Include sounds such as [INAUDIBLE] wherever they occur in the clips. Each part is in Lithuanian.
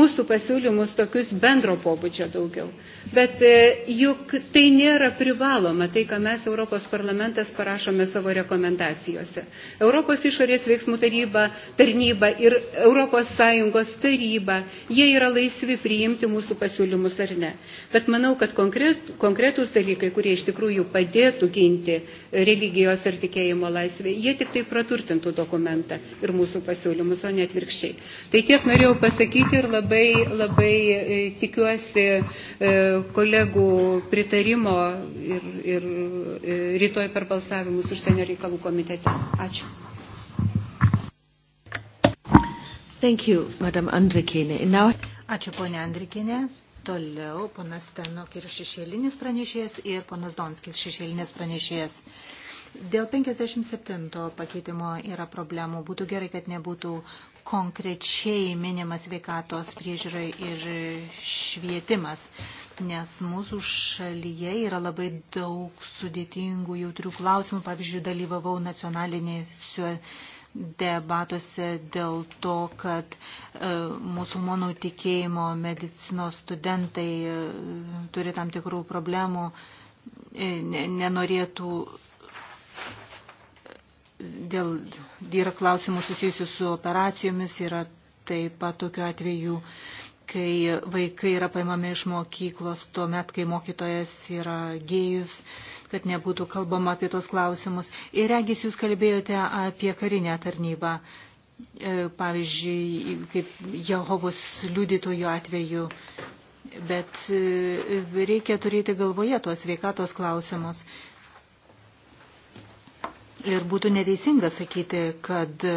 mūsų pasiūlymus tokius bendro pobūdžio daugiau. Bet e, juk tai nėra privaloma, tai, ką mes Europos parlamentas parašome savo rekomendacijose. Europos išorės veiksmų taryba, tarnyba ir Europos Sąjungos taryba, jie yra laisvi priimti mūsų pasiūlymus ar ne. Bet manau, kad konkretūs dalykai, kurie iš tikrųjų padėtų ginti religijos ir tikėjimo laisvę, jie tik tai praturtintų dokumentą ir mūsų pasiūlymus, o ne atvirkščiai. Tai tiek norėjau pasakyti ir labai labai, labai e, tikiuosi e, kolegų pritarimo ir, ir e, rytoj per balsavimus užsienio reikalų komitete. Ačiū. Thank you, Madam Andrikinė. Now... Ačiū, ponia Andrikinė. Toliau ponas Tenok ir šešėlinis pranešėjas ir ponas Donskis šešėlinis pranešėjas. Dėl 57 pakeitimo yra problemų. Būtų gerai, kad nebūtų konkrečiai minimas veikatos priežiūrai ir švietimas, nes mūsų šalyje yra labai daug sudėtingų jautrių klausimų. Pavyzdžiui, dalyvavau nacionalinėse debatuose dėl to, kad e, musulmonų tikėjimo medicinos studentai e, turi tam tikrų problemų, e, nenorėtų dėl yra klausimų susijusių su operacijomis, yra taip pat tokiu atveju, kai vaikai yra paimami iš mokyklos, tuo met, kai mokytojas yra gėjus, kad nebūtų kalbama apie tos klausimus. Ir regis jūs kalbėjote apie karinę tarnybą, e, pavyzdžiui, kaip Jehovos liudytojų atveju. Bet e, reikia turėti galvoje tuos veikatos klausimus. Ir būtų neteisinga sakyti, kad e,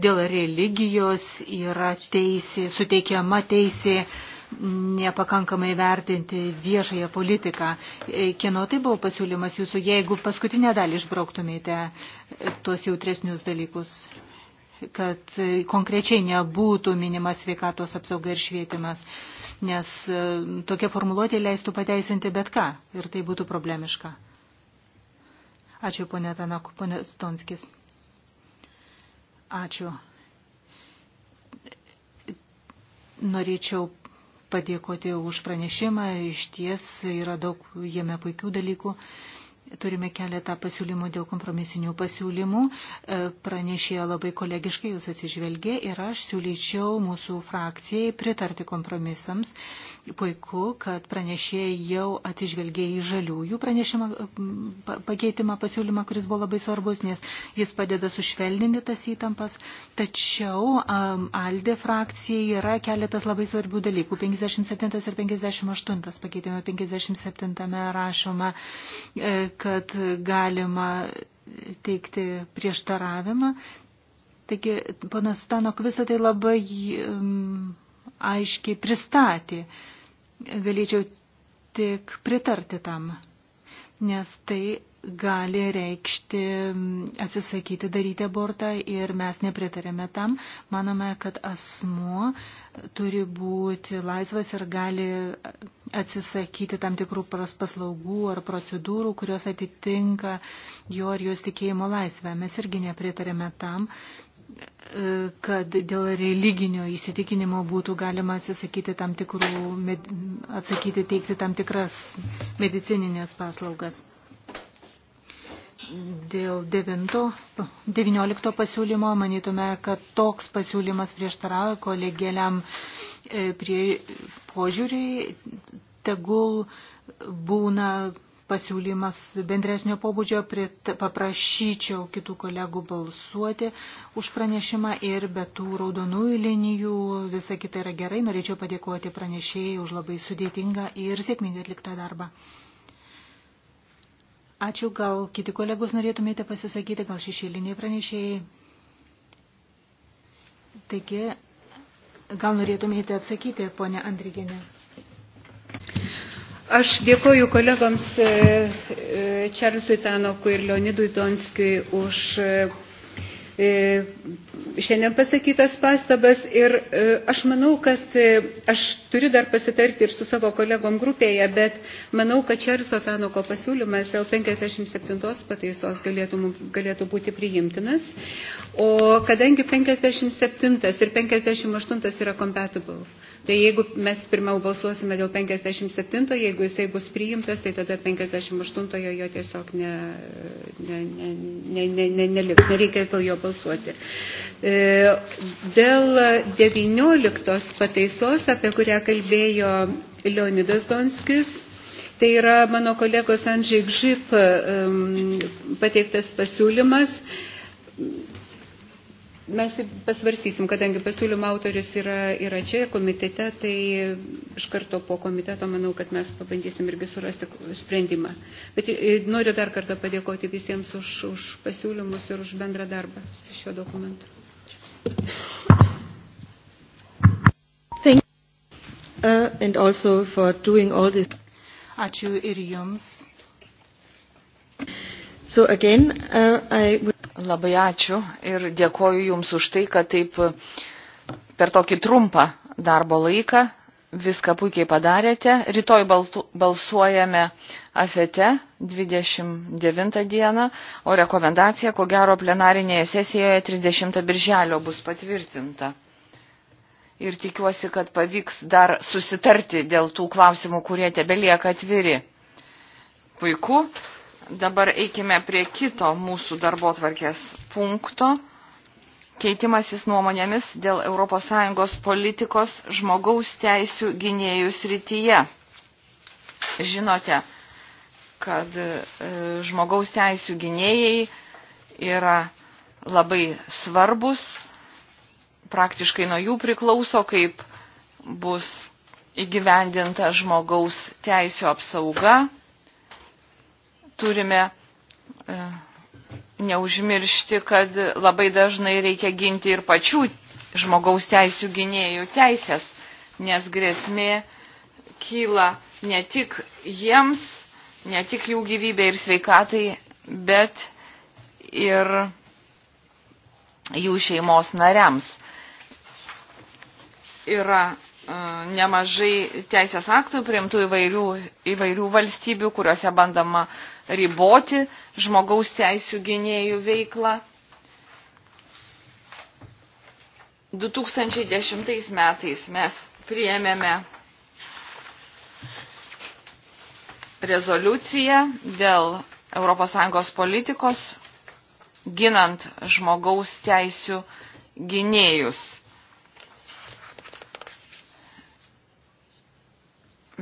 dėl religijos yra teisė, suteikiama teisė nepakankamai vertinti viešąją politiką. E, kieno tai buvo pasiūlymas jūsų, jeigu paskutinę dalį išbrauktumėte e, tuos jautresnius dalykus, kad konkrečiai nebūtų minimas sveikatos apsauga ir švietimas, nes tokia formuluotė leistų pateisinti bet ką ir tai būtų problemiška. Ačiū, ponė Tanaku, ponė Stonskis. Ačiū. Norėčiau padėkoti už pranešimą, iš ties yra daug jame puikių dalykų. Turime keletą pasiūlymų dėl kompromisinių pasiūlymų. E, Pranešėjo labai kolegiškai jūs atsižvelgė ir aš siūlyčiau mūsų frakcijai pritarti kompromisams. Puiku, kad pranešėjai jau atsižvelgė į žaliųjų pranešimą, pakeitimą pasiūlymą, kuris buvo labai svarbus, nes jis padeda sušvelninti tas įtampas. Tačiau um, Aldė frakcijai yra keletas labai svarbių dalykų. 57 ir 58 pakeitime 57 rašoma. E, kad galima teikti prieštaravimą. Taigi, panas Stanok visą tai labai um, aiškiai pristatė. Galėčiau tik pritarti tam, nes tai gali reikšti atsisakyti daryti abortą ir mes nepritarėme tam. Manome, kad asmuo turi būti laisvas ir gali atsisakyti tam tikrų paslaugų ar procedūrų, kurios atitinka jo ar jos tikėjimo laisvę. Mes irgi nepritarėme tam kad dėl religinio įsitikinimo būtų galima atsisakyti tam tikrų, atsakyti teikti tam tikras medicininės paslaugas. Dėl 9, 19 pasiūlymo manytume, kad toks pasiūlymas prieštarauja kolegėliam e, prie požiūriui, tegul būna pasiūlymas bendresnio pobūdžio, prit, paprašyčiau kitų kolegų balsuoti už pranešimą ir be tų raudonųjų linijų visa kita yra gerai. Norėčiau padėkoti pranešėjai už labai sudėtingą ir sėkmingai atliktą darbą. Ačiū, gal kiti kolegos norėtumėte pasisakyti, gal šešėliniai pranešėjai. Taigi, gal norėtumėte atsakyti, ponė Andriginė. Aš dėkoju kolegams e, e, Čarlzui Tanokui ir Leonidui Donskijui už e, šiandien pasakytas pastabas ir e, aš manau, kad e, aš turiu dar pasitarti ir su savo kolegom grupėje, bet manau, kad Čerso Tanoko pasiūlymas dėl 57 pataisos galėtų, galėtų būti priimtinas, o kadangi 57 ir 58 yra compatible, Tai jeigu mes pirmiau balsuosime dėl 57, jeigu jisai bus priimtas, tai tada 58 jo tiesiog ne, ne, ne, ne, ne, ne, neliks, nereikės dėl jo balsuoti. E, dėl 19 pataisos, apie kurią kalbėjo Leonidas Donskis, Tai yra mano kolegos Andžiai Gžip pateiktas pasiūlymas Mes pasvarstysim, kadangi pasiūlymo autoris yra, yra čia komitete, tai iš karto po komiteto manau, kad mes pabandysim irgi surasti sprendimą. Bet e, noriu dar kartą padėkoti visiems už, už pasiūlymus ir už bendrą darbą su šiuo dokumentu. Uh, Ačiū ir jums. So again, uh, I... Labai ačiū ir dėkoju Jums už tai, kad taip e, per tokį trumpą darbo laiką viską puikiai padarėte. Rytoj balsuojame afete 29 dieną, o rekomendacija, ko gero, plenarinėje sesijoje 30 birželio bus patvirtinta. Ir tikiuosi, kad pavyks dar susitarti dėl tų klausimų, kurie tebelieka atviri. Puiku. Dabar eikime prie kito mūsų darbo tvarkės punkto. Keitimasis nuomonėmis dėl ES politikos žmogaus teisių gynėjų srityje. Žinote, kad e, žmogaus teisių gynėjai yra labai svarbus, praktiškai nuo jų priklauso, kaip bus įgyvendinta žmogaus teisų apsauga turime e, neužmiršti, kad labai dažnai reikia ginti ir pačių žmogaus teisų gynėjų teisės, nes grėsmė kyla ne tik jiems, ne tik jų gyvybė ir sveikatai, bet ir jų šeimos nariams. Yra e, nemažai teisės aktų priimtų įvairių, įvairių valstybių, kuriuose bandama uh, riboti žmogaus teisų gynėjų veiklą. 2010 metais mes priėmėme rezoliuciją dėl ES politikos ginant žmogaus teisių gynėjus.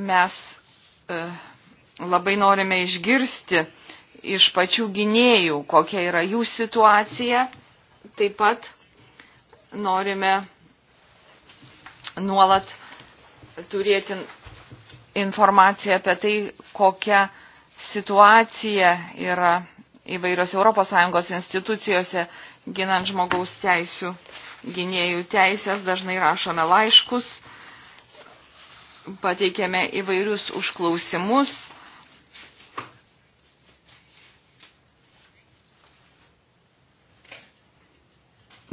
Mes uh, labai norime išgirsti iš pačių gynėjų, kokia yra jų situacija. Taip pat norime nuolat turėti informaciją apie tai, kokia situacija yra įvairios ES institucijose ginant žmogaus teisių gynėjų teisės. Dažnai rašome laiškus, pateikėme įvairius užklausimus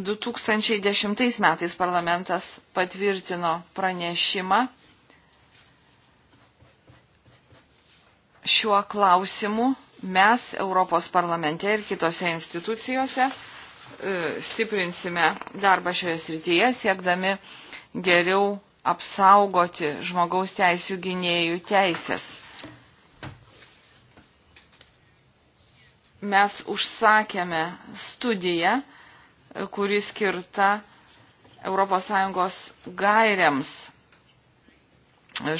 2010 metais parlamentas patvirtino pranešimą šiuo klausimu. Mes Europos parlamente ir kitose institucijose e, stiprinsime darbą šioje srityje, siekdami geriau apsaugoti žmogaus teisų gynėjų teisės. Mes užsakėme studiją, kuri skirta ES gairiams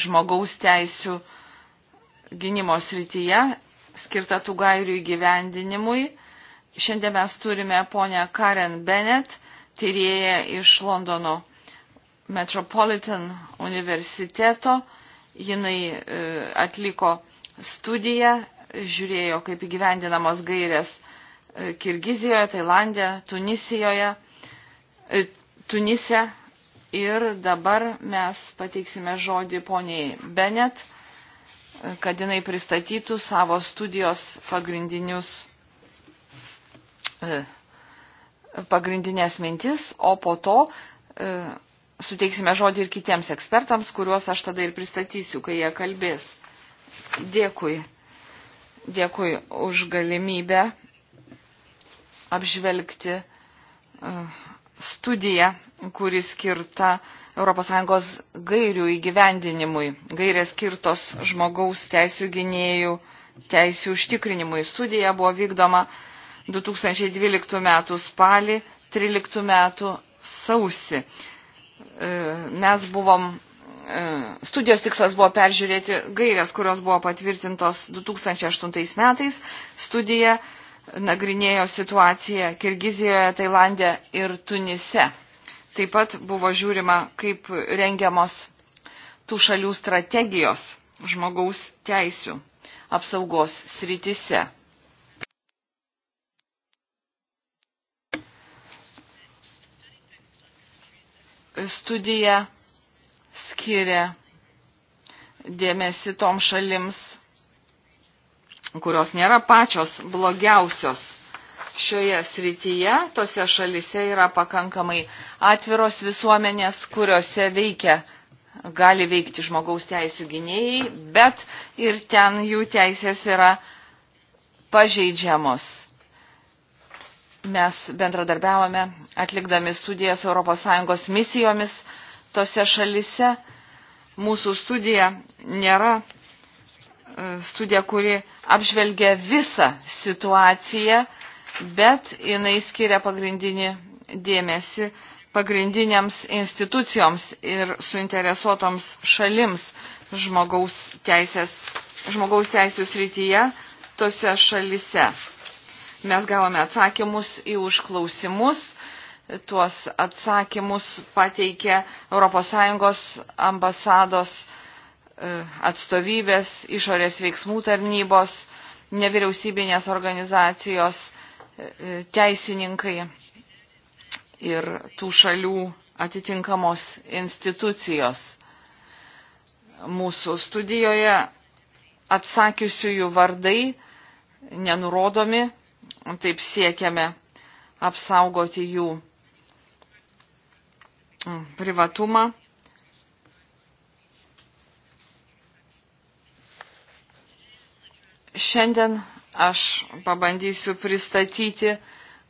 žmogaus teisių gynimo srityje, skirta tų gairių įgyvendinimui. Šiandien mes turime ponę Karen Bennett, tyrėją iš Londono Metropolitan universiteto. Jinai e, atliko studiją, žiūrėjo, kaip įgyvendinamos gairės E, Kirgizijoje, Tailandė, Tunisijoje, e, Tunise. Ir dabar mes pateiksime žodį poniai Benet, e, kad jinai pristatytų savo studijos pagrindinius, pagrindinės mintis, o po to suteiksime žodį ir kitiems ekspertams, kuriuos aš tada ir pristatysiu, kai jie kalbės. Dėkui. Dėkui už galimybę apžvelgti e, studiją, kuri skirta ES gairių įgyvendinimui. Gairės skirtos žmogaus teisų gynėjų teisų užtikrinimui. Studija buvo vykdoma 2012 m. spalį, 13 m. sausi. Mes buvom, e, studijos tikslas buvo peržiūrėti gairias, kurios buvo patvirtintos 2008 metais. Studija nagrinėjo situaciją Kirgizijoje, Tailandė ir Tunise. Taip pat buvo žiūrima, kaip rengiamos tų šalių strategijos žmogaus teisių apsaugos srityse. Studija skiria dėmesį tom šalims kurios nėra pačios blogiausios šioje srityje, tose šalise yra pakankamai atviros visuomenės, kuriuose veikia, gali veikti žmogaus teisų gynėjai, bet ir ten jų teisės yra pažeidžiamos. Mes bendradarbiavome atlikdami studijas ES misijomis tose šalise. Mūsų studija nėra studija, kuri apžvelgia visą situaciją, bet jinai skiria pagrindinį dėmesį pagrindiniams institucijoms ir suinteresuotoms šalims žmogaus, teisės, žmogaus teisų srityje tose šalise. Mes gavome atsakymus į užklausimus. Tuos atsakymus pateikė ES ambasados E, atstovybės, išorės veiksmų tarnybos, nevyriausybinės organizacijos, e, e, teisininkai ir tų šalių atitinkamos institucijos. Mūsų studijoje atsakiusiųjų vardai nenurodomi, taip siekiame apsaugoti jų privatumą Šiandien aš pabandysiu pristatyti,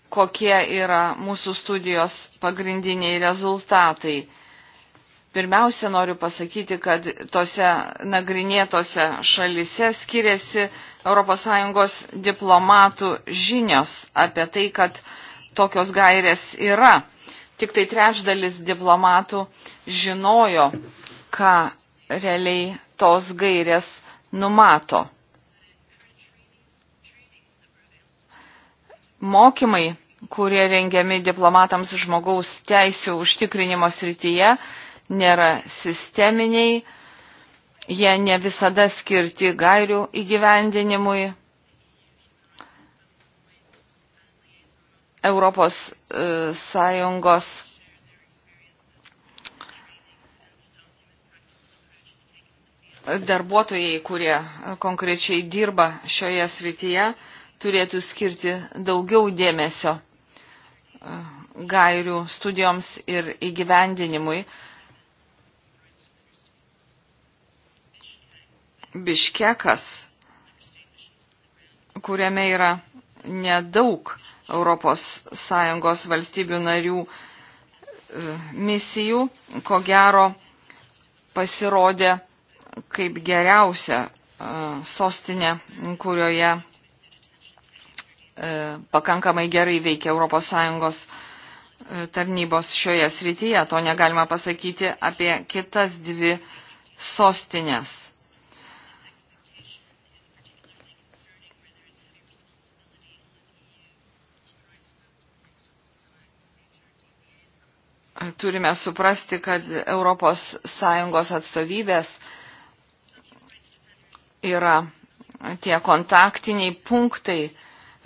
kokie yra mūsų studijos pagrindiniai rezultatai. Pirmiausia, noriu pasakyti, kad tose nagrinėtose šalise skiriasi ES diplomatų žinios apie tai, kad tokios gairės yra. Tik tai trečdalis diplomatų žinojo, ką realiai tos gairės numato. mokymai, kurie rengiami diplomatams žmogaus teisų užtikrinimo srityje, nėra sisteminiai, jie ne visada skirti gairių įgyvendinimui. Europos e, Sąjungos darbuotojai, kurie konkrečiai dirba šioje srityje, turėtų skirti daugiau dėmesio e, gairių studijoms ir įgyvendinimui. Biškekas, kuriame yra nedaug ES valstybių narių e, misijų, ko gero pasirodė kaip geriausia e, sostinė, kurioje E, pakankamai gerai veikia ES e, tarnybos šioje srityje. To negalima pasakyti apie kitas dvi sostinės. turime suprasti, kad ES atstovybės yra tie kontaktiniai punktai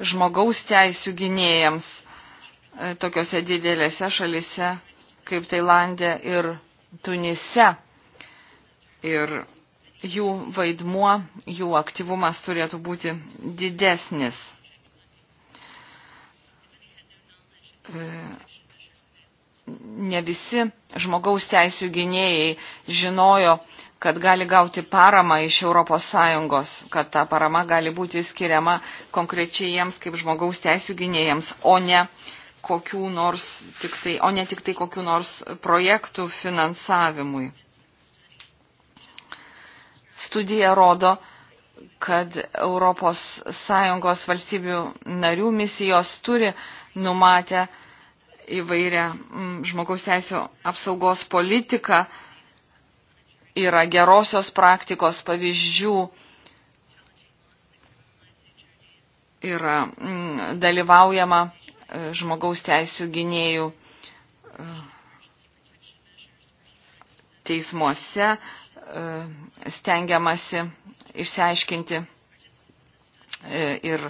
žmogaus teisų gynėjams e, tokiose didelėse šalise kaip Tailandė ir Tunise. Ir jų vaidmuo, jų aktyvumas turėtų būti didesnis. E, ne visi žmogaus teisų gynėjai žinojo, kad gali gauti paramą iš ES, kad ta parama gali būti skiriama konkrečiai jiems kaip žmogaus teisų gynėjams, o ne, kokių nors, tik tai, o ne tik tai kokių nors projektų finansavimui. Studija rodo, kad ES valstybių narių misijos turi numatę įvairią mm, žmogaus teisų apsaugos politiką, yra gerosios praktikos pavyzdžių, yra mm, dalyvaujama e, žmogaus teisų gynėjų e, teismuose, e, stengiamasi išsiaiškinti ir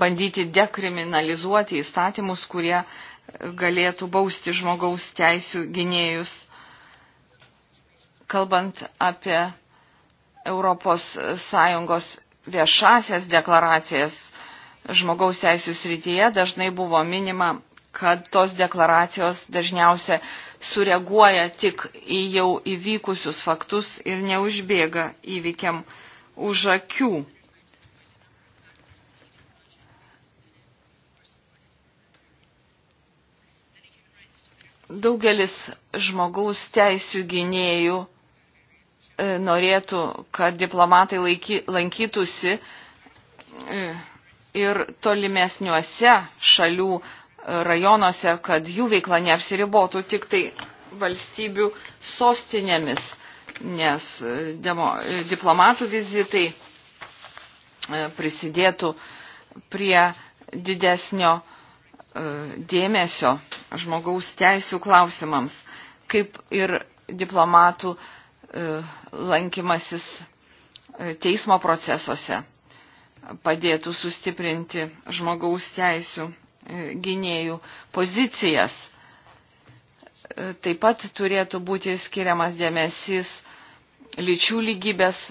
bandyti dekriminalizuoti įstatymus, kurie galėtų bausti žmogaus teisų gynėjus kalbant apie ES viešasias deklaracijas žmogaus teisų srityje, dažnai buvo minima, kad tos deklaracijos dažniausia sureaguoja tik į jau įvykusius faktus ir neužbėga įvykiam už akių. Daugelis žmogaus teisų gynėjų E, norėtų, kad diplomatai laiky, lankytųsi e, ir tolimesniuose šalių e, rajonuose, kad jų veikla neapsiribotų tik tai valstybių sostinėmis, nes demo, diplomatų vizitai prisidėtų prie didesnio dėmesio žmogaus teisų klausimams, kaip ir diplomatų uh, E, lankimasis e, teismo procesuose padėtų sustiprinti žmogaus teisų e, gynėjų pozicijas. Taip pat turėtų būti skiriamas dėmesys lyčių lygybės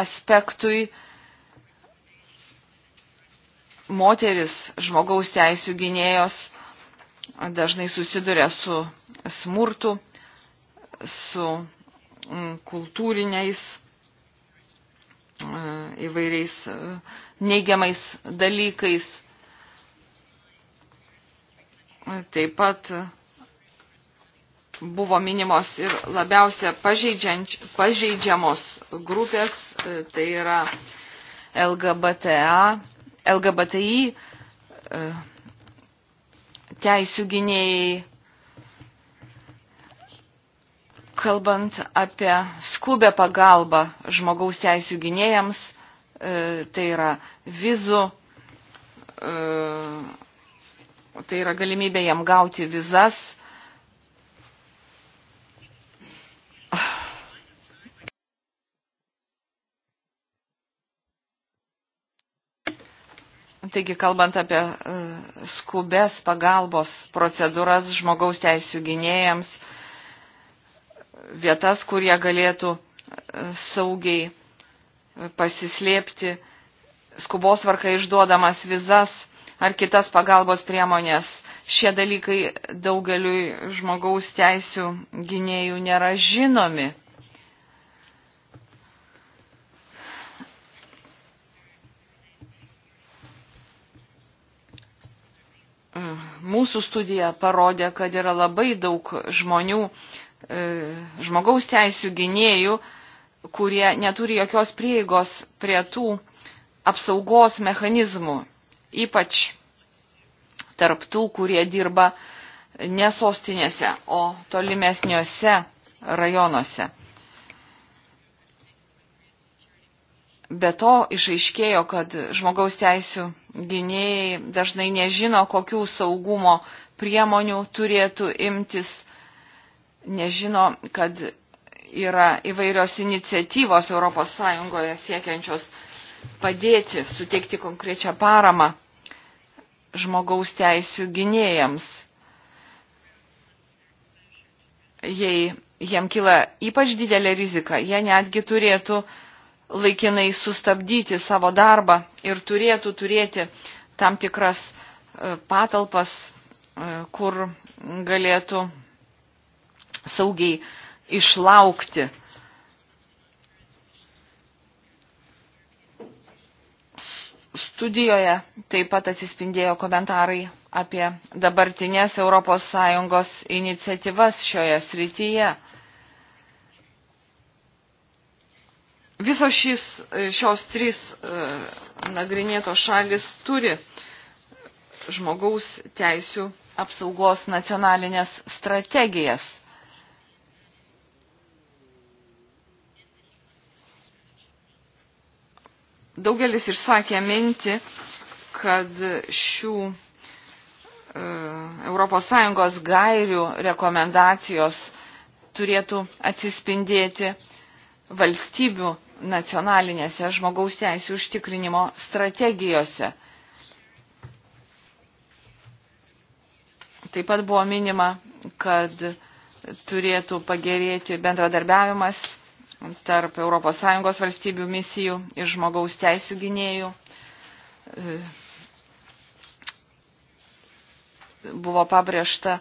aspektui. Moteris žmogaus teisų gynėjos dažnai susiduria su smurtu, su Mm, kultūriniais mm, įvairiais mm, neigiamais dalykais. Taip pat buvo minimos ir labiausia pažeidžiamos grupės, tai yra LGBTA, LGBTI e, teisių gynėjai, Kalbant apie skubę pagalbą žmogaus teisų gynėjams, e, tai yra vizų, e, tai yra galimybė jam gauti vizas. Taigi, kalbant apie e, skubės pagalbos procedūras žmogaus teisų gynėjams, vietas, kur jie galėtų e, saugiai e, pasislėpti, skubos varka išduodamas vizas ar kitas pagalbos priemonės. Šie dalykai daugeliui žmogaus teisių gynėjų nėra žinomi. E, mūsų studija parodė, kad yra labai daug žmonių, E, žmogaus teisų gynėjų, kurie neturi jokios prieigos prie tų apsaugos mechanizmų, ypač tarptų, kurie dirba ne sostinėse, o tolimesniuose rajonuose. Be to išaiškėjo, kad žmogaus teisų gynėjai dažnai nežino, kokių saugumo priemonių turėtų imtis nežino, kad yra įvairios iniciatyvos ES siekiančios padėti, suteikti konkrečią paramą žmogaus teisų gynėjams. Jei jiem kyla ypač didelė rizika, jie netgi turėtų laikinai sustabdyti savo darbą ir turėtų turėti tam tikras e, patalpas, e, kur galėtų saugiai išlaukti. Studijoje taip pat atsispindėjo komentarai apie dabartinės ES iniciatyvas šioje srityje. Visos šis, šios trys e, nagrinėtos šalis turi žmogaus teisių apsaugos nacionalinės strategijas. Daugelis išsakė mintį, kad šių ES gairių rekomendacijos turėtų atsispindėti valstybių nacionalinėse žmogaus teisų užtikrinimo strategijose. Taip pat buvo minima, kad turėtų pagerėti bendradarbiavimas tarp ES valstybių misijų ir žmogaus teisų gynėjų. E, buvo pabrėžta,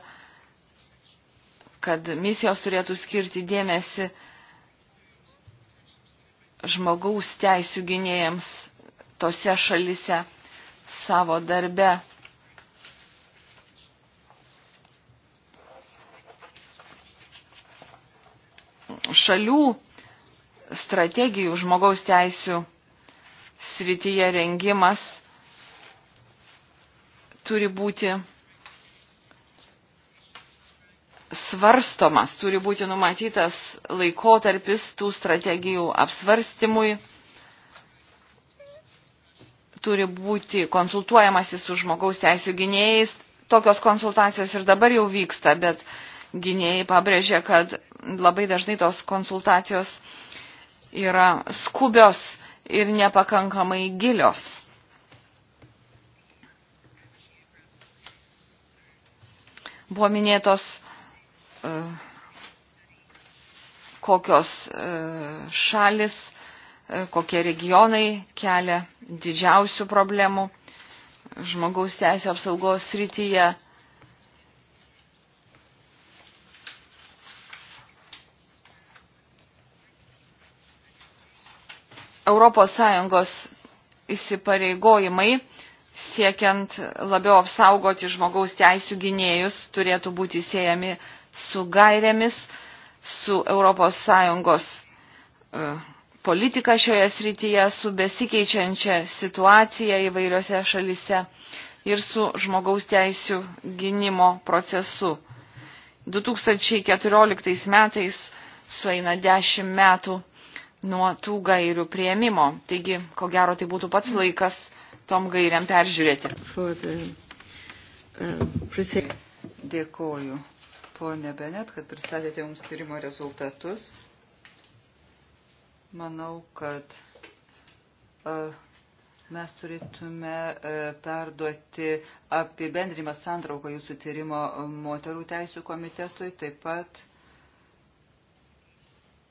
kad misijos turėtų skirti dėmesį žmogaus teisų gynėjams tose šalise savo darbe. Šalių strategijų žmogaus teisų srityje rengimas turi būti svarstomas, turi būti numatytas laikotarpis tų strategijų apsvarstymui, turi būti konsultuojamasi su žmogaus teisų gynėjais. Tokios konsultacijos ir dabar jau vyksta, bet gynėjai pabrėžė, kad labai dažnai tos konsultacijos uh, yra skubios ir nepakankamai gilios. Buvo minėtos e, kokios e, šalis, e, kokie regionai kelia didžiausių problemų žmogaus teisų apsaugos srityje. ES įsipareigojimai siekiant labiau apsaugoti žmogaus teisų gynėjus turėtų būti siejami su gairėmis, su ES e, politika šioje srityje, su besikeičiančia situacija įvairiose šalise ir su žmogaus teisų gynimo procesu. 2014 metais sueina 10 metų nuo tų gairių prieimimo. Taigi, ko gero, tai būtų pats laikas tom gairiam peržiūrėti. Dėkoju, ponė Benet, kad pristatėte mums tyrimo rezultatus. Manau, kad uh, mes turėtume e, perduoti apibendrimą santrauką jūsų tyrimo moterų teisų komitetui, taip pat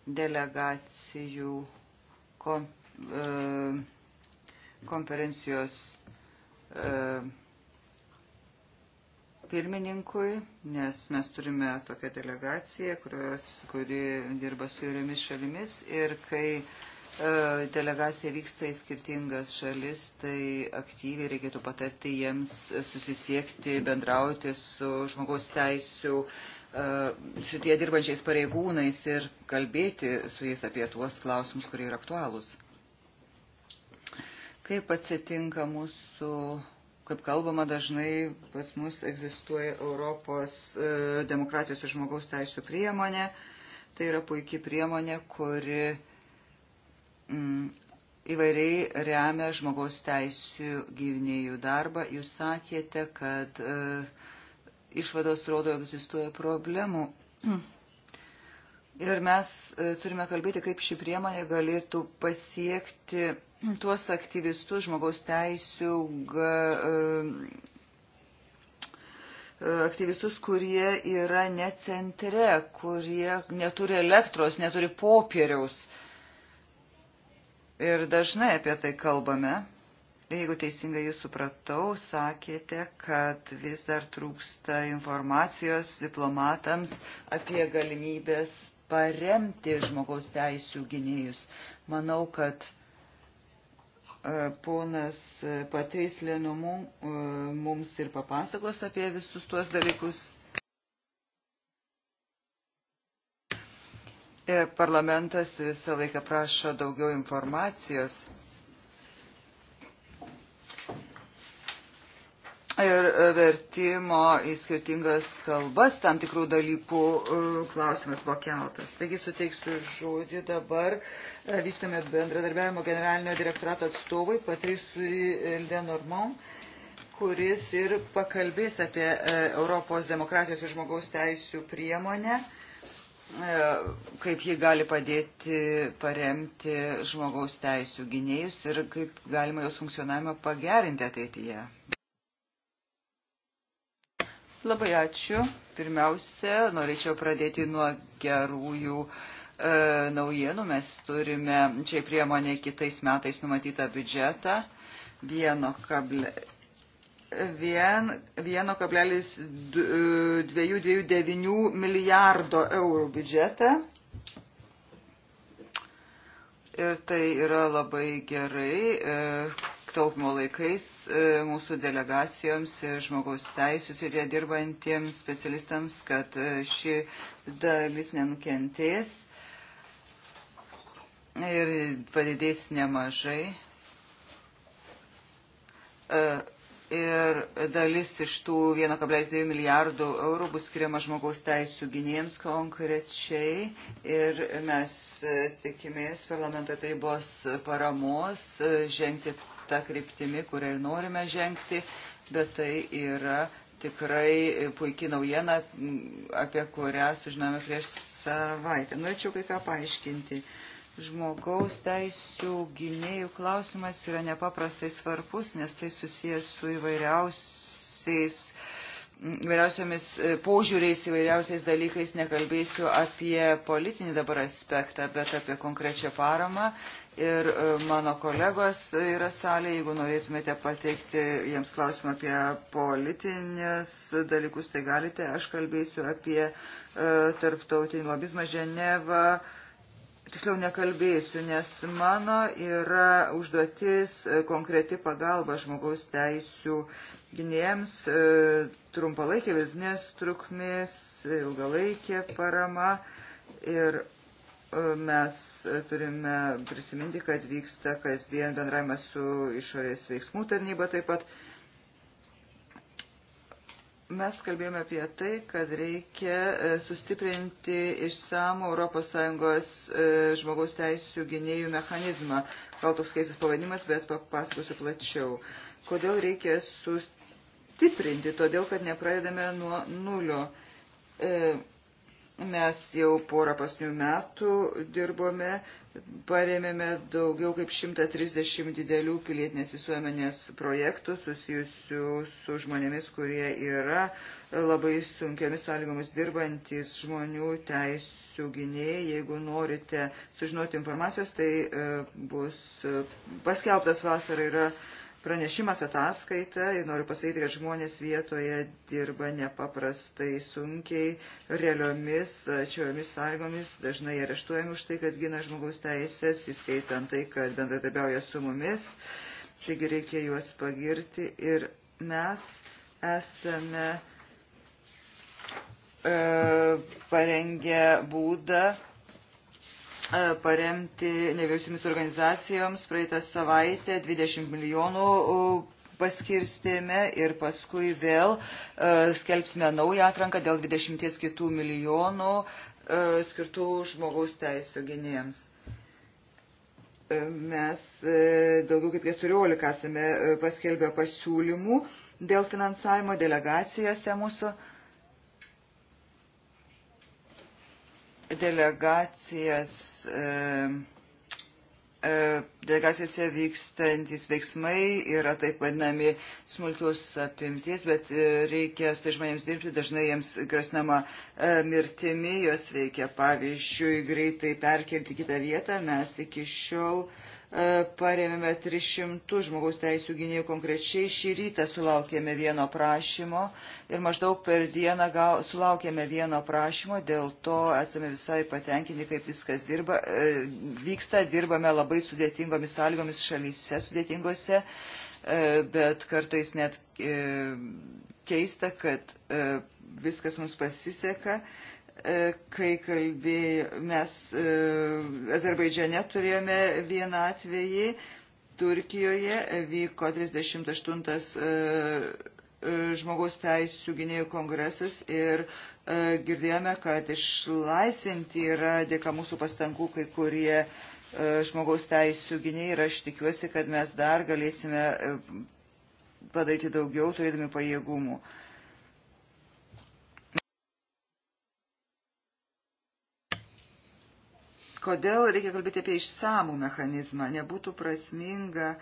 delegacijų kom, e, konferencijos e, pirmininkui, nes mes turime tokią delegaciją, kurios, kuri dirba su įvairiomis šalimis ir kai e, delegacija vyksta į skirtingas šalis, tai aktyviai reikėtų patarti jiems susisiekti, bendrauti su žmogaus teisų E, sitie dirbančiais pareigūnais ir kalbėti su jais apie tuos klausimus, kurie yra aktualūs. Kaip atsitinka mūsų, kaip kalbama dažnai, pas mus egzistuoja Europos e, demokratijos ir žmogaus teisų priemonė. Tai yra puikia priemonė, kuri mm, įvairiai remia žmogaus teisų gyvinėjų darbą. Jūs sakėte, kad uh, išvados rodo, egzistuoja problemų. Ir mes e, turime kalbėti, kaip ši priemonė galėtų pasiekti tuos aktyvistus žmogaus teisų ga, e, e, aktyvistus, kurie yra ne centre, kurie neturi elektros, neturi popieriaus. Ir dažnai apie tai kalbame. Jeigu teisingai jūs supratau, sakėte, kad vis dar trūksta informacijos diplomatams apie galimybės paremti žmogaus teisų gynėjus. Manau, kad e, ponas Pateislėnu e, mums ir papasakos apie visus tuos dalykus. E, parlamentas visą laiką prašo daugiau informacijos ir vertimo į skirtingas kalbas tam tikrų dalykų e, klausimas buvo keltas. Taigi suteiksiu žodį dabar e, vystome bendradarbiavimo generalinio direktorato atstovui Patrisui Lenormand, kuris ir pakalbės apie e, Europos demokratijos ir žmogaus teisų priemonę kaip ji gali padėti paremti žmogaus teisų gynėjus ir kaip galima jos funkcionavimą pagerinti ateityje. Labai ačiū. Pirmiausia, norėčiau pradėti nuo gerųjų e, naujienų. Mes turime čia priemonė kitais metais numatytą biudžetą 1,229 e, milijardo eurų biudžetą. Ir tai yra labai gerai. E, taupimo laikais e, mūsų delegacijoms ir žmogaus teisės ir jie dirbantiems specialistams, kad e, ši dalis nenukentės ir padidės nemažai. E, ir dalis iš tų 1,2 milijardų eurų bus skiriama žmogaus teisų gynėjams konkrečiai ir mes tikimės parlamento tarybos paramos žengti tą kryptimį, kurią ir norime žengti, bet tai yra tikrai puikiai naujiena, apie kurią sužinome prieš savaitę. Norėčiau kai ką paaiškinti. Žmogaus teisų gynėjų klausimas yra nepaprastai svarbus, nes tai susijęs su įvairiausiais, įvairiausiamis e, požiūriais, įvairiausiais dalykais. Nekalbėsiu apie politinį dabar aspektą, bet apie konkrečią paramą ir e, mano kolegos yra salė, jeigu norėtumėte pateikti jiems klausimą apie politinės dalykus, tai galite. Aš kalbėsiu apie e, tarptautinį lobizmą Ženevą. Tiksliau nekalbėsiu, nes mano yra užduotis e, konkreti pagalba žmogaus teisų gynėjams, trumpalaikė vidinės trukmės, ilgalaikė parama ir mes turime prisiminti, kad vyksta kasdien bendravimas su išorės veiksmų tarnyba taip pat. Mes kalbėjome apie tai, kad reikia e, sustiprinti išsamų ES e, žmogaus teisų gynėjų mechanizmą. Gal toks keistas pavadinimas, bet papasakosiu plačiau. Kodėl reikia sustiprinti? Todėl, kad nepradedame nuo nulio. E, Mes jau porą pasnių metų dirbome, paremėme daugiau kaip 130 didelių pilietinės visuomenės projektų susijusių su žmonėmis, kurie yra labai sunkiamis sąlygomis dirbantis žmonių teisų gynėjai. Jeigu norite sužinoti informacijos, tai e, bus e, paskelbtas vasarą yra pranešimas ataskaita ir noriu pasakyti, kad žmonės vietoje dirba nepaprastai sunkiai, realiomis, čiomis sąlygomis, dažnai areštuojami už tai, kad gina žmogaus teisės, įskaitant tai, kad bendradarbiauja su mumis, taigi reikia juos pagirti ir mes esame e, parengę būdą E, paremti nevyriausiamis organizacijoms. Praeitą savaitę 20 milijonų paskirstėme ir paskui vėl e, skelbsime naują atranką dėl 20 kitų milijonų e, skirtų žmogaus teisų gynėjams mes daugiau kaip 14 esame paskelbę pasiūlymų dėl finansavimo delegacijose mūsų. delegacijas, e, e, delegacijose vykstantis veiksmai yra taip vadinami smulkios apimties, bet e, reikia su tai žmonėms dirbti, dažnai jiems grasinama mirtimi, juos reikia pavyzdžiui greitai perkelti kitą vietą, mes iki šiol uh, E, paremėme 300 žmogaus teisų gynėjų konkrečiai. Šį rytą sulaukėme vieno prašymo ir maždaug per dieną gau, sulaukėme vieno prašymo, dėl to esame visai patenkinti, kaip viskas dirba, e, vyksta, dirbame labai sudėtingomis sąlygomis šalyse sudėtingose, e, bet kartais net keista, kad viskas mums pasiseka. E, kai kalbėjome, mes e, Azerbaidžiane turėjome vieną atvejį, Turkijoje vyko 38 e, žmogaus teisų gynėjų kongresus ir girdėjome, kad išlaisvinti yra dėka mūsų pastangų kai kurie žmogaus teisų gyniai ir aš tikiuosi, kad mes dar galėsime padaryti daugiau turėdami pajėgumų. Uh, Kodėl reikia kalbėti apie išsamų mechanizmą? Nebūtų prasminga e,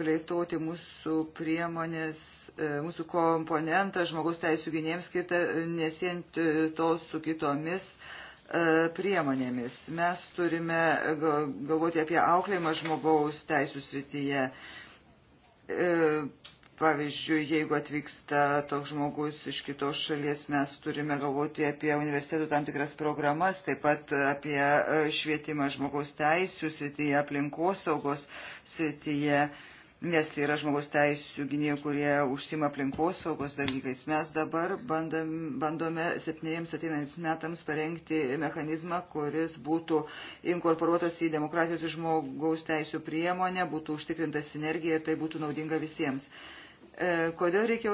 plėtoti mūsų priemonės, e, mūsų komponentą žmogaus teisų gynėjams skirtą, nesijant to su kitomis e, priemonėmis. Mes turime galvoti apie auklėjimą žmogaus teisų srityje Pavyzdžiui, jeigu atvyksta toks žmogus iš kitos šalies, mes turime galvoti apie universitetų tam tikras programas, taip pat apie e, švietimą žmogaus teisų srityje, aplinkosaugos srityje, nes yra žmogaus teisų gynėjų, kurie užsima aplinkosaugos dalykais. Mes dabar bandam, bandome septynėms ateinančiams metams parengti mechanizmą, kuris būtų inkorporuotas į demokratijos ir žmogaus teisų priemonę, būtų užtikrinta sinergija ir tai būtų naudinga visiems. E, kodėl reikia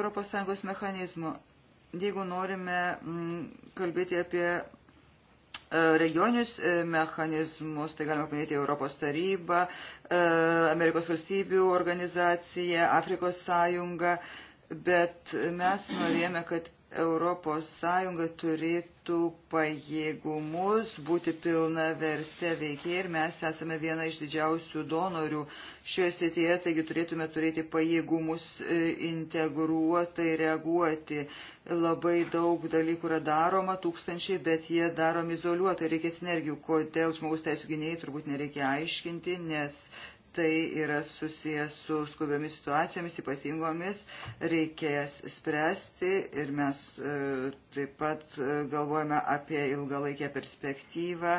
ES mechanizmų? Jeigu norime mm, kalbėti apie e, regionius e, mechanizmus, tai galima paminėti Europos tarybą, Amerikos valstybių organizaciją, Afrikos sąjungą, bet mes norėjome, kad ES turėtų pajėgumus būti pilna vertė veikėja ir mes esame viena iš didžiausių donorių šioje srityje, taigi turėtume turėti pajėgumus e, integruotai reaguoti. Labai daug dalykų yra daroma, tūkstančiai, bet jie daromi izoliuotai, reikia sinergijų. Kodėl žmogus teisų gynėjai turbūt nereikia aiškinti, nes tai yra susijęs su skubiomis situacijomis, ypatingomis, reikės spręsti ir mes e, taip pat e, galvojame apie ilgalaikę perspektyvą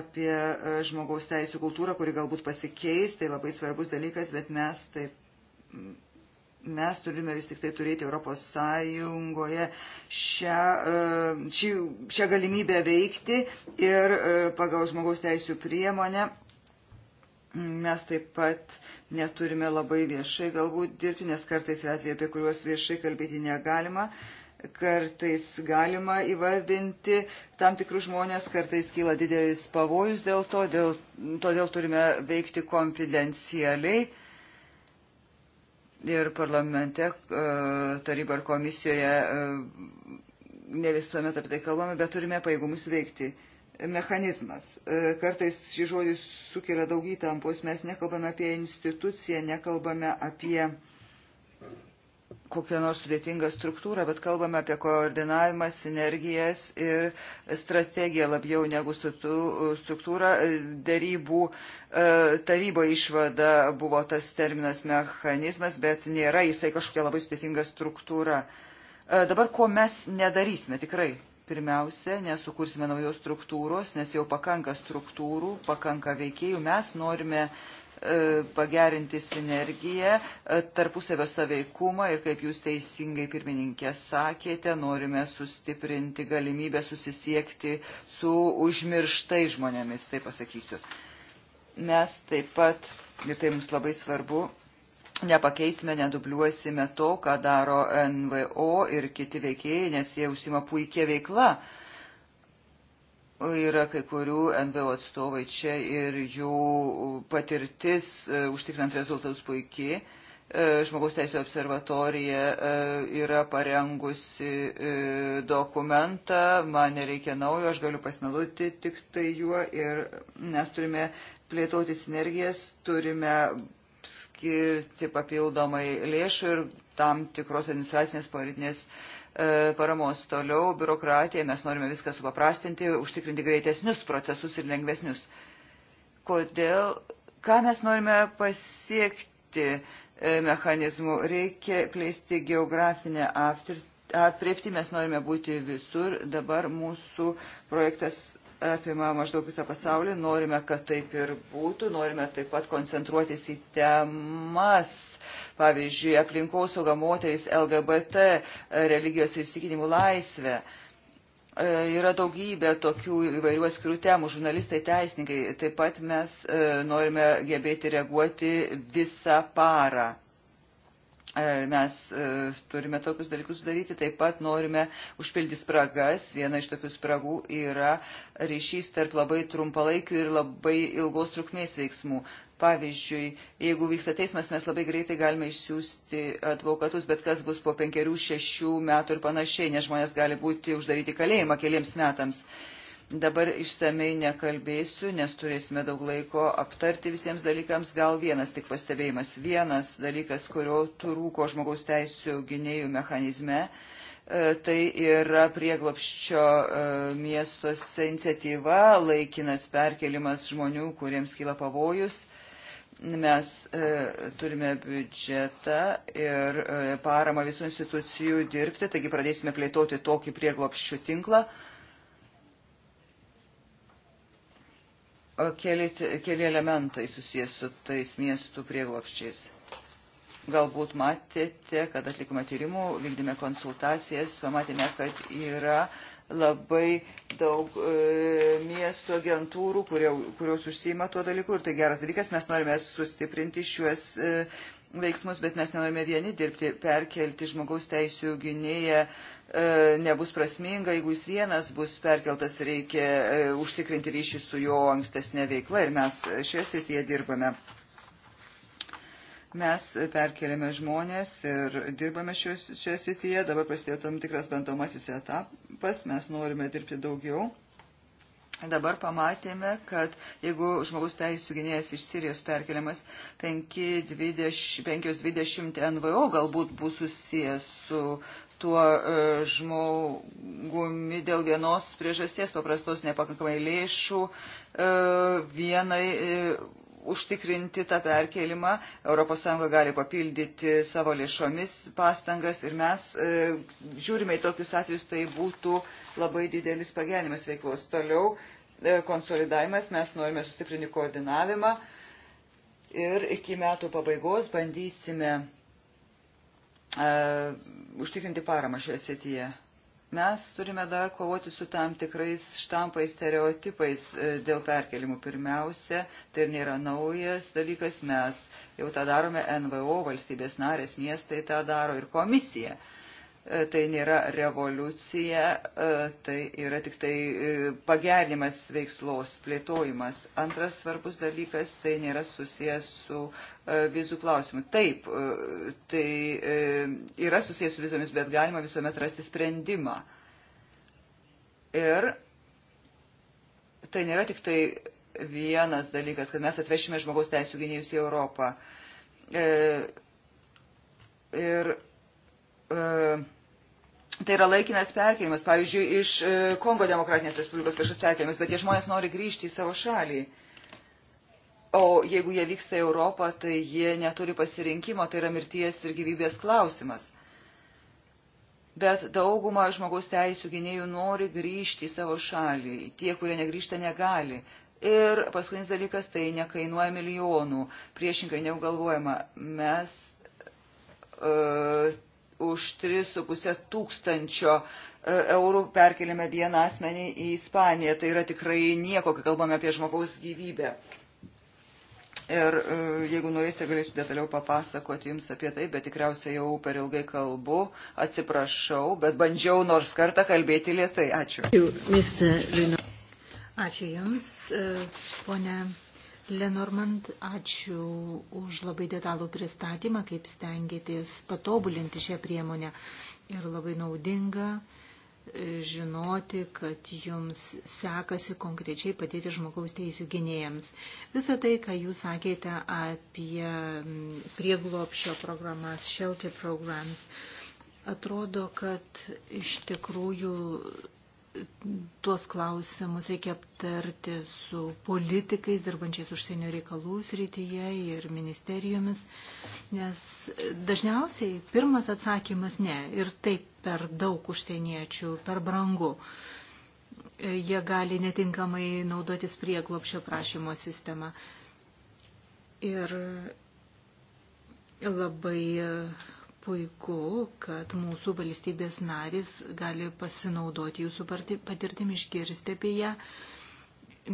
apie e, žmogaus teisų kultūrą, kuri galbūt pasikeis, tai labai svarbus dalykas, bet mes taip mes turime vis tik tai turėti Europos Sąjungoje šią, šį, šią galimybę veikti ir pagal žmogaus teisų priemonę Mes taip pat neturime labai viešai galbūt dirbti, nes kartais yra atvejai, apie kuriuos viešai kalbėti negalima. Kartais galima įvardinti tam tikrus žmonės, kartais kyla didelis pavojus dėl to, dėl, todėl turime veikti konfidencialiai. Ir parlamente, e, taryba ar komisijoje e, ne visuomet apie tai kalbame, bet turime paėgumus veikti mechanizmas. E, kartais šį žodį sukelia daug įtampos. Mes nekalbame apie instituciją, nekalbame apie kokią nors sudėtingą struktūrą, bet kalbame apie koordinavimą, sinergijas ir strategiją labiau negu struktūrą. E, Darybų e, tarybo išvada buvo tas terminas mechanizmas, bet nėra jisai kažkokia labai sudėtinga struktūra. Dabar ko mes nedarysime tikrai? Pirmiausia, nesukursime naujos struktūros, nes jau pakanka struktūrų, pakanka veikėjų. Mes norime e, pagerinti sinergiją, e, tarpusavio saveikumą ir, kaip jūs teisingai pirmininkė sakėte, norime sustiprinti galimybę susisiekti su užmirštai žmonėmis, tai pasakysiu. Mes taip pat, ir tai mums labai svarbu, nepakeisime, nedubliuosime to, ką daro NVO ir kiti veikėjai, nes jie užsima puikia veikla. Yra kai kurių NVO atstovai čia ir jų patirtis e, užtikrint rezultatus puikiai. E, Žmogaus teisų observatorija e, yra parengusi dokumentą, man nereikia naujo, aš galiu pasinaudoti tik tai juo ir mes turime plėtoti sinergijas, turime skirti papildomai lėšų ir tam tikros administracinės politinės e, paramos toliau, biurokratija, mes norime viską supaprastinti, užtikrinti greitesnius procesus ir lengvesnius. Kodėl, ką mes norime pasiekti e, mechanizmų, reikia plėsti geografinę aptirtį apriepti mes norime būti visur. Dabar mūsų projektas apima maždaug visą pasaulį, norime, kad taip ir būtų, norime taip pat koncentruotis į temas, pavyzdžiui, aplinkosauga moteris, LGBT, religijos ir įsikinimų laisvė. E, yra daugybė tokių įvairių atskirų temų, žurnalistai, teisininkai. Taip pat mes e, norime gebėti reaguoti visą parą E, mes e, turime tokius dalykus daryti, taip pat norime užpildyti spragas. Viena iš tokių spragų yra ryšys tarp labai trumpalaikių ir labai ilgos trukmės veiksmų. Pavyzdžiui, jeigu vyksta teismas, mes labai greitai galime išsiųsti advokatus, bet kas bus po penkerių, šešių metų ir panašiai, nes žmonės gali būti uždaryti kalėjimą keliems metams. Dabar išsamei nekalbėsiu, nes turėsime daug laiko aptarti visiems dalykams. Gal vienas tik pastebėjimas. Vienas dalykas, kurio trūko žmogaus teisų gynėjų mechanizme, e, tai yra prieglopščio e, miestuose iniciatyva, laikinas perkelimas žmonių, kuriems kyla pavojus mes e, turime biudžetą ir e, paramą visų institucijų dirbti, taigi pradėsime plėtoti tokį prieglopščių tinklą. E, keli, keli elementai susijęs su tais miestų prieglopščiais. Galbūt matėte, kad atlikome tyrimų, vykdėme konsultacijas, pamatėme, kad yra labai daug e, miestų agentūrų, kurie, kurios užsima tuo dalyku ir tai geras dalykas, mes norime sustiprinti šiuos e, veiksmus, bet mes nenorime vieni dirbti, perkelti žmogaus teisų gynėją e, nebus prasminga, jeigu jis vienas bus perkeltas, reikia e, užtikrinti ryšį su jo ankstesnė veikla ir mes šioje srityje dirbame. Mes perkeliame žmonės ir dirbame šioje srityje, dabar prasidėjo tam tikras bandomasis etapas, mes norime dirbti daugiau Dabar pamatėme, kad jeigu žmogus teisų gynėjas iš Sirijos perkeliamas 5-20 NVO galbūt bus susijęs su tuo e, žmogumi dėl vienos priežasties paprastos nepakankamai lėšų e, vienai e, užtikrinti tą perkelimą. ES gali papildyti savo lėšomis pastangas ir mes e, žiūrime į tokius atvejus, tai būtų labai didelis pagerimas veiklos. Toliau E, konsolidavimas, mes norime sustiprinti koordinavimą ir iki metų pabaigos bandysime uh, užtikrinti paramą šioje srityje. Mes turime dar kovoti su tam tikrais štampais, stereotipais e, dėl perkelimų. Pirmiausia, tai nėra naujas dalykas, mes jau tą darome, NVO, valstybės narės, miestai tą daro ir komisija. Uh, E, tai nėra revoliucija, e, tai yra tik tai e, pagerinimas veiklos, plėtojimas. Antras svarbus dalykas, tai nėra susijęs su vizų klausimu. Taip, tai yra susijęs su vizomis, bet galima visuomet rasti sprendimą. Ir tai nėra tik tai vienas dalykas, kad mes atvešime žmogaus teisų gynėjus į Europą. Ir E, tai yra laikinas perkėjimas, pavyzdžiui, iš e, Kongo demokratinės Respublikos kažkas perkėjimas, bet tie žmonės nori grįžti į savo šalį. O jeigu jie vyksta į Europą, tai jie neturi pasirinkimo, tai yra mirties ir gyvybės klausimas. Bet dauguma žmogaus teisų gynėjų nori grįžti į savo šalį, tie, kurie negrįžta, negali. Ir paskutinis dalykas, tai nekainuoja milijonų, priešingai negu galvojama, mes uh, e, už 3,5 tūkstančio e, eurų perkeliame vieną asmenį į Ispaniją. Tai yra tikrai nieko, kai kalbame apie žmogaus gyvybę. Ir e, jeigu norėsite, galėsiu detaliau papasakoti jums apie tai, bet tikriausiai jau per ilgai kalbu, atsiprašau, bet bandžiau nors kartą kalbėti lietai. Ačiū. Ačiū Jums, e, ponė Lenormand, ačiū už labai detalų pristatymą, kaip stengiatės patobulinti šią priemonę. Ir labai naudinga e, žinoti, kad jums sekasi konkrečiai padėti žmogaus teisų gynėjams. Visą tai, ką jūs sakėte apie prieglopšio programas, shelter programs, atrodo, kad iš tikrųjų tuos klausimus reikia aptarti su politikais, dirbančiais užsienio reikalų srityje ir ministerijomis, nes dažniausiai pirmas atsakymas ne ir taip per daug užsieniečių, per brangu. Jie gali netinkamai naudotis prieglopšio prašymo sistemą. Ir labai puiku, kad mūsų valstybės narys gali pasinaudoti jūsų patirtimi išgirsti apie ją,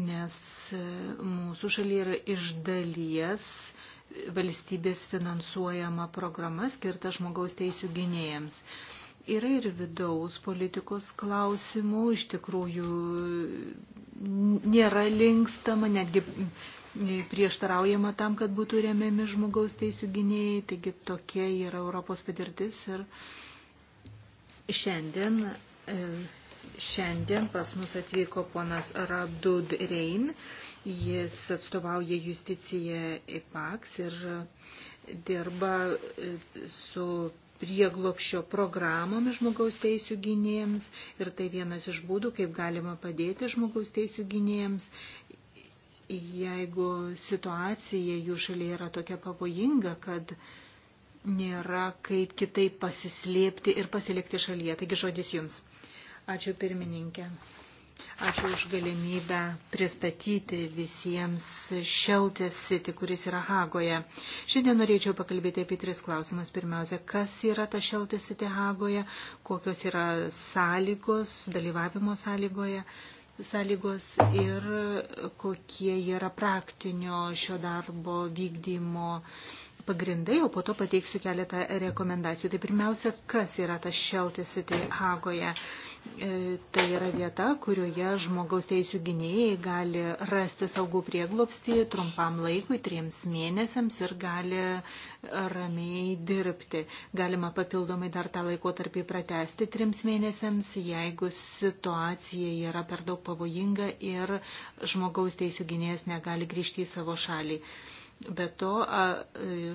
nes e, mūsų šalyje yra iš dalies valstybės finansuojama programa skirta žmogaus teisų gynėjams. Yra ir vidaus politikos klausimų, iš tikrųjų nėra linkstama, netgi prieštaraujama tam, kad būtų remiami žmogaus teisų gynėjai, taigi tokia yra Europos patirtis ir šiandien, e, šiandien pas mus atvyko ponas Rabdud Rein, jis atstovauja justiciją IPAX ir dirba e, su prieglopščio programomis žmogaus teisų gynėjams ir tai vienas iš būdų, kaip galima padėti žmogaus teisų gynėjams jeigu situacija jų šalyje yra tokia pavojinga, kad nėra kaip kitaip pasislėpti ir pasilikti šalyje. Taigi žodis jums. Ačiū pirmininkė. Ačiū už galimybę pristatyti visiems Shelter City, kuris yra Hagoje. Šiandien norėčiau pakalbėti apie tris klausimas. Pirmiausia, kas yra ta Shelter City Hagoje, kokios yra sąlygos, dalyvavimo sąlygoje sąlygos ir kokie yra praktinio šio darbo vykdymo pagrindai, o po to pateiksiu keletą rekomendacijų. Tai pirmiausia, kas yra tas Shelter City Hagoje. E, tai yra vieta, kurioje žmogaus teisų gynėjai gali rasti saugų prieglopstį trumpam laikui, triems mėnesiams ir gali ramiai dirbti. Galima papildomai dar tą laikotarpį pratesti trims mėnesiams, jeigu situacija yra per daug pavojinga ir žmogaus teisų gynėjas negali grįžti į savo šalį. Be to,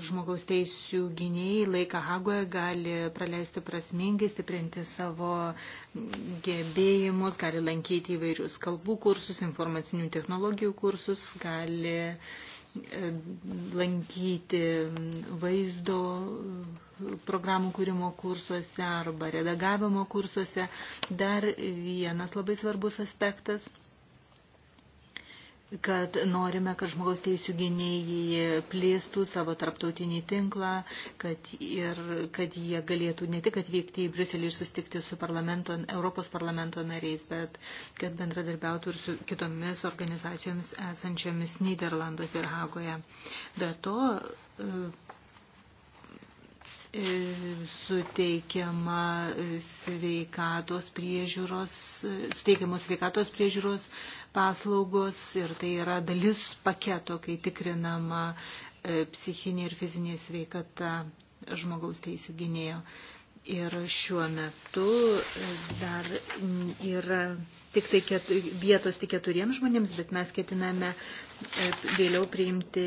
žmogaus teisų gynėjai laiką Hagoje gali praleisti prasmingai, stiprinti savo gebėjimus, gali lankyti įvairius kalbų kursus, informacinių technologijų kursus, gali e, lankyti vaizdo programų kūrimo kursuose arba redagavimo kursuose. Dar vienas labai svarbus aspektas – kad norime, kad žmogaus teisų gynėjai plėstų savo tarptautinį tinklą, kad, ir, kad jie galėtų ne tik atvykti į Briuselį ir sustikti su parlamento, Europos parlamento nariais, bet kad bendradarbiautų ir su kitomis organizacijomis esančiomis Niderlanduose ir Hagoje. Be to, e, suteikiama e, sveikatos priežiūros, e, suteikiamos sveikatos priežiūros paslaugos ir tai yra dalis paketo, kai tikrinama e, psichinė ir fizinė sveikata žmogaus teisų gynėjo. Ir šiuo metu e, dar yra tik tai ketu, vietos tik keturiems žmonėms, bet mes ketiname e, vėliau priimti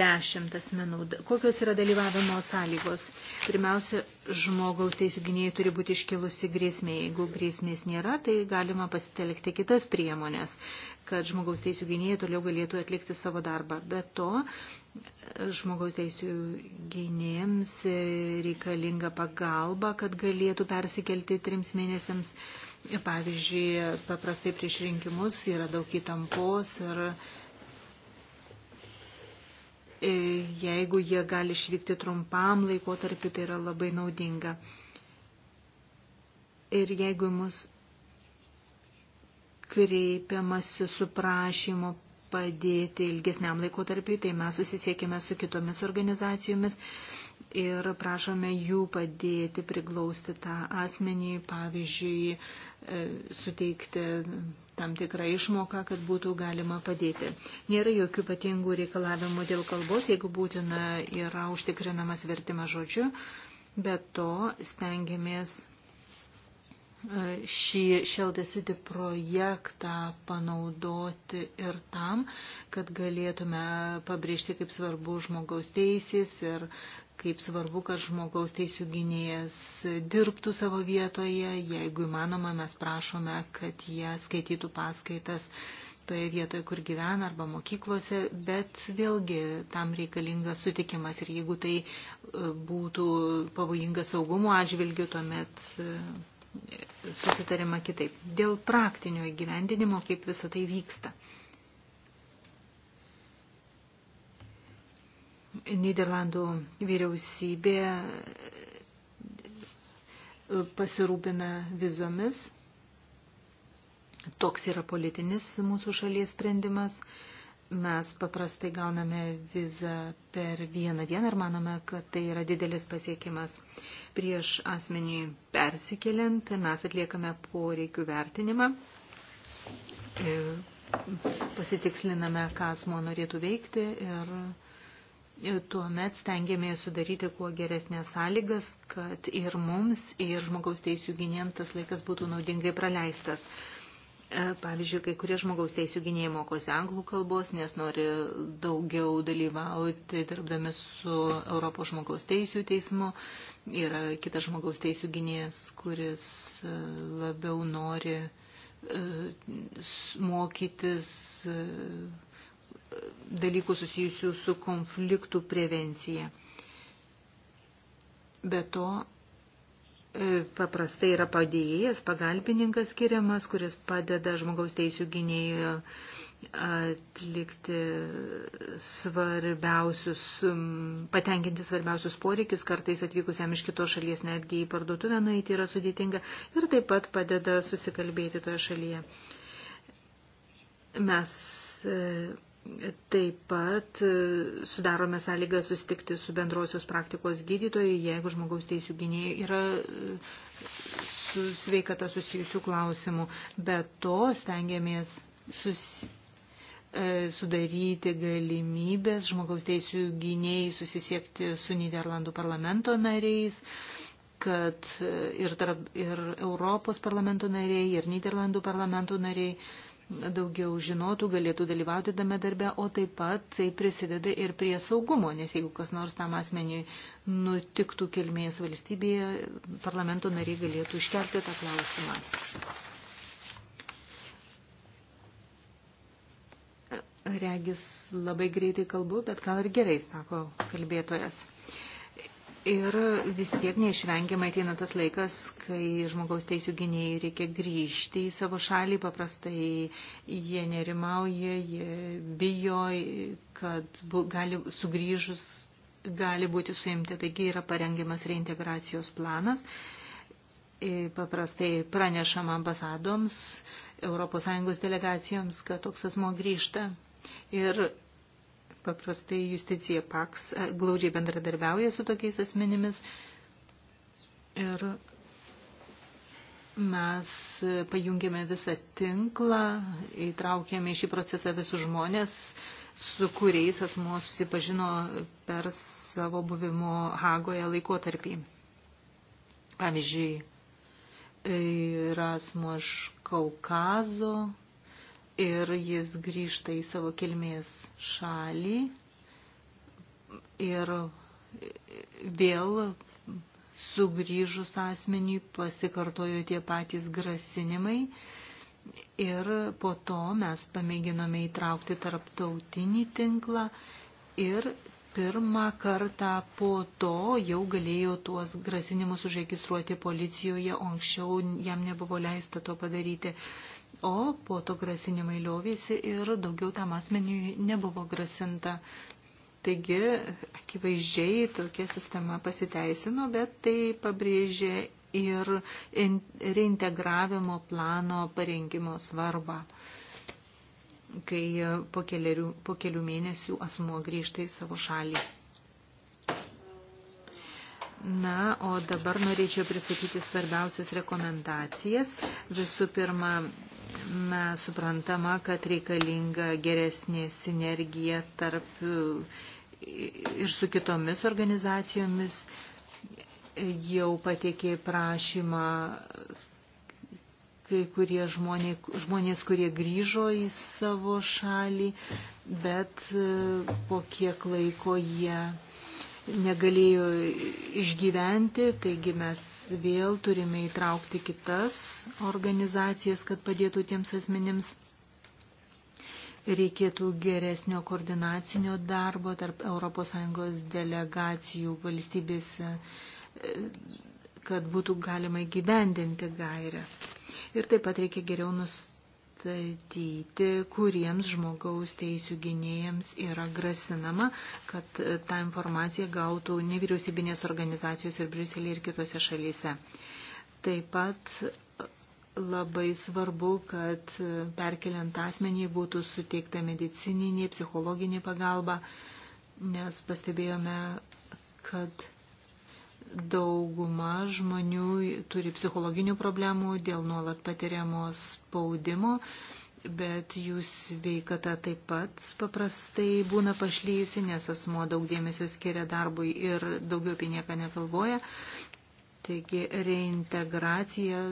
dešimt asmenų. Kokios yra dalyvavimo sąlygos? Pirmiausia, žmogaus teisų gynėjai turi būti iškilusi grėsmė. Jeigu grėsmės nėra, tai galima pasitelkti kitas priemonės kad žmogaus teisų gynėjai toliau galėtų atlikti savo darbą. Be to, žmogaus teisų gynėjams reikalinga pagalba, kad galėtų persikelti trims mėnesiams. Pavyzdžiui, paprastai prieš rinkimus yra daug įtampos ir e, jeigu jie gali išvykti trumpam laikotarpiu, tai yra labai naudinga. Ir jeigu mus kreipiamasi su prašymu padėti ilgesniam laikotarpiu, tai mes susisiekime su kitomis organizacijomis ir prašome jų padėti priglausti tą asmenį, pavyzdžiui, e, suteikti tam tikrą išmoką, kad būtų galima padėti. Nėra jokių patingų reikalavimų dėl kalbos, jeigu būtina yra užtikrinamas vertimas žodžiu, bet to stengiamės šį Shelter City projektą panaudoti ir tam, kad galėtume pabrėžti, kaip svarbu žmogaus teisės ir kaip svarbu, kad žmogaus teisų gynėjas dirbtų savo vietoje. Jeigu įmanoma, mes prašome, kad jie skaitytų paskaitas toje vietoje, kur gyvena arba mokyklose, bet vėlgi tam reikalingas sutikimas ir jeigu tai e, būtų pavojingas saugumo atžvilgiu, tuomet e, susitarima kitaip. Dėl praktinio įgyvendinimo, kaip visą tai vyksta. Niderlandų vyriausybė pasirūpina vizomis. Toks yra politinis mūsų šalies sprendimas. Mes paprastai gauname vizą per vieną dieną ir manome, kad tai yra didelis pasiekimas prieš asmenį persikeliant. Mes atliekame poreikių vertinimą, e, pasitiksliname, ką asmo norėtų veikti ir tuomet stengiamės sudaryti kuo geresnės sąlygas, kad ir mums, ir žmogaus teisų gynėjams tas laikas būtų naudingai praleistas. E, pavyzdžiui, kai kurie žmogaus teisų gynėjai mokosi anglų kalbos, nes nori daugiau dalyvauti dirbdami su Europos žmogaus teisų teismu. Yra kitas žmogaus teisų gynėjas, kuris e, labiau nori e, mokytis dalykų susijusių su konfliktų prevencija. Be to, E, paprastai yra padėjėjas, pagalbininkas skiriamas, kuris padeda žmogaus teisų gynėjo atlikti svarbiausius, patenkinti svarbiausius poreikius, kartais atvykusiam iš kitos šalies netgi į parduotuvę nueiti yra sudėtinga ir taip pat padeda susikalbėti toje šalyje. Mes e, Taip pat e, sudarome sąlygą sustikti su bendrosios praktikos gydytoju, jeigu žmogaus teisų gynėjai yra e, su sveikata susijusių klausimų. Be to stengiamės susi e, sudaryti galimybės žmogaus teisų gynėjai susisiekti su Niderlandų parlamento nariais, kad ir, tarp, ir Europos parlamento nariai, ir Niderlandų parlamento nariai daugiau žinotų, galėtų dalyvauti tame darbe, o taip pat tai prisideda ir prie saugumo, nes jeigu kas nors tam asmeniui nutiktų kilmės valstybėje, parlamento nariai galėtų iškelti tą klausimą. Regis labai greitai kalbu, bet gal ir gerai, sako kalbėtojas. Uh, Ir vis tiek neišvengiamai ateina tas laikas, kai žmogaus teisų gynėjai reikia grįžti į savo šalį. Paprastai jie nerimauja, jie bijo, kad bu, gali sugrįžus gali būti suimti. Taigi yra parengiamas reintegracijos planas. E, paprastai pranešama ambasadoms, ES delegacijoms, kad toks asmo grįžta. Ir Paprastai justicija paks e, glaudžiai bendradarbiauja su tokiais asmenimis ir mes e, pajungėme visą tinklą, įtraukėme į šį procesą visus žmonės, su kuriais asmuo susipažino per savo buvimo Hagoje laikotarpį. Pavyzdžiui, e, yra asmuo iš Kaukazo, ir jis grįžta į savo kilmės šalį ir vėl sugrįžus asmeniui pasikartojo tie patys grasinimai. Ir po to mes pamėginome įtraukti tarptautinį tinklą ir pirmą kartą po to jau galėjo tuos grasinimus užregistruoti policijoje, o anksčiau jam nebuvo leista to padaryti o po to grasinimai liovėsi ir daugiau tam asmeniui nebuvo grasinta. Taigi, akivaizdžiai tokia sistema pasiteisino, bet tai pabrėžė ir reintegravimo plano parengimo svarbą, kai po kelių, po kelių mėnesių asmuo grįžta į savo šalį. Na, o dabar norėčiau pristatyti svarbiausias rekomendacijas. Visų pirma, mes suprantama, kad reikalinga geresnė sinergija tarp e, ir su kitomis organizacijomis jau patikė prašymą kai kurie žmonė, žmonės, kurie grįžo į savo šalį, bet e, po kiek laiko jie negalėjo išgyventi, taigi mes vėl turime įtraukti kitas organizacijas, kad padėtų tiems asmenims. Reikėtų geresnio koordinacinio darbo tarp ES delegacijų valstybėse, e, kad būtų galima įgyvendinti gairias. Ir taip pat reikia geriau nustatyti nustatyti, kuriems žmogaus teisų gynėjams yra grasinama, kad e, tą informaciją gautų nevyriausybinės organizacijos ir Briuselėje ir kitose šalyse. Taip pat e, labai svarbu, kad e, perkeliant asmenį būtų suteikta medicininė, psichologinė pagalba, nes pastebėjome, kad dauguma žmonių turi psichologinių problemų dėl nuolat patiriamo spaudimo, bet jų sveikata taip pat paprastai būna pašlyjusi, nes asmo daug dėmesio skiria darbui ir daugiau apie nieką nekalboja. Taigi reintegracija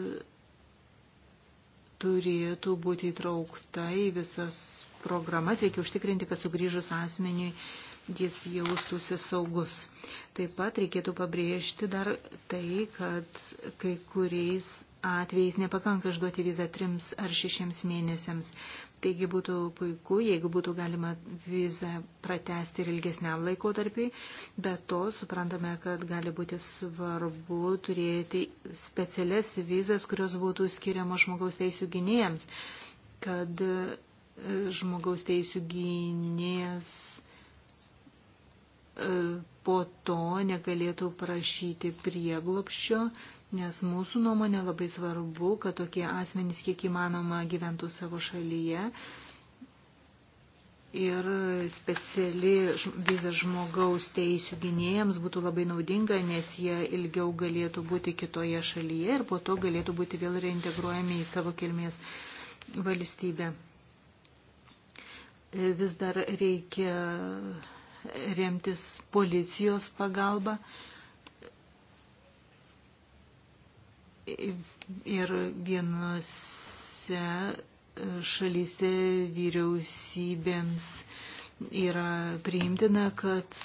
turėtų būti įtraukta į visas programas. Reikia užtikrinti, kad sugrįžus asmeniui jis jaustųsi saugus. Taip pat reikėtų pabrėžti dar tai, kad kai kuriais atvejais nepakanka išduoti vizą trims ar šešiems mėnesiams. Taigi būtų puiku, jeigu būtų galima vizą pratesti ir ilgesniam laikotarpiui, bet to suprantame, kad gali būti svarbu turėti specialias vizas, kurios būtų skiriamos žmogaus teisų gynėjams, kad e, žmogaus teisų gynėjas po to negalėtų prašyti prieglopščio, nes mūsų nuomonė labai svarbu, kad tokie asmenys kiek įmanoma gyventų savo šalyje. Ir speciali viza žmogaus teisų gynėjams būtų labai naudinga, nes jie ilgiau galėtų būti kitoje šalyje ir po to galėtų būti vėl reintegruojami į savo kilmės valstybę. Vis dar reikia remtis policijos pagalba. Ir vienose šalyse vyriausybėms yra priimtina, kad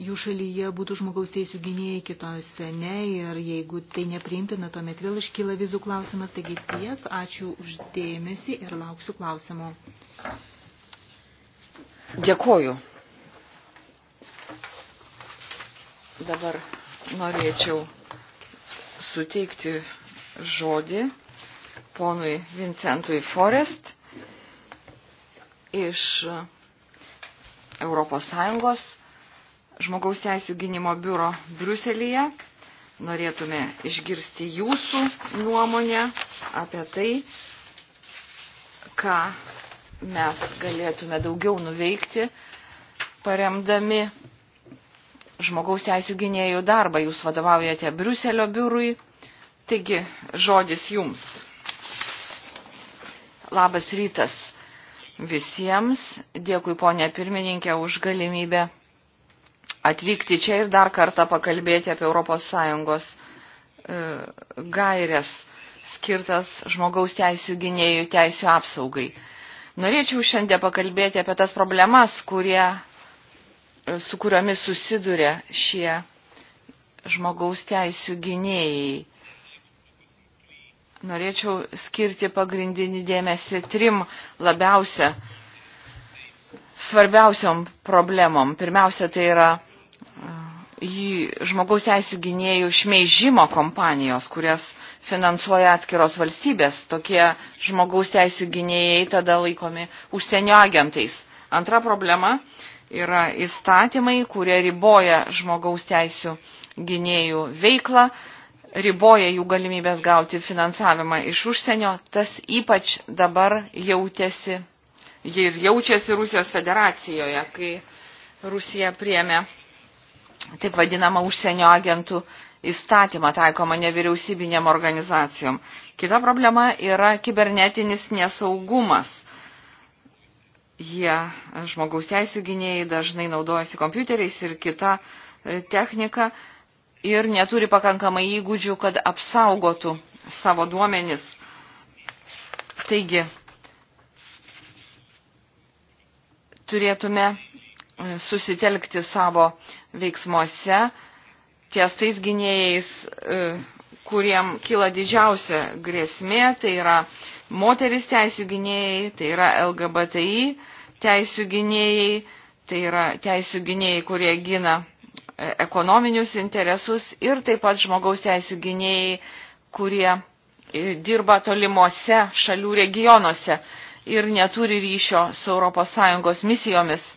jų šalyje būtų žmogaus teisų gynėjai, kitose ne. Ir jeigu tai nepriimtina, tuomet vėl iškyla vizų klausimas. Taigi tiek, ačiū uždėmesi ir lauksiu klausimo. Dėkuoju. Dabar norėčiau suteikti žodį ponui Vincentui Forest iš ES žmogaus teisų gynimo biuro Bruselėje. Norėtume išgirsti jūsų nuomonę apie tai, ką mes galėtume daugiau nuveikti, paremdami žmogaus teisų gynėjų darbą. Jūs vadovaujate Briuselio biurui. Taigi, žodis jums. Labas rytas visiems. Dėkui, ponė pirmininkė, už galimybę atvykti čia ir dar kartą pakalbėti apie ES e, gairias skirtas žmogaus teisų gynėjų teisų apsaugai. Norėčiau šiandien pakalbėti apie tas problemas, kurie, E, su kuriomis susiduria šie žmogaus teisų gynėjai. Norėčiau skirti pagrindinį dėmesį trim labiausia svarbiausiom problemom. Pirmiausia, tai yra e, žmogaus teisų gynėjų šmeižimo kompanijos, kurias finansuoja atskiros valstybės. Tokie žmogaus teisų gynėjai tada laikomi užsienio agentais. Antra problema yra įstatymai, kurie riboja žmogaus teisų gynėjų veiklą, riboja jų galimybės gauti finansavimą iš užsienio. Tas ypač dabar jautėsi ir jaučiasi Rusijos federacijoje, kai Rusija priemė taip vadinamą užsienio agentų įstatymą taikomą nevyriausybinėm organizacijom. Kita problema yra kibernetinis nesaugumas Jie, e, žmogaus teisų gynėjai, dažnai naudojasi kompiuteriais ir kita e, technika ir neturi pakankamai įgūdžių, kad apsaugotų savo duomenis. Taigi, turėtume e, susitelkti savo veiksmuose ties tais gynėjais, kuriem kyla didžiausia grėsmė, tai yra moteris teisų gynėjai, tai yra LGBTI teisų gynėjai, tai yra teisų gynėjai, kurie gina e, ekonominius interesus ir taip pat žmogaus teisų gynėjai, kurie e, dirba tolimuose šalių regionuose ir neturi ryšio su ES misijomis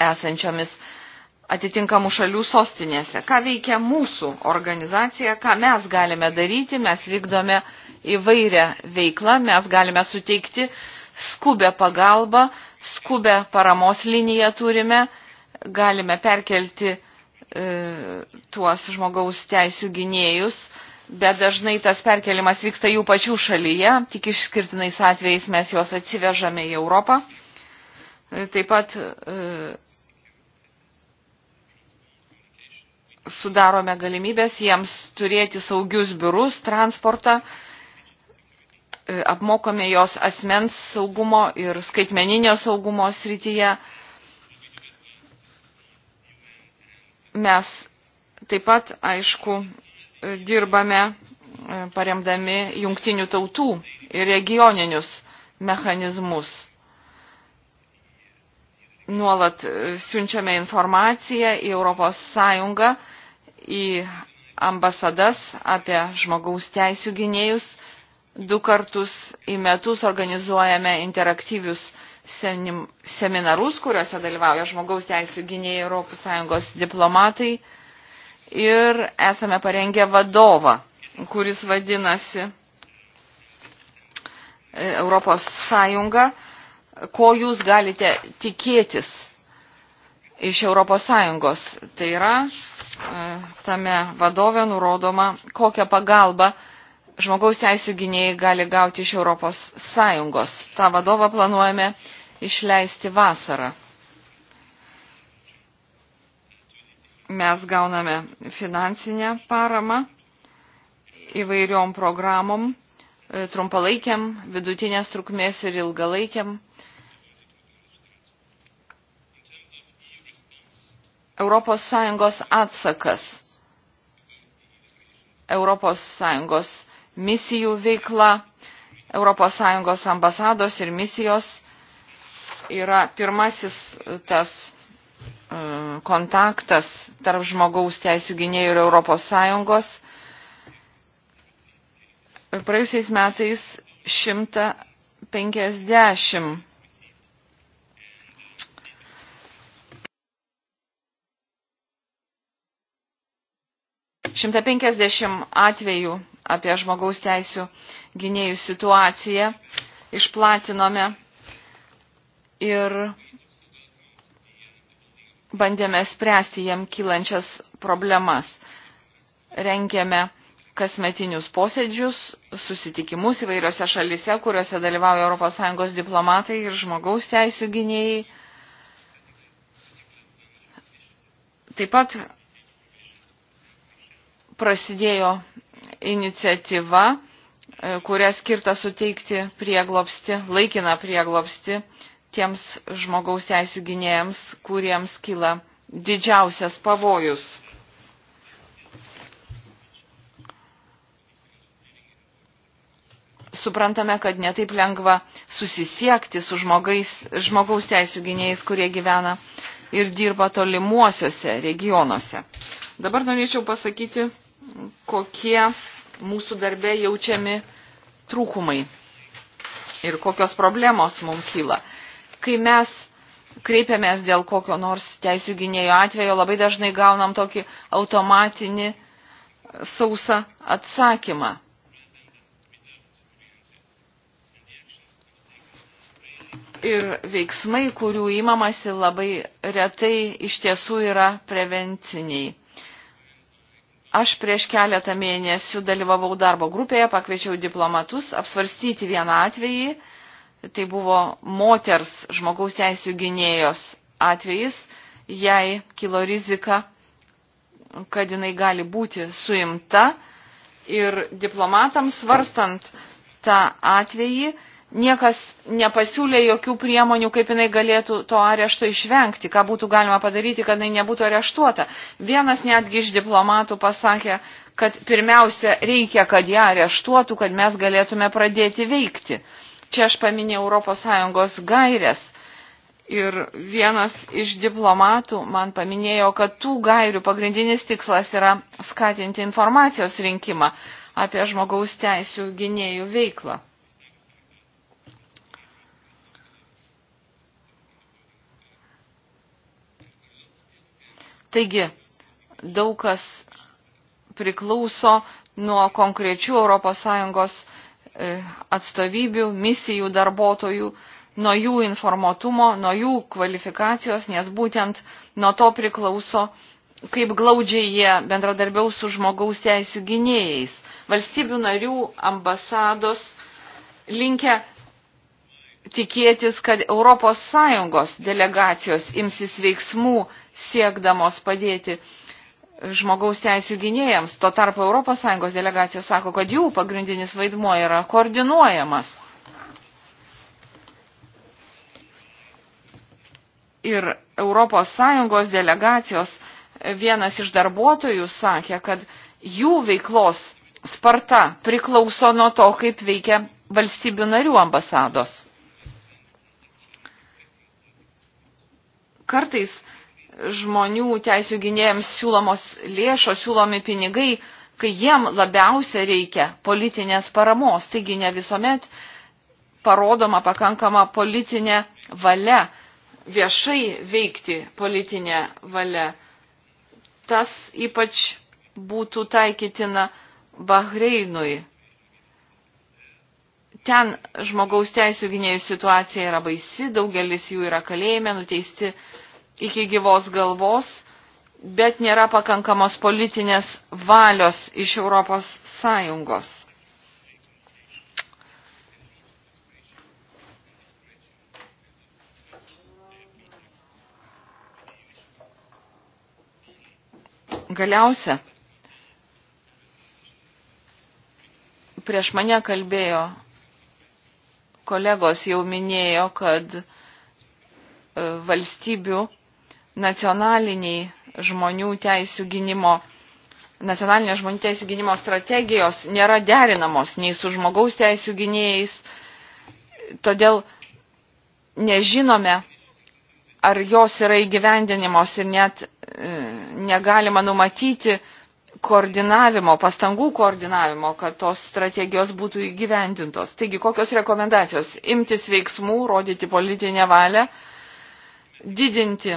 esančiomis atitinkamų šalių sostinėse. Ką veikia mūsų organizacija, ką mes galime daryti, mes vykdome įvairią veiklą, mes galime suteikti skubę pagalbą, skubę paramos liniją turime, galime perkelti e, tuos žmogaus teisų gynėjus, bet dažnai tas perkelimas vyksta jų pačių šalyje, tik išskirtinais atvejais mes juos atsivežame į Europą. E, taip pat e, sudarome galimybės jiems turėti saugius biurus, transportą, e, apmokome jos asmens saugumo ir skaitmeninio saugumo srityje. Mes taip pat, aišku, e, dirbame e, paremdami jungtinių tautų ir regioninius mechanizmus nuolat siunčiame informaciją į Europos Sąjungą į ambasadas apie žmogaus teisų gynėjus. Du kartus į metus organizuojame interaktyvius seminarus, kuriuose dalyvauja žmogaus teisų gynėjai ES diplomatai. Ir esame parengę vadovą, kuris vadinasi e, Europos Sąjunga, ko jūs galite tikėtis iš Europos Sąjungos. Tai yra E, tame vadove nurodoma, kokią pagalbą žmogaus teisų gynėjai gali gauti iš Europos Sąjungos. Ta vadovą planuojame išleisti vasarą. Mes gauname finansinę paramą įvairiom programom, e, trumpalaikiam, vidutinės trukmės ir ilgalaikiam ES atsakas, ES misijų veikla, ES ambasados ir misijos yra pirmasis tas e, kontaktas tarp žmogaus teisų gynėjų ir ES. Praėjusiais metais 150 150 atvejų apie žmogaus teisų gynėjų situaciją išplatinome ir bandėme spręsti jiem kylančias problemas. Renkėme kasmetinius posėdžius, susitikimus įvairiose šalise, kuriuose dalyvauja ES diplomatai ir žmogaus teisų gynėjai. Taip pat prasidėjo iniciatyva, e, kuria skirta suteikti prieglopsti, laikiną prieglopsti tiems žmogaus teisų gynėjams, kuriems kyla didžiausias pavojus. Suprantame, kad netaip lengva susisiekti su žmogais, žmogaus teisų gynėjais, kurie gyvena ir dirba tolimuosiuose regionuose. Dabar norėčiau pasakyti kokie mūsų darbe jaučiami trūkumai ir kokios problemos mums kyla. Kai mes kreipiamės dėl kokio nors teisų gynėjo atvejo, labai dažnai gaunam tokį automatinį sausą atsakymą. Ir veiksmai, kurių įmamasi labai retai iš tiesų yra prevenciniai. Aš prieš keletą mėnesių dalyvavau darbo grupėje, pakviečiau diplomatus apsvarstyti vieną atvejį. Tai buvo moters žmogaus teisų gynėjos atvejis. Jai kilo rizika, kad jinai gali būti suimta. Ir diplomatams svarstant tą atvejį, niekas nepasiūlė jokių priemonių, kaip jinai galėtų to arešto išvengti, ką būtų galima padaryti, kad jinai nebūtų areštuota. Vienas netgi iš diplomatų pasakė, kad pirmiausia reikia, kad ją areštuotų, kad mes galėtume pradėti veikti. Čia aš paminėjau ES gairės. Ir vienas iš diplomatų man paminėjo, kad tų gairių pagrindinis tikslas yra skatinti informacijos rinkimą apie žmogaus teisų gynėjų veiklą. Taigi, daug kas priklauso nuo konkrečių ES e, atstovybių, misijų darbuotojų, nuo jų informuotumo, nuo jų kvalifikacijos, nes būtent nuo to priklauso, kaip glaudžiai jie bendradarbiaus su žmogaus teisų gynėjais. Valstybių narių ambasados linkia tikėtis, kad ES delegacijos imsis veiksmų siekdamos padėti žmogaus teisų gynėjams. Tuo tarpu ES delegacijos sako, kad jų pagrindinis vaidmuo yra koordinuojamas. Ir ES delegacijos vienas iš darbuotojų sakė, kad jų veiklos sparta priklauso nuo to, kaip veikia valstybių narių ambasados. kartais žmonių teisų gynėjams siūlomos lėšos, siūlomi pinigai, kai jiem labiausia reikia politinės paramos, taigi ne visuomet parodoma pakankama politinė valia, viešai veikti politinė valia. Tas ypač būtų taikytina Bahreinui. Ten žmogaus teisų gynėjų situacija yra baisi, daugelis jų yra kalėjime, nuteisti iki gyvos galvos, bet nėra pakankamos politinės valios iš Europos Sąjungos. Galiausia, prieš mane kalbėjo kolegos jau minėjo, kad e, valstybių nacionaliniai žmonių teisų gynimo, nacionalinės žmonių teisų gynimo strategijos nėra derinamos nei su žmogaus teisų gynėjais, todėl nežinome, ar jos yra įgyvendinimos ir net e, negalima numatyti koordinavimo, pastangų koordinavimo, kad tos strategijos būtų įgyvendintos. Taigi, kokios rekomendacijos? Imtis veiksmų, rodyti politinę valią, didinti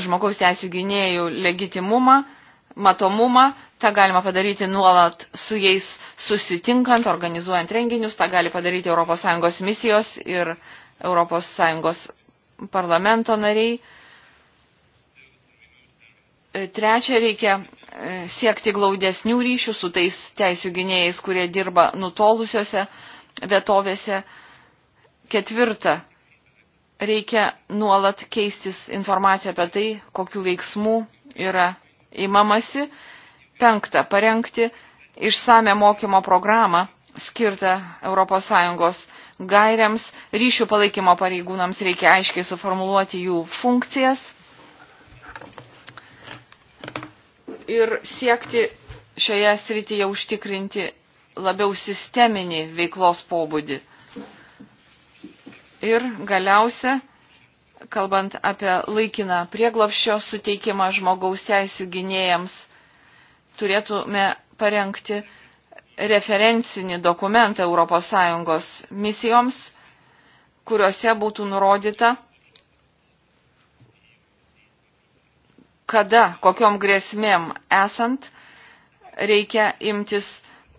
žmogaus teisų gynėjų legitimumą, matomumą, tą galima padaryti nuolat su jais susitinkant, organizuojant renginius, tą gali padaryti ES misijos ir ES parlamento nariai. E, trečia, reikia e, siekti glaudesnių ryšių su tais teisų gynėjais, kurie dirba nutolusiuose vietovėse. Ketvirta, reikia nuolat keistis informaciją apie tai, kokiu veiksmu yra įmamasi. Penkta, parengti išsame mokymo programą skirtą ES gairiams. Ryšių palaikymo pareigūnams reikia aiškiai suformuluoti jų funkcijas ir siekti šioje srityje užtikrinti labiau sisteminį veiklos pobūdį. Ir galiausia, kalbant apie laikiną prieglopščio suteikimą žmogaus teisų gynėjams, turėtume parengti referencinį dokumentą ES misijoms, kuriuose būtų nurodyta, kada, kokiom grėsmėm esant, reikia imtis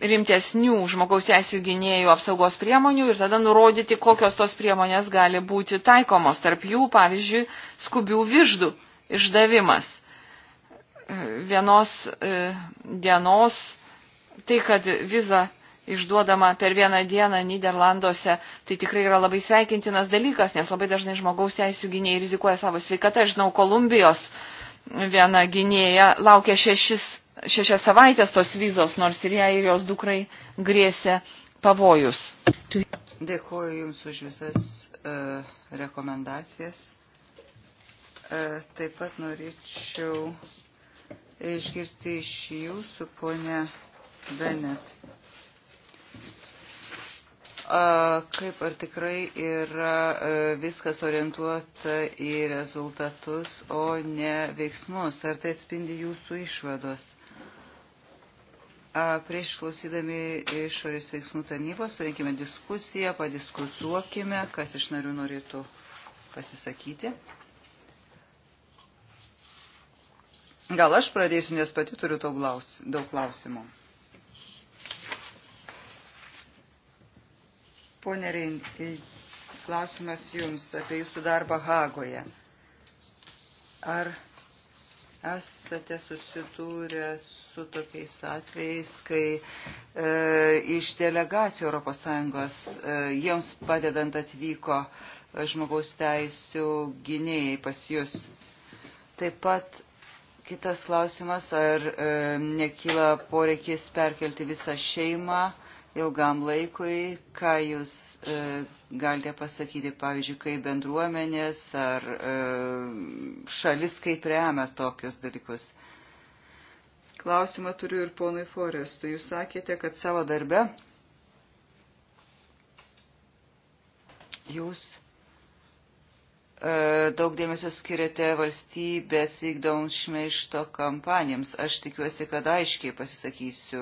rimtesnių žmogaus teisų gynėjų apsaugos priemonių ir tada nurodyti, kokios tos priemonės gali būti taikomos. Tarp jų, pavyzdžiui, skubių viždų išdavimas. E, vienos e, dienos, tai kad viza išduodama per vieną dieną Niderlanduose, tai tikrai yra labai sveikintinas dalykas, nes labai dažnai žmogaus teisų gynėjai rizikuoja savo sveikatą. Žinau, Kolumbijos viena gynėja laukia šešis šešias savaitės tos vizos, nors ir jai ir jos dukrai grėsė pavojus. Dėkuoju Jums už visas uh, rekomendacijas. Uh, taip pat norėčiau išgirsti iš Jūsų, ponė Benet. Uh, kaip ar tikrai yra uh, viskas orientuota į rezultatus, o ne veiksmus? Ar tai atspindi jūsų išvados? Prieš klausydami išorės veiksmų tarnybos surinkime diskusiją, padiskutuokime, kas iš narių norėtų pasisakyti. Gal aš pradėsiu, nes pati turiu daug klausimų. Pone Rein, klausimas Jums apie Jūsų darbą Hagoje. Ar esate susidūrę su tokiais atvejais, kai e, iš delegacijų ES e, jiems padedant atvyko e, žmogaus teisų gynėjai pas jūs. Taip pat kitas klausimas, ar e, nekyla poreikis perkelti visą šeimą ilgam laikui, ką jūs e, galite pasakyti, pavyzdžiui, kaip bendruomenės ar e, šalis kaip remia tokius dalykus. Klausimą turiu ir ponui Forestui. Jūs sakėte, kad savo darbe jūs E, daug dėmesio skiriate valstybės vykdomoms šmeišto kampanijoms. Aš tikiuosi, kad aiškiai pasisakysiu.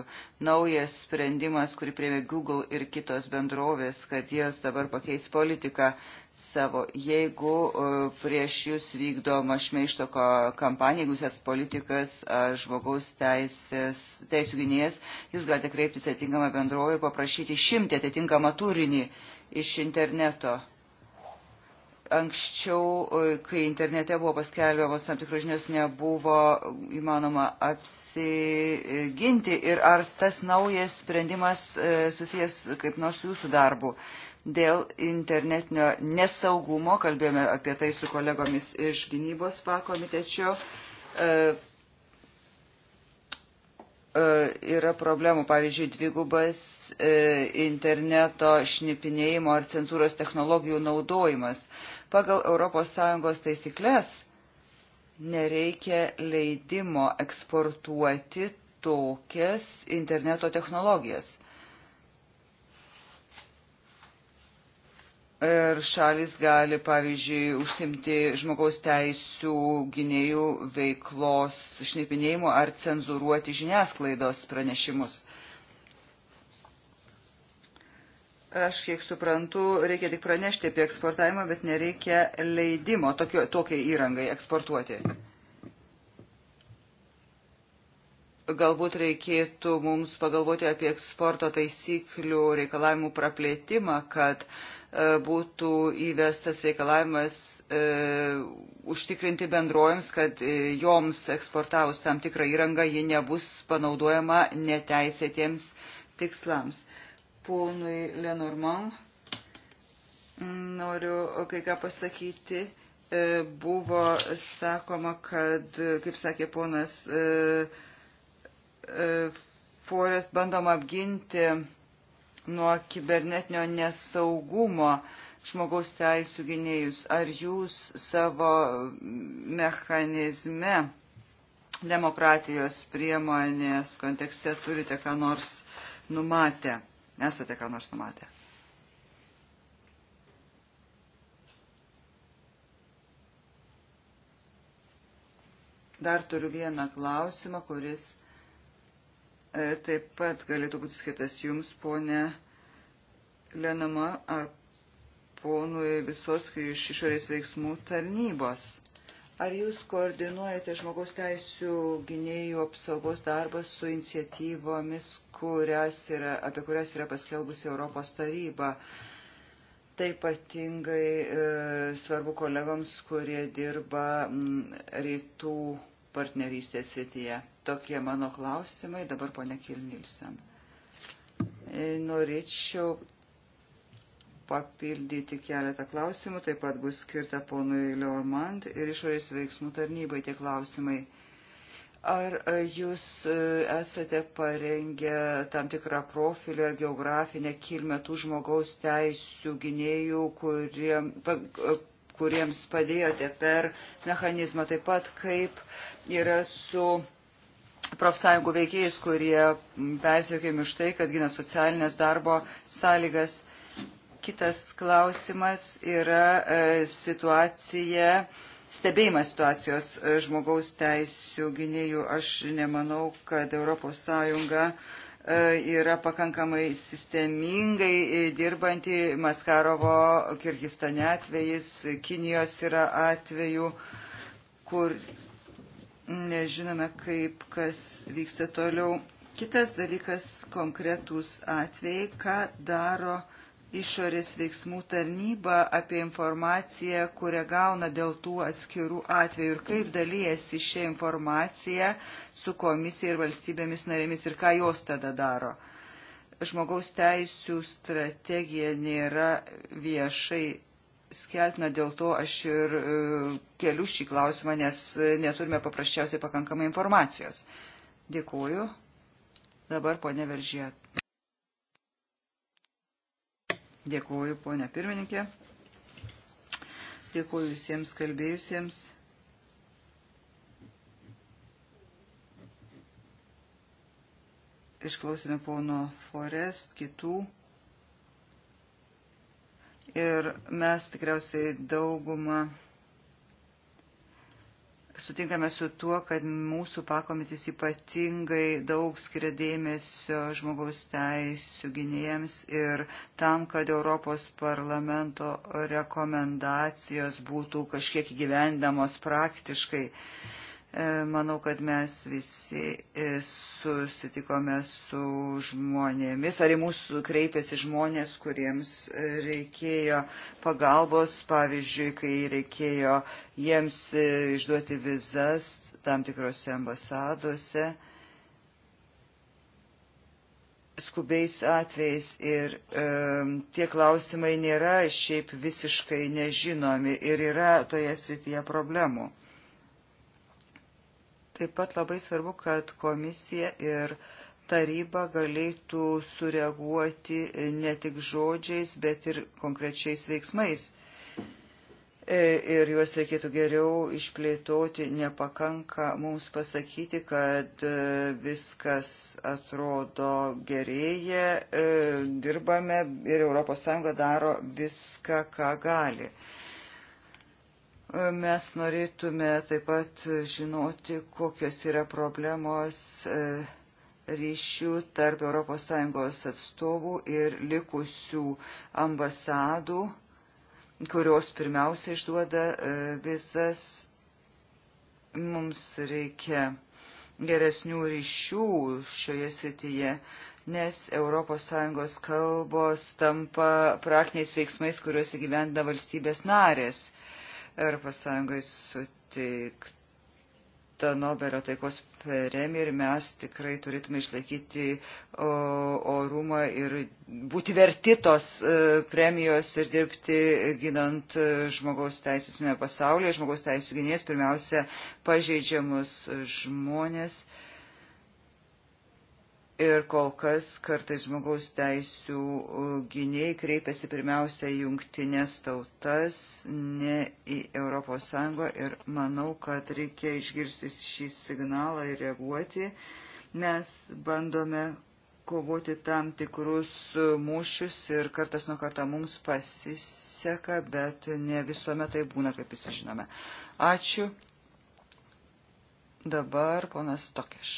Naujas sprendimas, kurį priemė Google ir kitos bendrovės, kad jas dabar pakeis politiką savo. Jeigu e, prieš jūs vykdoma šmeišto kampanija, jeigu jūs esate politikas ar žmogaus teisės, teisų gynėjas, jūs galite kreiptis atitinkamą bendrovę ir paprašyti šimti atitinkamą turinį iš interneto Anksčiau, e, kai internete buvo paskelbiamos tam tikros žinios, nebuvo įmanoma apsiginti ir ar tas naujas sprendimas e, susijęs kaip nors jūsų darbu dėl internetinio nesaugumo, kalbėjome apie tai su kolegomis iš gynybos pakomitečio, e, E, yra problemų, pavyzdžiui, dvigubas e, interneto šnipinėjimo ar cenzūros technologijų naudojimas. Pagal ES taisyklės nereikia leidimo eksportuoti tokias interneto technologijas. Ir šalis gali, pavyzdžiui, užsimti žmogaus teisų gynėjų veiklos šnipinėjimu ar cenzuruoti žiniasklaidos pranešimus. Aš kiek suprantu, reikia tik pranešti apie eksportavimą, bet nereikia leidimo tokio, tokiai įrangai eksportuoti. galbūt reikėtų mums pagalvoti apie eksporto taisyklių reikalavimų praplėtimą, kad E, būtų įvestas reikalavimas e, užtikrinti bendrojams, kad e, joms eksportavus tam tikrą įrangą ji nebus panaudojama neteisėtiems tikslams. Ponui Lenormand noriu kai ką pasakyti. Buvo sakoma, kad, kaip sakė ponas Forest, bandoma apginti nuo kibernetinio nesaugumo žmogaus teisų gynėjus. Ar jūs savo mechanizme demokratijos priemonės kontekste turite ką nors numatę? Esate ką nors numatę? Dar turiu vieną klausimą, kuris E, taip pat galėtų būti skirtas jums, ponė Lenama, ar ponui visos iš išorės veiksmų tarnybos. Ar jūs koordinuojate žmogaus teisų gynėjų apsaugos darbą su iniciatyvomis, kurias yra, apie kurias yra paskelbusi Europos taryba? Tai ypatingai e, svarbu kolegoms, kurie dirba m, rytų partnerystės srityje tokie mano klausimai. Dabar ponia Kilnilsen. E, norėčiau papildyti keletą klausimų, taip pat bus skirta ponui Leormand ir išorės veiksmų tarnybai tie klausimai. Ar e, jūs e, esate parengę tam tikrą profilį ar geografinę kilmę tų žmogaus teisų gynėjų, kuriem, kuriems padėjote per mechanizmą, taip pat kaip yra su profsąjungų veikėjais, kurie persiekėmi už tai, kad gina socialinės darbo sąlygas. Kitas klausimas yra e, situacija, stebėjimas situacijos e, žmogaus teisų gynėjų. Aš nemanau, kad ES e, yra pakankamai sistemingai dirbanti Maskarovo Kirgistane atvejais, Kinijos yra atvejų, kur nežinome, kaip kas vyksta toliau. Kitas dalykas - konkretūs atvejai, ką daro išorės veiksmų tarnyba apie informaciją, kurią gauna dėl tų atskirų atvejų ir kaip dalyjasi šią informaciją su komisija ir valstybėmis narėmis ir ką jos tada daro. Žmogaus teisų strategija nėra viešai skeltina, dėl to aš ir e, keliu šį klausimą, nes neturime paprasčiausiai pakankamai informacijos. Dėkuoju. Dabar ponė Veržė. Dėkuoju, ponė pirmininkė. Dėkuoju visiems kalbėjusiems. Išklausime pono Forest, kitų. Ir mes tikriausiai daugumą sutinkame su tuo, kad mūsų pakomitis ypatingai daug skiria dėmesio žmogaus teisų gynėjams ir tam, kad Europos parlamento rekomendacijos būtų kažkiek įgyvendamos praktiškai. Uh, E, manau, kad mes visi e, susitikome su žmonėmis, ar į mūsų kreipėsi žmonės, kuriems e, reikėjo pagalbos, pavyzdžiui, kai reikėjo jiems išduoti vizas tam tikrose ambasadose skubiais atvejais ir e, tie klausimai nėra šiaip visiškai nežinomi ir yra toje srityje problemų. Taip pat labai svarbu, kad komisija ir taryba galėtų sureaguoti ne tik žodžiais, bet ir konkrečiais veiksmais. E, ir juos reikėtų geriau išplėtoti, nepakanka mums pasakyti, kad e, viskas atrodo gerėja, e, dirbame ir ES daro viską, ką gali. Mes norėtume taip pat žinoti, kokios yra problemos e, ryšių tarp ES atstovų ir likusių ambasadų, kurios pirmiausia išduoda e, visas. Mums reikia geresnių ryšių šioje srityje nes ES kalbos tampa praktiniais veiksmais, kuriuos įgyvendina valstybės narės. ES suteikta Nobelio taikos premija ir mes tikrai turėtume išlaikyti orumą ir būti verti tos e, premijos ir dirbti ginant e, žmogaus teisės minė pasaulyje, žmogaus teisų gynės, pirmiausia, pažeidžiamus žmonės. Uh, Ir kol kas kartais žmogaus teisų gyniai kreipiasi pirmiausia jungtinės tautas, ne į ES ir manau, kad reikia išgirsti šį signalą ir reaguoti. Mes bandome kovoti tam tikrus mūšius ir kartas nuo karto mums pasiseka, bet ne visuomet tai būna, kaip visi žinome. Ačiū. Dabar ponas Tokeš.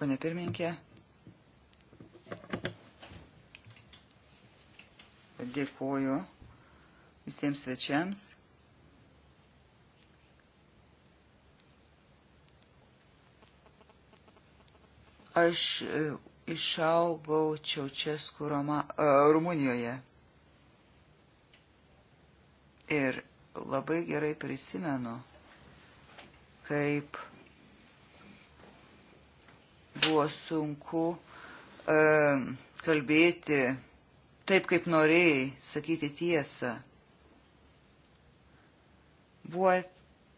Pane pirmininkė, dėkoju visiems svečiams. Aš e, išaugau Čiaučeskų Roma, uh, Rumunijoje. Ir labai gerai prisimenu, kaip buvo sunku e, kalbėti taip, kaip norėjai, sakyti tiesą. Buvo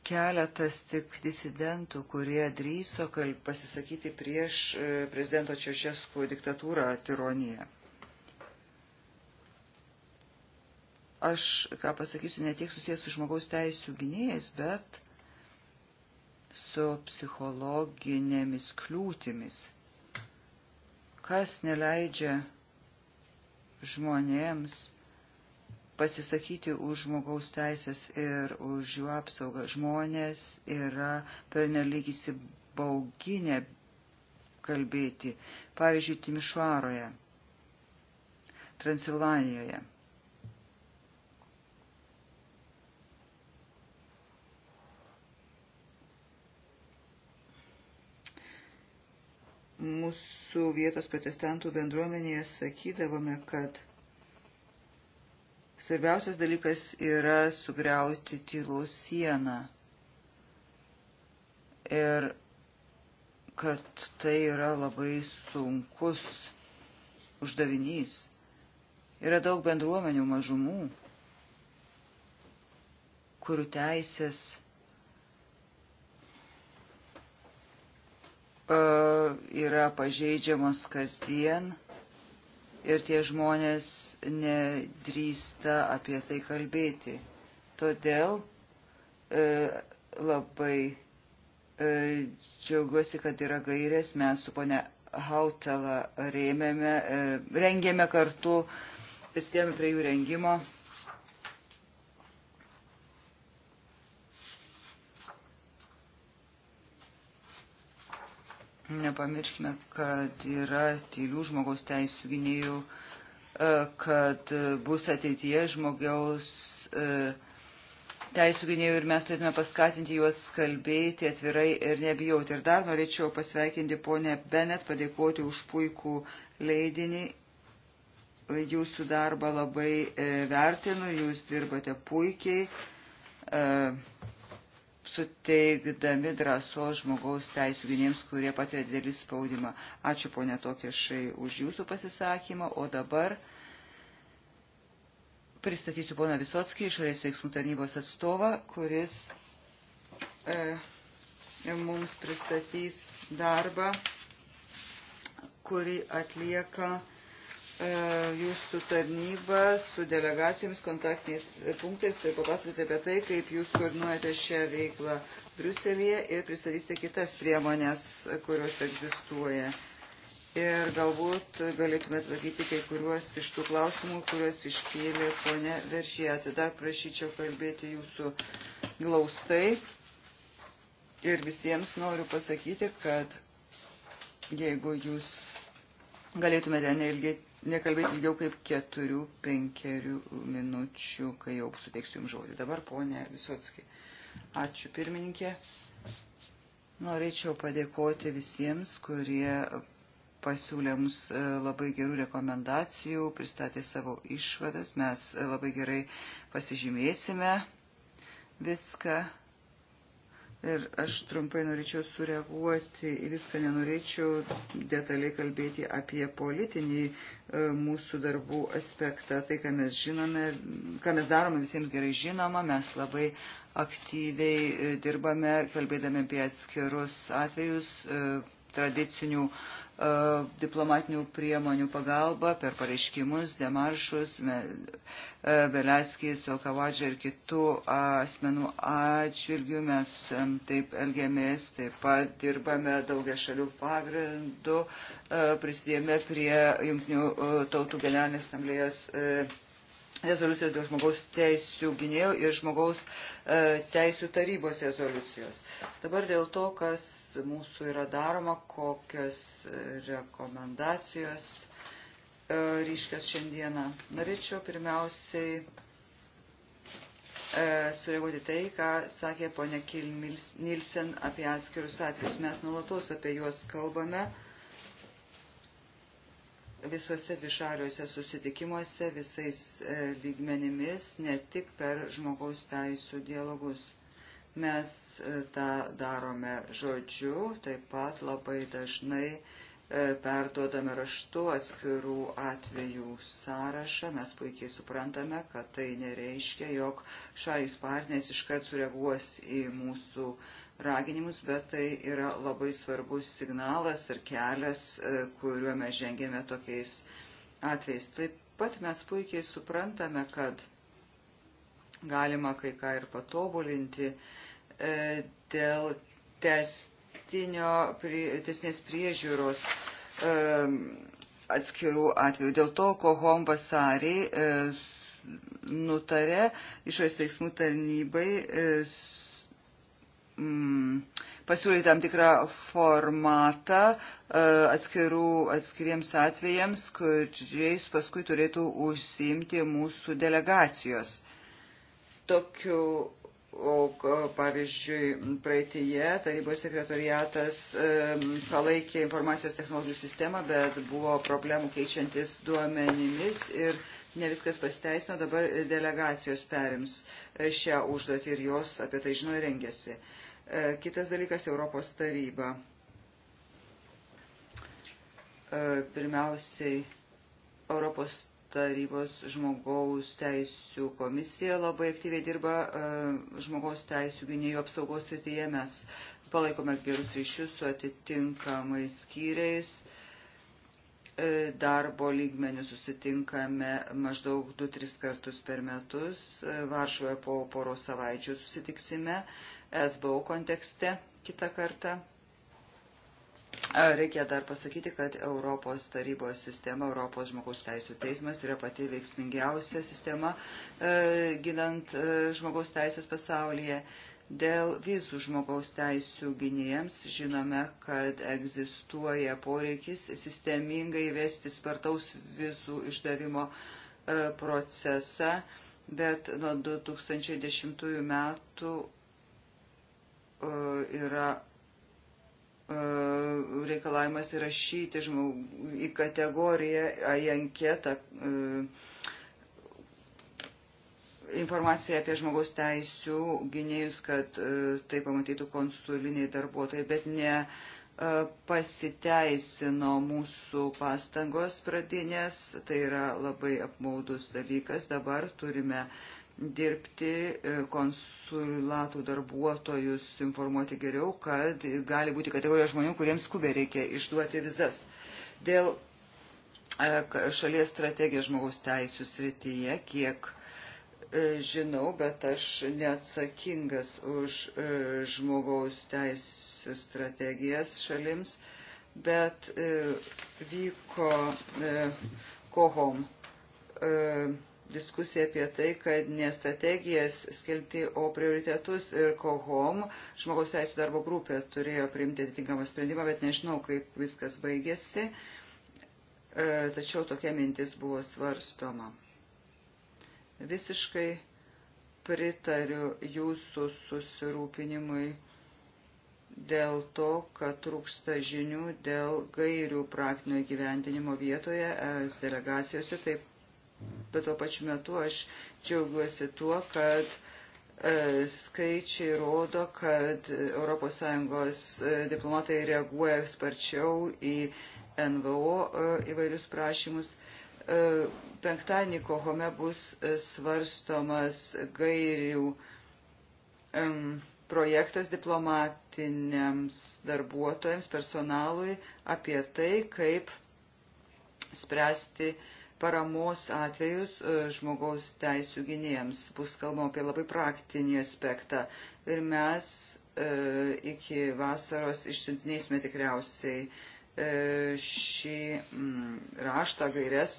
keletas tik disidentų, kurie drįso pasisakyti prieš e, prezidento Čiaušeskų diktatūrą tironiją. Aš, ką pasakysiu, ne tiek susijęs su žmogaus teisų gynėjais, bet su psichologinėmis kliūtimis. Kas neleidžia žmonėms pasisakyti už žmogaus teisės ir už jų apsaugą. Žmonės yra pernelyg įsibauginę kalbėti, pavyzdžiui, Timišvaroje, Transilvanijoje. mūsų vietos protestantų bendruomenėje sakydavome, kad svarbiausias dalykas yra sugriauti tylų sieną. Ir kad tai yra labai sunkus uždavinys. Yra daug bendruomenių mažumų, kurių teisės E, yra pažeidžiamos kasdien ir tie žmonės nedrįsta apie tai kalbėti. Todėl e, labai e, džiaugiuosi, kad yra gairės, mes su ponia Hautala rėmėme, rengėme kartu, prisidėjome prie jų rengimo Nepamirškime, kad yra tylių žmogaus teisų gynėjų, e, kad bus ateityje žmogaus e, teisų gynėjų ir mes turėtume paskatinti juos kalbėti atvirai ir nebijoti. Ir dar norėčiau pasveikinti ponę Benet, padėkoti už puikų leidinį. Jūsų darbą labai e, vertinu, jūs dirbate puikiai suteikdami drąsos žmogaus teisų gynėjams, kurie patiria didelį spaudimą. Ačiū ponė Tokiešai už jūsų pasisakymą, o dabar pristatysiu poną Visotskį, išorės veiksmų tarnybos atstovą, kuris e, mums pristatys darbą, kurį atlieka e, E, jūsų tarnybą su delegacijomis, kontaktiniais punktais ir papasakoti apie tai, kaip jūs koordinuojate šią veiklą Briuselėje ir pristatysite kitas priemonės, kurios egzistuoja. Ir galbūt galėtumėte atsakyti kai kuriuos iš tų klausimų, kuriuos iškėlė ponė Veržėti. Dar prašyčiau kalbėti jūsų glaustai. Ir visiems noriu pasakyti, kad jeigu jūs galėtumėte neilgiai nekalbėti ilgiau kaip keturių, penkerių minučių, kai jau suteiksiu jums žodį. Dabar, ponė Visotskiai, ačiū pirmininkė. Norėčiau padėkoti visiems, kurie pasiūlė mums e, labai gerų rekomendacijų, pristatė savo išvadas. Mes e, labai gerai pasižymėsime viską Ir aš trumpai norėčiau sureaguoti į viską, nenorėčiau detaliai kalbėti apie politinį e, mūsų darbų aspektą. Tai, ką mes žinome, ką mes darome, visiems gerai žinoma, mes labai aktyviai e, dirbame, kalbėdami apie atskirus atvejus e, tradicinių uh, E, diplomatinių priemonių pagalba per pareiškimus, demaršus, e, Beleckis, Elkavadžia ir kitų asmenų atžvilgių mes e, taip elgiamės, taip pat dirbame daugia šalių pagrindų, prisidėjome prie Junktinių tautų generalinės asamblėjos rezoliucijos dėl žmogaus teisų gynėjo ir žmogaus e, teisų tarybos rezoliucijos. Dabar dėl to, kas mūsų yra daroma, kokios rekomendacijos e, ryškios šiandieną. Norėčiau pirmiausiai e, sureaguoti tai, ką sakė ponia Kil Nilsen apie atskirus atvejus. Mes nulatos apie juos kalbame. E, visuose dvišaliuose susitikimuose, visais e, lygmenimis, ne tik per žmogaus teisų dialogus. Mes e, tą darome žodžiu, taip pat labai dažnai e, perduodame raštu atskirų atvejų sąrašą. Mes puikiai suprantame, kad tai nereiškia, jog šalys partnės iškart sureaguos į mūsų raginimus, bet tai yra labai svarbus signalas ir kelias, e, kuriuo mes žengėme tokiais atvejais. Taip pat mes puikiai suprantame, kad galima kai ką ir patobulinti e, dėl testinės priežiūros e, atskirų atvejų. Dėl to, ko Hom vasarį nutarė išorės veiksmų tarnybai mm, pasiūlyti tam tikrą formatą e, atskirų, atskiriems atvejams, kuriais paskui turėtų užsiimti mūsų delegacijos. Tokiu, o, pavyzdžiui, praeitįje tarybos sekretoriatas e, palaikė informacijos technologijų sistemą, bet buvo problemų keičiantis duomenimis ir ne viskas pasiteisino, dabar delegacijos perims e, šią užduotį ir jos apie tai žino ir rengėsi. Uh, E, kitas dalykas - Europos taryba. E, pirmiausiai Europos tarybos žmogaus teisų komisija labai aktyviai dirba e, žmogaus teisų gynėjų apsaugos srityje. Mes palaikome gerus ryšius su atitinkamais skyriais. Darbo lygmenių susitinkame maždaug 2-3 kartus per metus. Varšuoje po poros savaičių susitiksime. SBO kontekste kitą kartą. Reikia dar pasakyti, kad Europos tarybos sistema, Europos žmogaus teisų teismas yra pati veiksmingiausia sistema e, ginant e, žmogaus teisės pasaulyje. Dėl vizų žmogaus teisų gynėjams žinome, kad egzistuoja poreikis sistemingai įvesti spartaus vizų išdavimo e, procesą, bet nuo 2010 metų E, yra e, reikalavimas įrašyti žmogų į kategoriją, į anketą e, informaciją apie žmogaus teisų gynėjus, kad tai pamatytų konsuliniai darbuotojai, bet ne pasiteisino mūsų pastangos pradinės, tai yra labai apmaudus dalykas, dabar turime uh, dirbti, e, konsulatų darbuotojus informuoti geriau, kad gali būti kategorija žmonių, kuriems skubiai reikia išduoti vizas. Dėl e, šalies strategijos žmogaus teisų srityje, kiek e, žinau, bet aš neatsakingas už žmogaus teisų strategijas šalims, bet vyko kohom diskusija apie tai, kad ne strategijas skelbti, o prioritetus ir kohom. Žmogaus teisų darbo grupė turėjo priimti atitinkamą sprendimą, bet nežinau, kaip viskas baigėsi. E, tačiau tokia mintis buvo svarstoma. Visiškai pritariu jūsų susirūpinimui dėl to, kad trūksta žinių dėl gairių praktinio įgyvendinimo vietoje, e, delegacijose, taip bet tuo pačiu metu aš džiaugiuosi tuo, kad e, skaičiai rodo, kad ES e, diplomatai reaguoja sparčiau į NVO e, įvairius prašymus. Penktadienį Kohome bus svarstomas gairių projektas diplomatiniams darbuotojams, personalui apie tai, kaip spręsti uh, paramos atvejus e, žmogaus teisų gynėjams. Bus kalbama apie labai praktinį aspektą. Ir mes e, iki vasaros išsiuntinėsime tikriausiai e, šį mm, raštą gairias.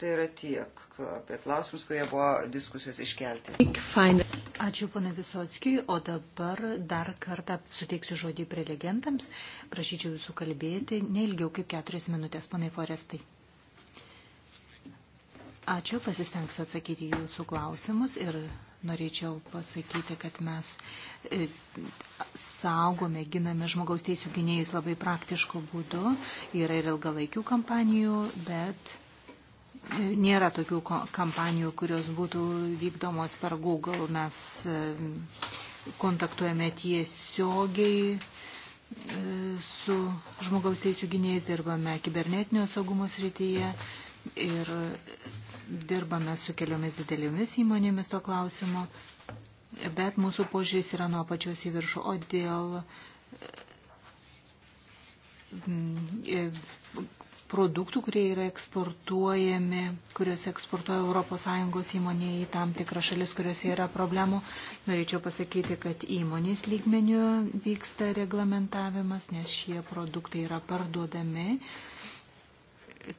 Tai yra tiek apie klausimus, kurie buvo diskusijos iškelti. Ačiū, pana Visockiui, o dabar dar kartą suteiksiu žodį prelegentams. Prašyčiau jūsų kalbėti neilgiau kaip keturias minutės, panai Forestai. Ačiū, pasistengsiu atsakyti jūsų klausimus ir norėčiau pasakyti, kad mes e, saugome, giname žmogaus teisų gynėjus labai praktiškų būdų. Yra ir ilgalaikių kampanijų, bet nėra tokių kampanijų, kurios būtų vykdomos per Google. Mes e, kontaktuojame tiesiogiai e, su žmogaus teisų gynėjais, dirbame kibernetinio saugumo srityje ir dirbame su keliomis didelėmis įmonėmis to klausimo, bet mūsų požiūris yra nuo pačios į viršų, o dėl e, produktų, kurie yra eksportuojami, kuriuos eksportuoja ES įmonė į tam tikrą šalis, kuriuose yra problemų. Norėčiau pasakyti, kad įmonės lygmenių vyksta reglamentavimas, nes šie produktai yra parduodami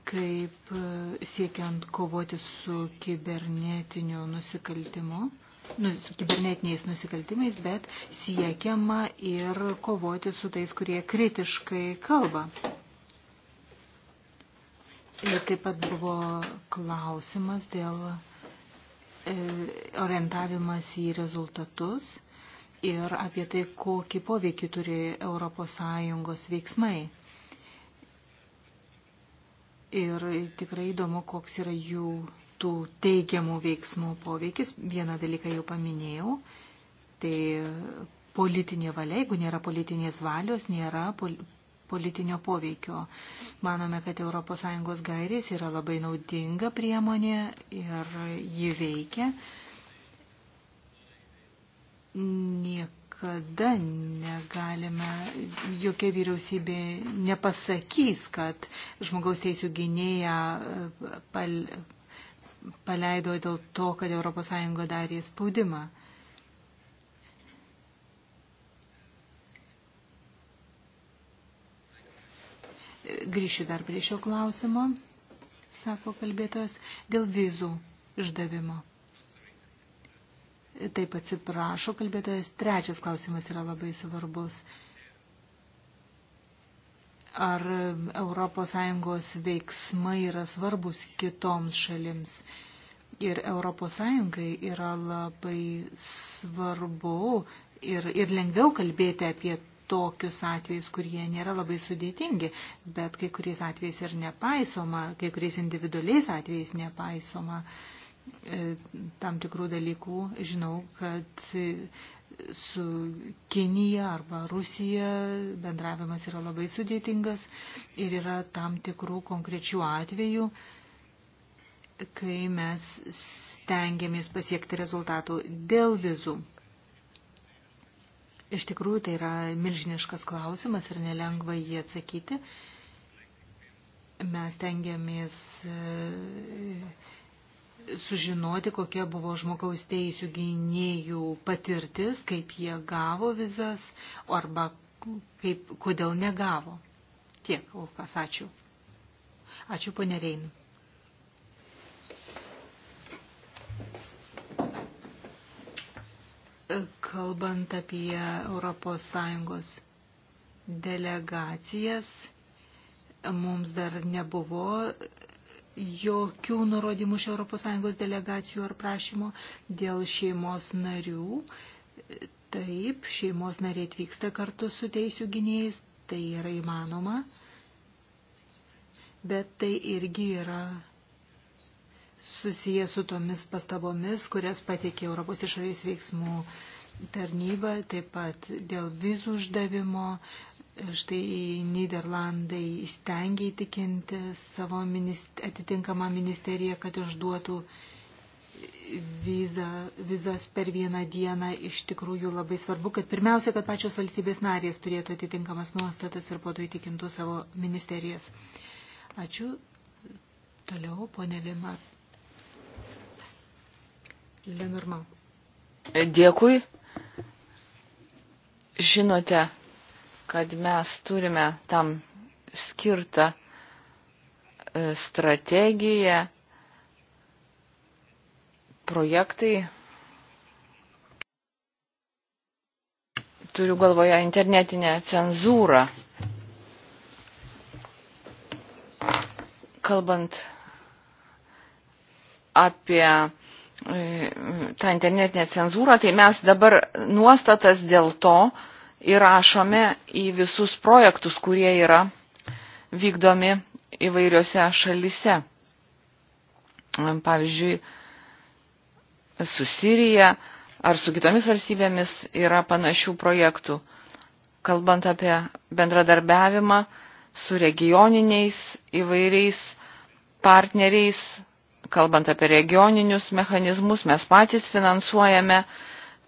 kaip e, siekiant kovoti su kibernetiniu nusikaltimu nu, su kibernetiniais nusikaltimais, bet siekiama ir kovoti su tais, kurie kritiškai kalba Taip pat buvo klausimas dėl e, orientavimas į rezultatus ir apie tai, kokį poveikį turi ES veiksmai. Ir tikrai įdomu, koks yra jų tų teigiamų veiksmų poveikis. Vieną dalyką jau paminėjau, tai politinė valia, jeigu nėra politinės valios, nėra pol politinio poveikio. Manome, kad ES gairės yra labai naudinga priemonė ir ji veikia. Niekada negalime, jokia vyriausybė nepasakys, kad žmogaus teisų gynėja e, pal, paleido dėl to, kad ES darė spaudimą. grįšiu dar prie šio klausimo, sako kalbėtojas, dėl vizų išdavimo. Taip atsiprašo, kalbėtojas, trečias klausimas yra labai svarbus. Ar ES veiksmai yra svarbus kitoms šalims? Ir ES yra labai svarbu ir, ir lengviau kalbėti apie tokius atvejus, kurie nėra labai sudėtingi, bet kai kuriais atvejais ir nepaisoma, kai kuriais individualiais atvejais nepaisoma e, tam tikrų dalykų. Žinau, kad su Kinija arba Rusija bendravimas yra labai sudėtingas ir yra tam tikrų konkrečių atvejų, kai mes stengiamės pasiekti rezultatų dėl vizų. Iš tikrųjų, tai yra milžiniškas klausimas ir nelengva jį atsakyti. Mes tengiamės e, sužinoti, kokia buvo žmogaus teisų gynėjų patirtis, kaip jie gavo vizas arba kaip, kodėl negavo. Tiek, kol kas ačiū. Ačiū, ponė Reinu. kalbant apie ES delegacijas, mums dar nebuvo jokių nurodymų iš ES delegacijų ar prašymo dėl šeimos narių. Taip, šeimos nariai atvyksta kartu su teisų gynėjais, tai yra įmanoma, bet tai irgi yra susiję su tomis pastabomis, kurias pateikė Europos išorės veiksmų tarnyba, taip pat dėl vizų uždavimo. Štai Niderlandai įstengia įtikinti savo minist atitinkamą ministeriją, kad išduotų vizą, vizas per vieną dieną. Iš tikrųjų labai svarbu, kad pirmiausia, kad pačios valstybės narės turėtų atitinkamas nuostatas ir po to įtikintų savo ministerijas. Ačiū. Toliau, ponė Limat. Lenormand. Dėkui. Žinote, kad mes turime tam skirtą e, strategiją, projektai. Turiu galvoje internetinę cenzūrą. Kalbant apie tą internetinę cenzūrą, tai mes dabar nuostatas dėl to įrašome į visus projektus, kurie yra vykdomi įvairiose šalise. Pavyzdžiui, su Sirija ar su kitomis valstybėmis yra panašių projektų. Kalbant apie bendradarbiavimą su regioniniais įvairiais partneriais, kalbant apie regioninius mechanizmus, mes patys finansuojame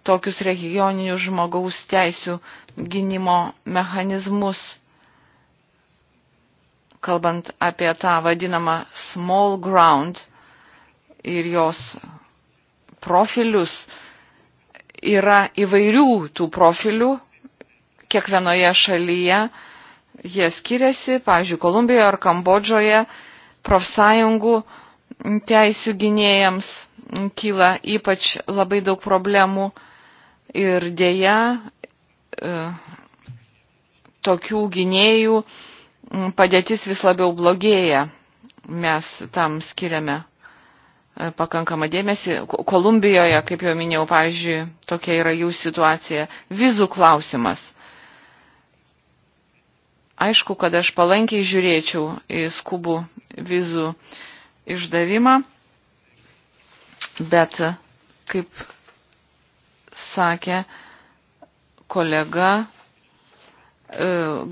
tokius regioninius žmogaus teisų gynimo mechanizmus. Kalbant apie tą vadinamą small ground ir jos profilius, yra įvairių tų profilių kiekvienoje šalyje. Jie skiriasi, pavyzdžiui, Kolumbijoje ar Kambodžoje profsąjungų uh, teisų gynėjams kyla ypač labai daug problemų ir dėja e, tokių gynėjų padėtis vis labiau blogėja. Mes tam skiriame e, pakankamą dėmesį. Kolumbijoje, kaip jau minėjau, pavyzdžiui, tokia yra jų situacija. Vizų klausimas. Aišku, kad aš palankiai žiūrėčiau į skubų vizų uh, išdavimą, bet kaip sakė kolega, e,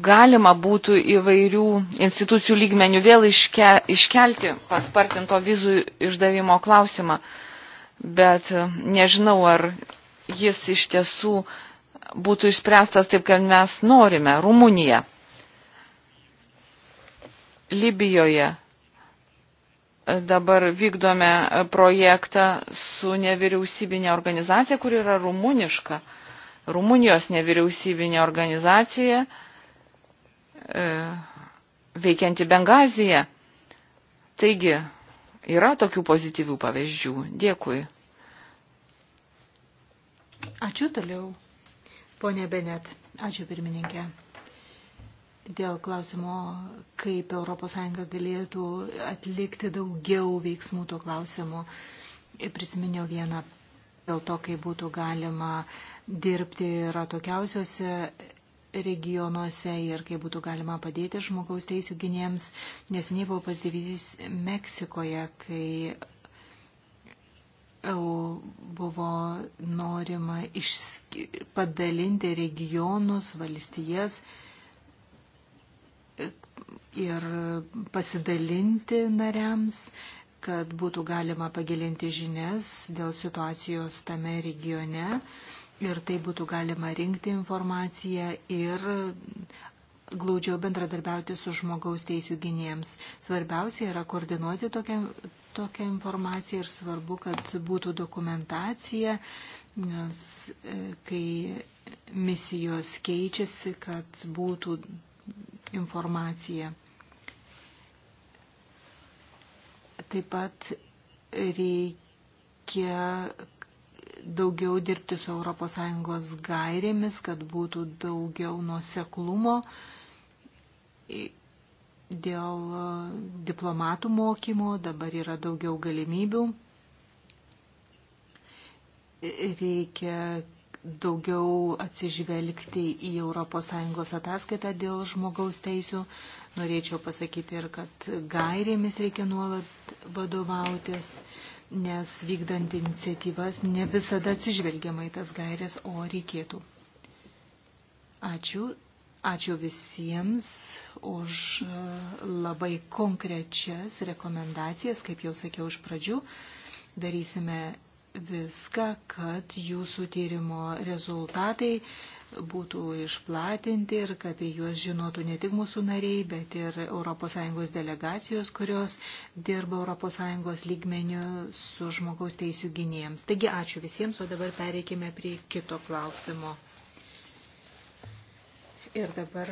galima būtų įvairių institucijų lygmenių vėl iške, iškelti paspartinto vizų išdavimo klausimą, bet e, nežinau, ar jis iš tiesų būtų išspręstas taip, kad mes norime. Rumunija. Libijoje dabar vykdome projektą su nevyriausybinė organizacija, kuri yra rumuniška. Rumunijos nevyriausybinė organizacija e, veikianti Bengaziją. Taigi, yra tokių pozityvių pavyzdžių. Dėkui. Ačiū toliau, ponė Benet. Ačiū pirmininkė. Dėl klausimo, kaip ES galėtų atlikti daugiau veiksmų tuo klausimu, prisiminiau vieną dėl to, kaip būtų galima dirbti ir atokiausiose regionuose ir kaip būtų galima padėti žmogaus teisų gynėjams. Nesiniai buvo pasdėvyzys Meksikoje, kai buvo norima padalinti regionus, valstijas ir pasidalinti nariams, kad būtų galima pagilinti žinias dėl situacijos tame regione ir tai būtų galima rinkti informaciją ir glaudžiau bendradarbiauti su žmogaus teisų gynėjams. Svarbiausia yra koordinuoti tokią, tokią informaciją ir svarbu, kad būtų dokumentacija, nes e, kai misijos keičiasi, kad būtų informaciją. Taip pat reikia daugiau dirbti su ES gairėmis, kad būtų daugiau nuoseklumo dėl diplomatų mokymo, dabar yra daugiau galimybių. Reikia daugiau atsižvelgti į ES ataskaitą dėl žmogaus teisių. Norėčiau pasakyti ir, kad gairėmis reikia nuolat vadovautis, nes vykdant iniciatyvas ne visada atsižvelgiama į tas gairės, o reikėtų. Ačiū. Ačiū visiems už e, labai konkrečias rekomendacijas, kaip jau sakiau iš pradžių. Darysime viską, kad jūsų tyrimo rezultatai būtų išplatinti ir kad apie juos žinotų ne tik mūsų nariai, bet ir ES delegacijos, kurios dirba ES lygmenių su žmogaus teisų gynėjams. Taigi ačiū visiems, o dabar pereikime prie kito klausimo. Ir dabar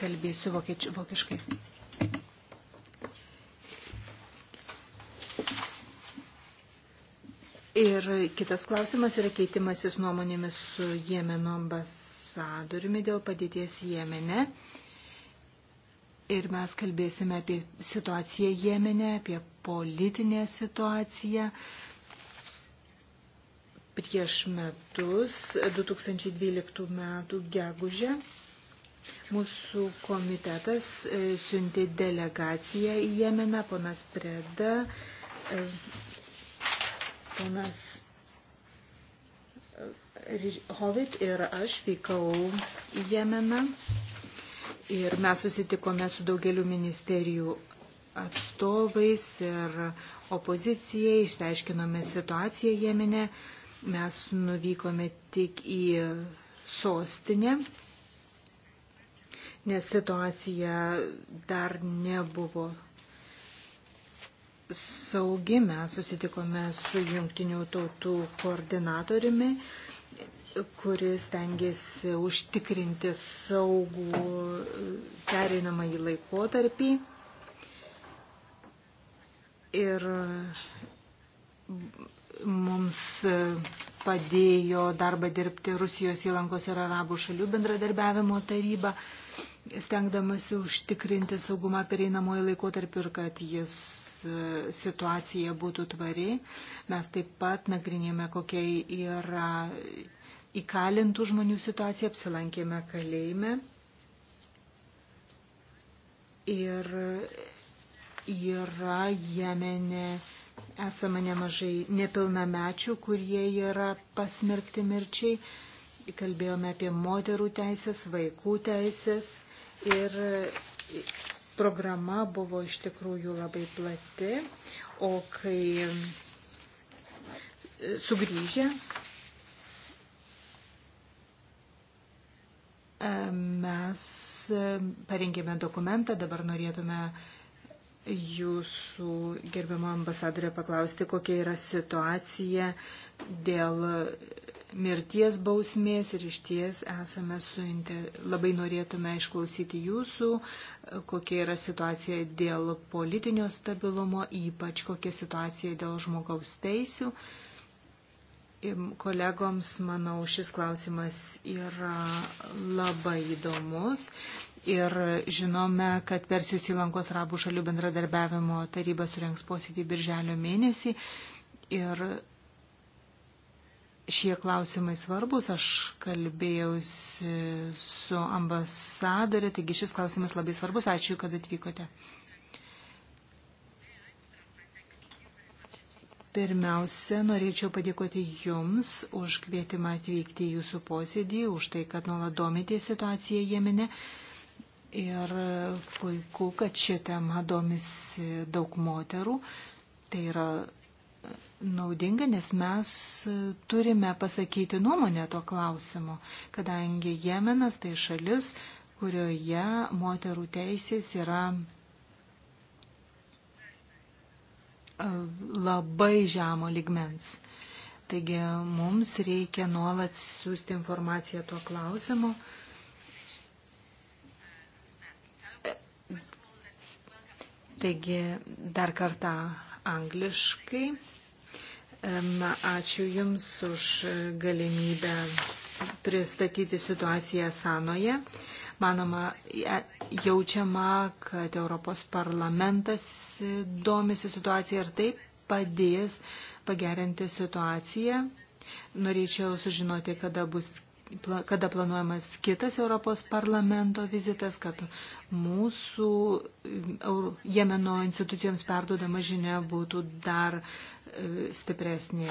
kalbėsiu vokieč, vokiškai. Ir kitas klausimas yra keitimasis nuomonėmis su Jemeno ambasadoriumi dėl padėties Jemene. Ir mes kalbėsime apie situaciją Jemene, apie politinę situaciją. Prieš metus, 2012 metų gegužę, mūsų komitetas e, siuntė delegaciją į Jemeną, ponas Preda e, ponas e, Hovit ir aš vykau į Jemeną ir mes susitikome su daugeliu ministerijų atstovais ir opozicijai, išteiškinome situaciją Jemene, mes nuvykome tik į sostinę, nes situacija dar nebuvo saugi. Mes susitikome su jungtinių tautų koordinatoriumi, kuris tengiasi užtikrinti saugų pereinamą į laikotarpį. Ir mums padėjo darbą dirbti Rusijos įlankos ir Arabų šalių bendradarbiavimo taryba stengdamasi užtikrinti saugumą pereinamojo laikotarpiu ir kad jis e, situacija būtų tvari. Mes taip pat nagrinėjome, kokia yra įkalintų žmonių situacija, apsilankėme kalėjime. Ir yra Jemene esama nemažai nepilnamečių, kurie yra pasmerkti mirčiai. Kalbėjome apie moterų teisės, vaikų teisės ir e, programa buvo iš tikrųjų labai plati, o kai e, sugrįžę e, mes parengėme dokumentą, dabar norėtume jūsų gerbiamo ambasadorė paklausti, kokia yra situacija dėl mirties bausmės ir iš ties esame suinter... labai norėtume išklausyti jūsų, kokia yra situacija dėl politinio stabilumo, ypač kokia situacija dėl žmogaus teisių. Kolegoms, manau, šis klausimas yra labai įdomus ir žinome, kad Persijos įlankos arabų šalių bendradarbiavimo taryba surengs posėdį birželio mėnesį ir šie klausimai svarbus. Aš kalbėjausi su ambasadorė, taigi šis klausimas labai svarbus. Ačiū, kad atvykote. Pirmiausia, norėčiau padėkoti Jums už kvietimą atvykti į Jūsų posėdį, už tai, kad nuolat domitės situaciją Jemene. Ir puiku, kad ši tema domisi daug moterų. Tai yra naudinga, nes mes turime pasakyti nuomonę to klausimu, kadangi Jemenas tai šalis, kurioje moterų teisės yra e, labai žemo ligmens. Taigi mums reikia nuolat siūsti informaciją tuo klausimu. Taigi dar kartą angliškai. Na, ačiū Jums už galimybę pristatyti situaciją Sanoje. Manoma, jaučiama, kad Europos parlamentas domisi situaciją ir taip padės pagerinti situaciją. Norėčiau sužinoti, kada bus kada planuojamas kitas Europos parlamento vizitas, kad mūsų Jemeno institucijoms perduodama žinia būtų dar e, stipresnė.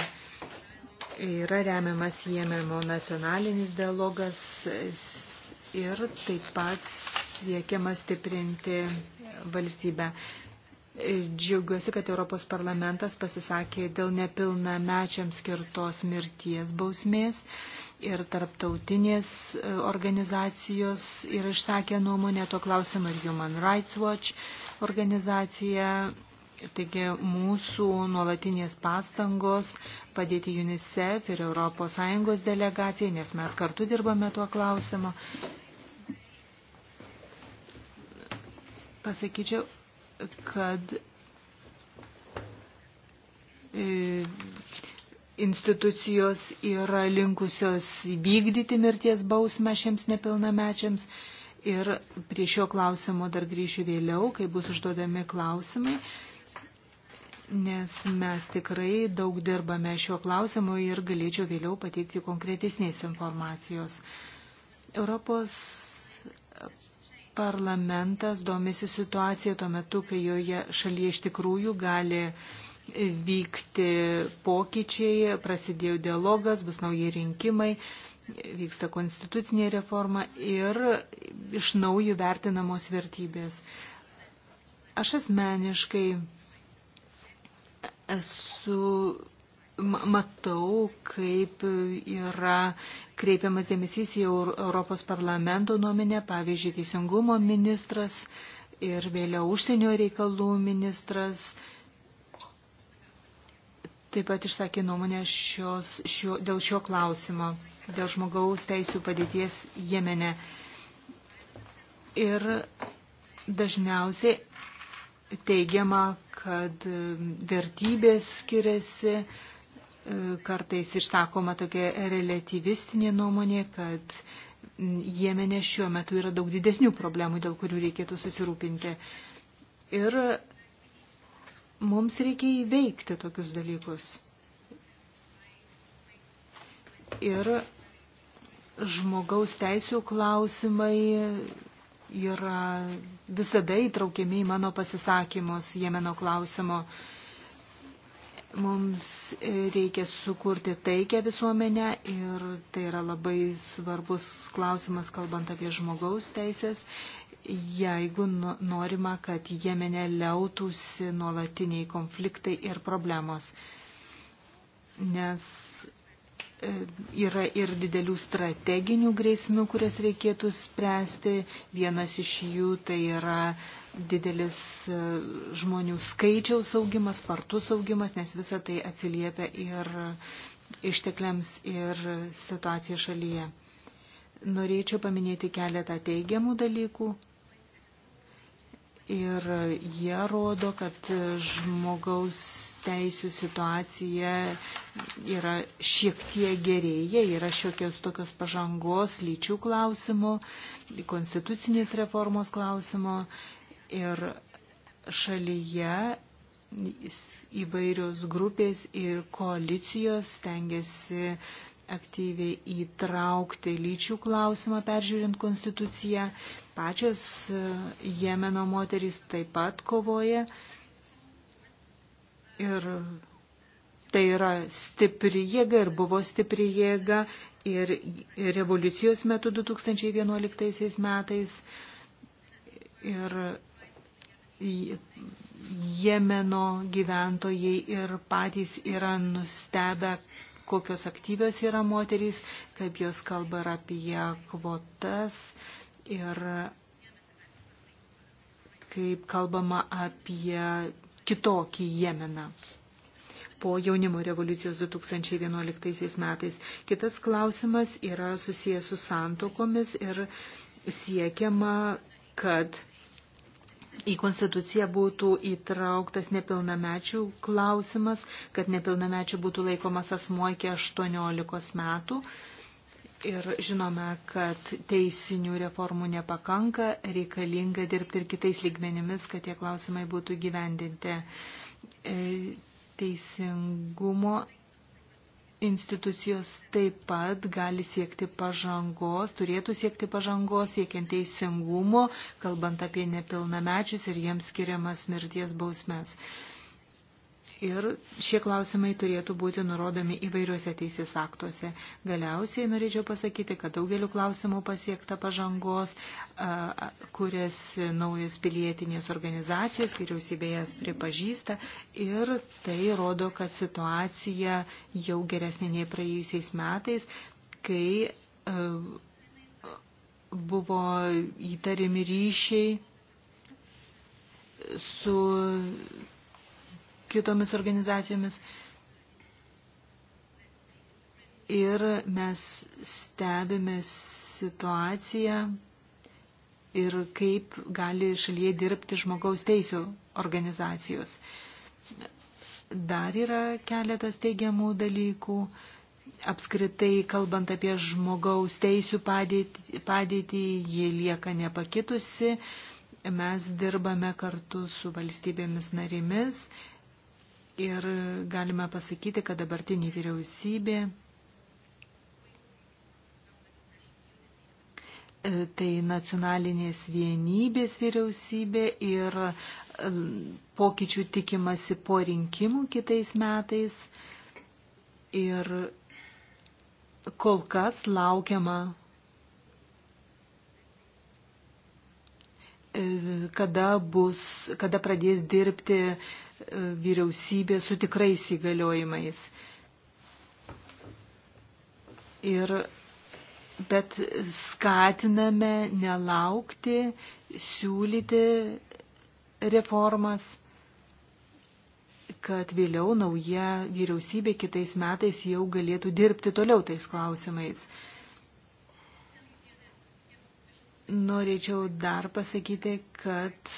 Yra remiamas Jemeno nacionalinis dialogas e, ir taip pat siekiama stiprinti valstybę. E, džiaugiuosi, kad Europos parlamentas pasisakė dėl nepilnamečiams skirtos mirties bausmės ir tarptautinės e, organizacijos yra išsakę nuomonę, to klausimą ir Human Rights Watch organizacija. Taigi mūsų nuolatinės pastangos padėti UNICEF ir ES delegacijai, nes mes kartu dirbame tuo klausimu. Pasakyčiau, kad e, institucijos yra linkusios vykdyti mirties bausmę šiems nepilnamečiams. Ir prie šio klausimo dar grįšiu vėliau, kai bus užduodami klausimai, nes mes tikrai daug dirbame šiuo klausimu ir galėčiau vėliau pateikti konkretesnės informacijos. Europos parlamentas domisi situaciją tuo metu, kai joje šalyje iš tikrųjų gali uh, vykti pokyčiai, prasidėjo dialogas, bus nauji rinkimai, vyksta konstitucinė reforma ir iš naujo vertinamos vertybės. Aš asmeniškai esu, matau, kaip yra kreipiamas dėmesys į Europos parlamento nuomenę, pavyzdžiui, teisingumo ministras ir vėliau užsienio reikalų ministras taip pat išsakė nuomonę šios, šio, dėl šio klausimo, dėl žmogaus teisų padėties Jemene. Ir dažniausiai teigiama, kad um, vertybės skiriasi, um, kartais išsakoma tokia relativistinė nuomonė, kad um, Jemene šiuo metu yra daug didesnių problemų, dėl kurių reikėtų susirūpinti. Ir Mums reikia įveikti tokius dalykus. Ir žmogaus teisų klausimai yra visada įtraukiami į mano pasisakymus Jemeno klausimo. Mums reikia sukurti taikę visuomenę ir tai yra labai svarbus klausimas, kalbant apie žmogaus teisės jeigu norima, kad Jemene liautųsi nuolatiniai konfliktai ir problemos. Nes e, yra ir didelių strateginių grėsmių, kurias reikėtų spręsti. Vienas iš jų tai yra didelis e, žmonių skaičiaus augimas, spartus augimas, nes visa tai atsiliepia ir ištekliams ir situacijai šalyje. Norėčiau paminėti keletą teigiamų dalykų Ir jie rodo, kad žmogaus teisų situacija yra šiek tiek gerėja, yra šiokios tokios pažangos lyčių klausimo, konstitucinės reformos klausimo. Ir šalyje įvairios grupės ir koalicijos stengiasi aktyviai įtraukti lyčių klausimą peržiūrint konstituciją pačios e, Jemeno moterys taip pat kovoja. Ir tai yra stipri jėga ir buvo stipri jėga ir revoliucijos metu 2011 metais. Ir Jemeno gyventojai ir patys yra nustebę, kokios aktyvios yra moterys, kaip jos kalba ir apie kvotas, Ir kaip kalbama apie kitokį Jemeną po jaunimo revoliucijos 2011 metais. Kitas klausimas yra susijęs su santokomis ir siekiama, kad į konstituciją būtų įtrauktas nepilnamečių klausimas, kad nepilnamečių būtų laikomas asmuo iki 18 metų. Ir žinome, kad teisinių reformų nepakanka, reikalinga dirbti ir kitais lygmenimis, kad tie klausimai būtų gyvendinti. E, teisingumo institucijos taip pat gali siekti pažangos, turėtų siekti pažangos, siekiant teisingumo, kalbant apie nepilnamečius ir jiems skiriamas mirties bausmes ir šie klausimai turėtų būti nurodomi įvairiuose teisės aktuose. Galiausiai norėčiau pasakyti, kad daugeliu klausimų pasiekta pažangos, kurias naujas pilietinės organizacijos vyriausybėjas pripažįsta ir tai rodo, kad situacija jau geresnė nei praėjusiais metais, kai buvo įtariami ryšiai su kitomis organizacijomis. Ir mes stebime situaciją ir kaip gali šalyje dirbti žmogaus teisų organizacijos. Dar yra keletas teigiamų dalykų apskritai kalbant apie žmogaus teisų padėtį, padėtį ji lieka nepakitusi. Mes dirbame kartu su valstybėmis narimis Ir galime pasakyti, kad dabartinė vyriausybė e, tai nacionalinės vienybės vyriausybė ir e, pokyčių tikimasi po rinkimų kitais metais. Ir kol kas laukiama, e, kada, bus, kada pradės dirbti vyriausybė su tikrais įgaliojimais. Ir, bet skatiname nelaukti, siūlyti reformas, kad vėliau nauja vyriausybė kitais metais jau galėtų dirbti toliau tais klausimais. Norėčiau dar pasakyti, kad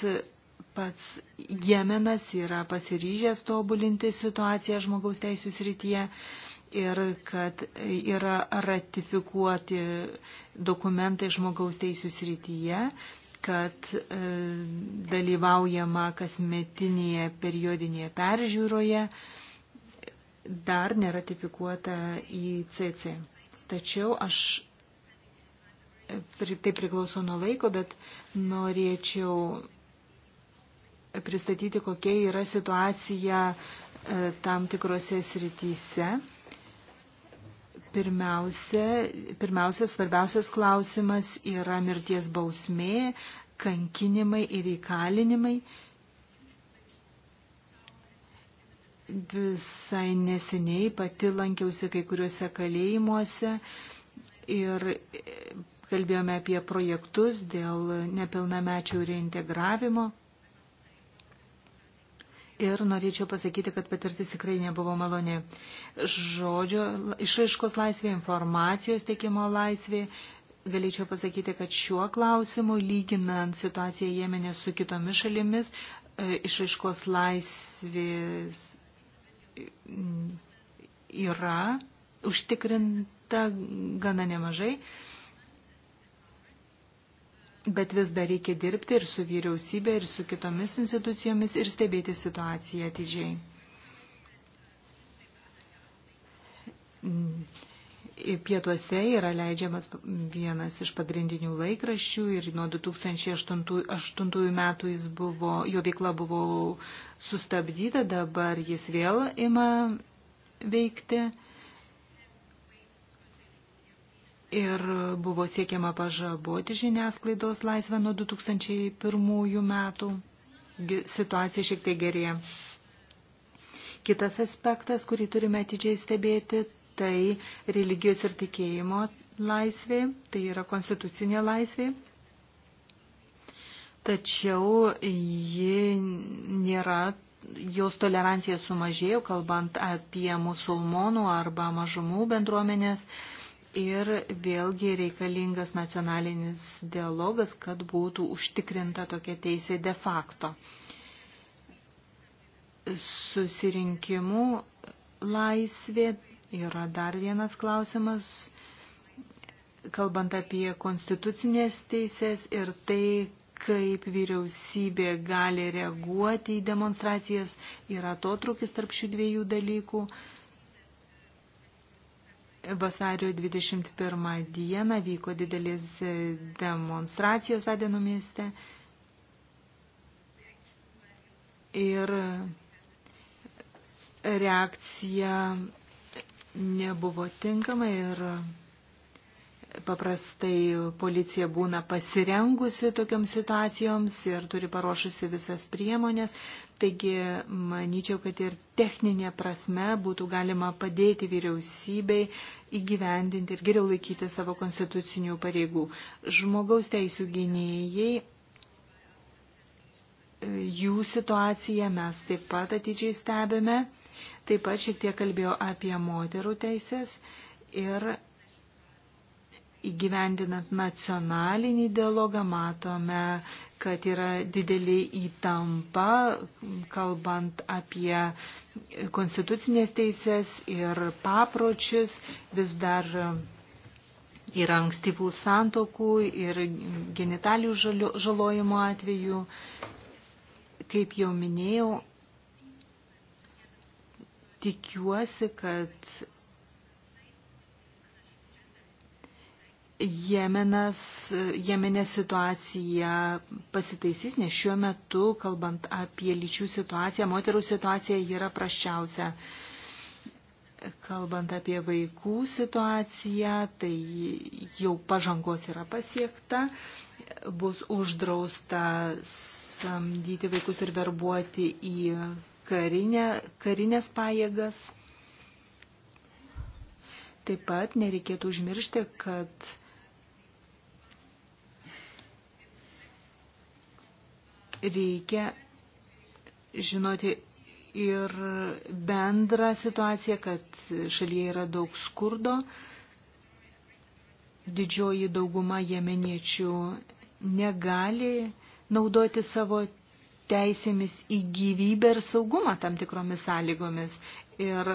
Pats Jemenas yra pasiryžęs tobulinti situaciją žmogaus teisų srityje ir kad yra ratifikuoti dokumentai žmogaus teisų srityje, kad e, dalyvaujama kasmetinėje periodinėje peržiūroje, dar neratifikuota į CC. Tačiau aš, e, tai priklauso nuo laiko, bet norėčiau pristatyti, kokia yra situacija e, tam tikrose srityse. Pirmiausia, pirmiausia, svarbiausias klausimas yra mirties bausmė, kankinimai ir įkalinimai. Visai neseniai pati lankiausi kai kuriuose kalėjimuose ir e, kalbėjome apie projektus dėl nepilnamečių reintegravimo ir norėčiau pasakyti, kad patirtis tikrai nebuvo maloni. Žodžio išaiškos laisvė, informacijos teikimo laisvė. Galėčiau pasakyti, kad šiuo klausimu, lyginant situaciją Jemenė su kitomis šalimis, e, išaiškos laisvės yra užtikrinta gana nemažai. Bet vis dar reikia dirbti ir su vyriausybė, ir su kitomis institucijomis ir stebėti situaciją atidžiai. Pietuose yra leidžiamas vienas iš pagrindinių laikraščių ir nuo 2008 metų jis buvo, jo veikla buvo sustabdyta, dabar jis vėl ima veikti ir buvo siekiama pažaboti žiniasklaidos laisvę nuo 2001 metų. Situacija šiek tiek gerėja. Kitas aspektas, kurį turime atidžiai stebėti, tai religijos ir tikėjimo laisvė, tai yra konstitucinė laisvė. Tačiau ji nėra, jos tolerancija sumažėjo, kalbant apie musulmonų arba mažumų bendruomenės. Uh, ir vėlgi reikalingas nacionalinis dialogas, kad būtų užtikrinta tokia teisė de facto. Susirinkimų laisvė yra dar vienas klausimas, kalbant apie konstitucinės teisės ir tai, kaip vyriausybė gali reaguoti į demonstracijas, yra to trukis tarp šių dviejų dalykų. Vasario 21 dieną vyko didelis demonstracijos Adeno mieste ir reakcija nebuvo tinkama ir Paprastai policija būna pasirengusi tokioms situacijoms ir turi paruošusi visas priemonės, taigi manyčiau, kad ir techninė prasme būtų galima padėti vyriausybei įgyvendinti ir geriau laikyti savo konstitucinių pareigų. Žmogaus teisų gynėjai jų situaciją mes taip pat atidžiai stebime. Taip pat šiek tiek kalbėjau apie moterų teisės ir įgyvendinant nacionalinį dialogą matome, kad yra didelį įtampa, kalbant apie konstitucinės teisės ir papročius, vis dar yra ankstyvų santokų ir genitalių žalojimo atveju. Kaip jau minėjau, tikiuosi, kad Jemenas, Jemenė situacija pasitaisys, nes šiuo metu, kalbant apie lyčių situaciją, moterų situacija yra praščiausia. Kalbant apie vaikų situaciją, tai jau pažangos yra pasiekta, bus uždrausta samdyti vaikus ir verbuoti į karinę, karinės pajėgas. Taip pat nereikėtų užmiršti, kad Reikia žinoti ir bendrą situaciją, kad šalyje yra daug skurdo. Didžioji dauguma jemeniečių negali naudoti savo teisėmis į gyvybę ir saugumą tam tikromis sąlygomis. Ir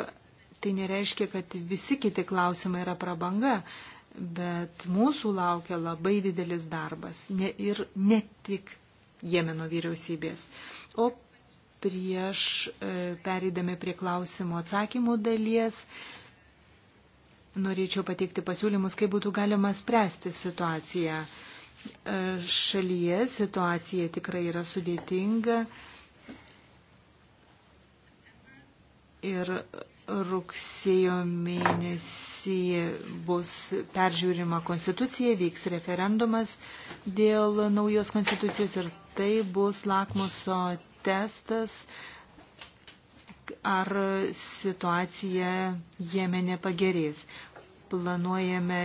tai nereiškia, kad visi kiti klausimai yra prabanga, bet mūsų laukia labai didelis darbas. Ne, ir ne tik Jemeno vyriausybės. O prieš e, pereidami prie klausimo atsakymų dalies, norėčiau pateikti pasiūlymus, kaip būtų galima spręsti situaciją. E, šalyje situacija tikrai yra sudėtinga ir Rugsėjo mėnesį bus peržiūrima konstitucija, vyks referendumas dėl naujos konstitucijos ir tai bus lakmuso testas, ar situacija Jemene pagerės planuojame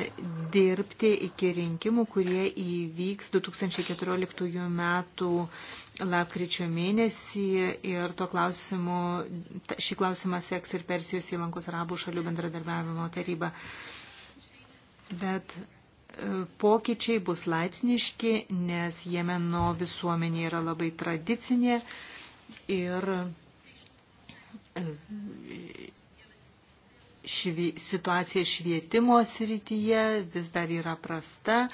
dirbti iki rinkimų, kurie įvyks 2014 metų lapkričio mėnesį ir tuo klausimu, šį klausimą seks ir Persijos įlankos arabų šalių bendradarbiavimo taryba. Bet e, pokyčiai bus laipsniški, nes Jemeno visuomenė yra labai tradicinė ir e, švi, situacija švietimo srityje vis dar yra prasta,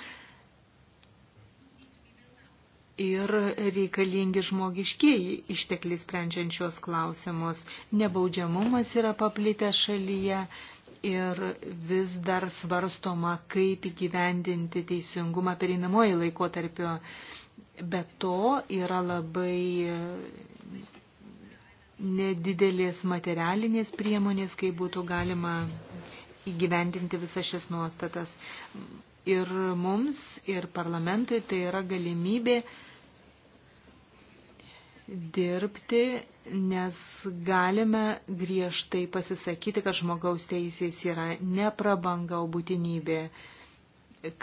ir reikalingi žmogiškieji ištekliai sprendžiančios klausimus. Nebaudžiamumas yra paplitęs šalyje ir vis dar svarstoma, kaip įgyvendinti teisingumą pereinamoji laikotarpio. Be to yra labai nedidelės materialinės priemonės, kaip būtų galima įgyvendinti visas šias nuostatas ir mums, ir parlamentui tai yra galimybė dirbti, nes galime griežtai pasisakyti, kad žmogaus teisės yra neprabanga, o būtinybė,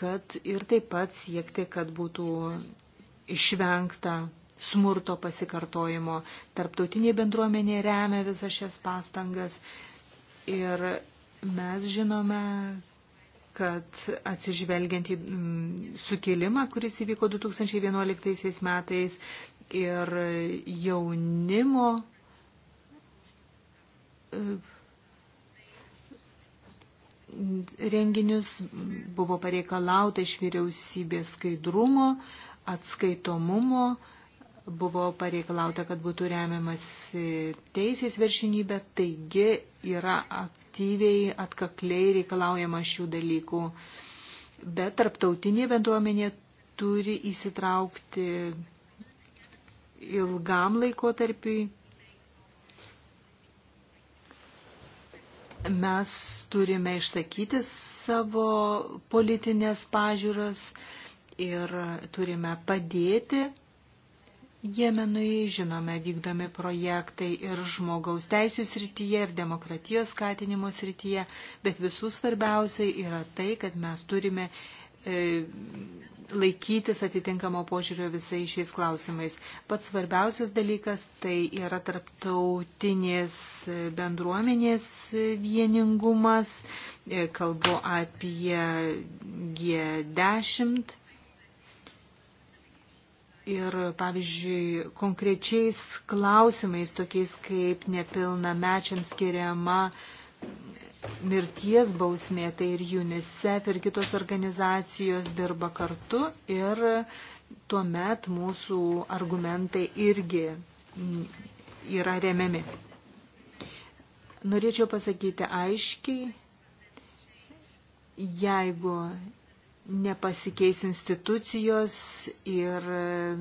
kad ir taip pat siekti, kad būtų išvengta smurto pasikartojimo. Tarptautinė bendruomenė remia visas šias pastangas ir mes žinome, kad atsižvelgiant į mm, sukilimą, kuris įvyko 2011 metais ir jaunimo e, renginius buvo pareikalauta iš vyriausybės skaidrumo, atskaitomumo, buvo pareikalauta, kad būtų remiamas teisės viršinybė, taigi yra aktyviai, atkakliai reikalaujama šių dalykų. Bet tarptautinė bendruomenė turi įsitraukti ilgam laikotarpiui. Mes turime išsakyti savo politinės pažiūras ir turime padėti Jemenui žinome vykdomi projektai ir žmogaus teisų srityje, ir demokratijos skatinimo srityje, bet visų svarbiausiai yra tai, kad mes turime e, laikytis atitinkamo požiūrio visai šiais klausimais. Pats svarbiausias dalykas tai yra tarptautinės bendruomenės vieningumas, e, kalbu apie G10 Ir, pavyzdžiui, konkrečiais klausimais, tokiais kaip nepilnamečiams skiriama mirties bausmė, tai ir UNICEF ir kitos organizacijos dirba kartu ir tuomet mūsų argumentai irgi yra remiami. Norėčiau pasakyti aiškiai, jeigu nepasikeis institucijos ir e,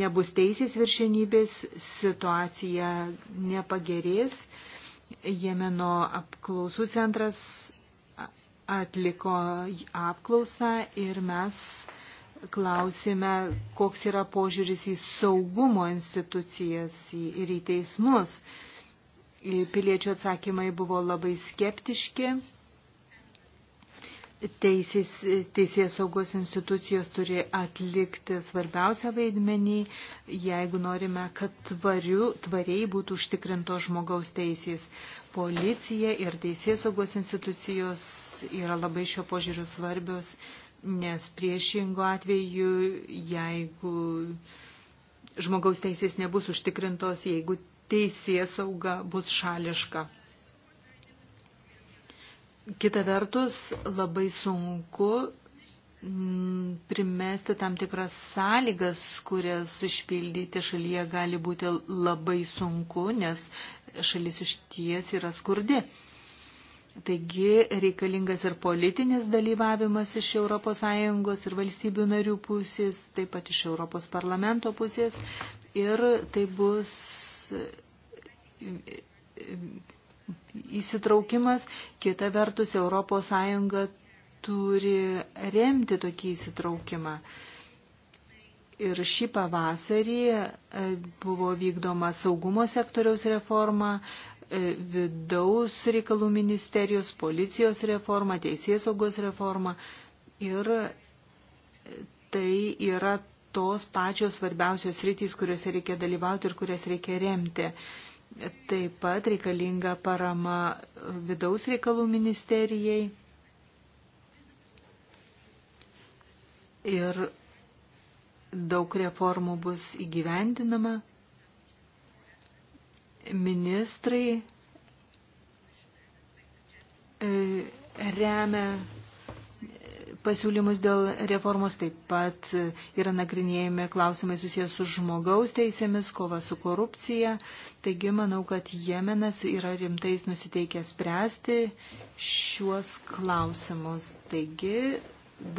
nebus teisės viršenybės, situacija nepagerės. Jemeno apklausų centras atliko apklausą ir mes klausime, koks yra požiūris į saugumo institucijas ir į teismus. Piliečių atsakymai buvo labai skeptiški teisės, teisės saugos institucijos turi atlikti svarbiausią vaidmenį, jeigu norime, kad tvariu, tvariai būtų užtikrinto žmogaus teisės. Policija ir teisės saugos institucijos yra labai šio požiūriu svarbios, nes priešingo atveju, jeigu žmogaus teisės nebus užtikrintos, jeigu teisės sauga bus šališka. Kita vertus, labai sunku mm, primesti tam tikras sąlygas, kurias išpildyti šalyje gali būti labai sunku, nes šalis iš ties yra skurdi. Taigi reikalingas ir politinis dalyvavimas iš ES ir valstybių narių pusės, taip pat iš ES parlamento pusės ir tai bus įsitraukimas, kita vertus ES turi remti tokį įsitraukimą. Ir šį pavasarį e, buvo vykdoma saugumo sektoriaus reforma, e, vidaus reikalų ministerijos, policijos reforma, teisėsaugos reforma. Ir e, tai yra tos pačios svarbiausios rytys, kuriuose reikia dalyvauti ir kurias reikia remti. Taip pat reikalinga parama vidaus reikalų ministerijai. Ir daug reformų bus įgyvendinama. Ministrai e, remia pasiūlymus dėl reformos, taip pat yra nagrinėjami klausimai susijęs su žmogaus teisėmis, kova su korupcija. Taigi manau, kad Jemenas yra rimtais nusiteikęs spręsti šiuos klausimus. Taigi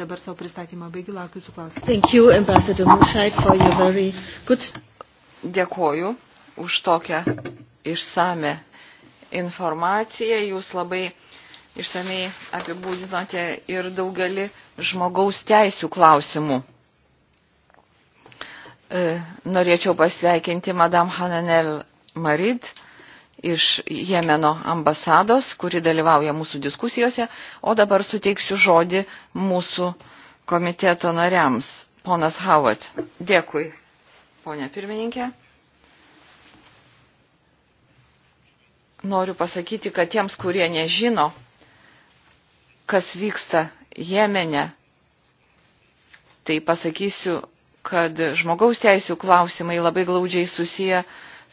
dabar savo pristatymą baigiu, laukiu jūsų klausimų. Thank you, Ambassador Mushai, for your very good... Dėkoju už tokią išsame informaciją. Jūs labai išsamei apibūdinote ir daugelį žmogaus teisų klausimų. E, norėčiau pasveikinti Madame Hananel Marid iš Jemeno ambasados, kuri dalyvauja mūsų diskusijose, o dabar suteiksiu žodį mūsų komiteto nariams. Ponas Howard, dėkui, ponė pirmininkė. Noriu pasakyti, kad tiems, kurie nežino, kas vyksta Jemene, tai pasakysiu, kad žmogaus teisų klausimai labai glaudžiai susiję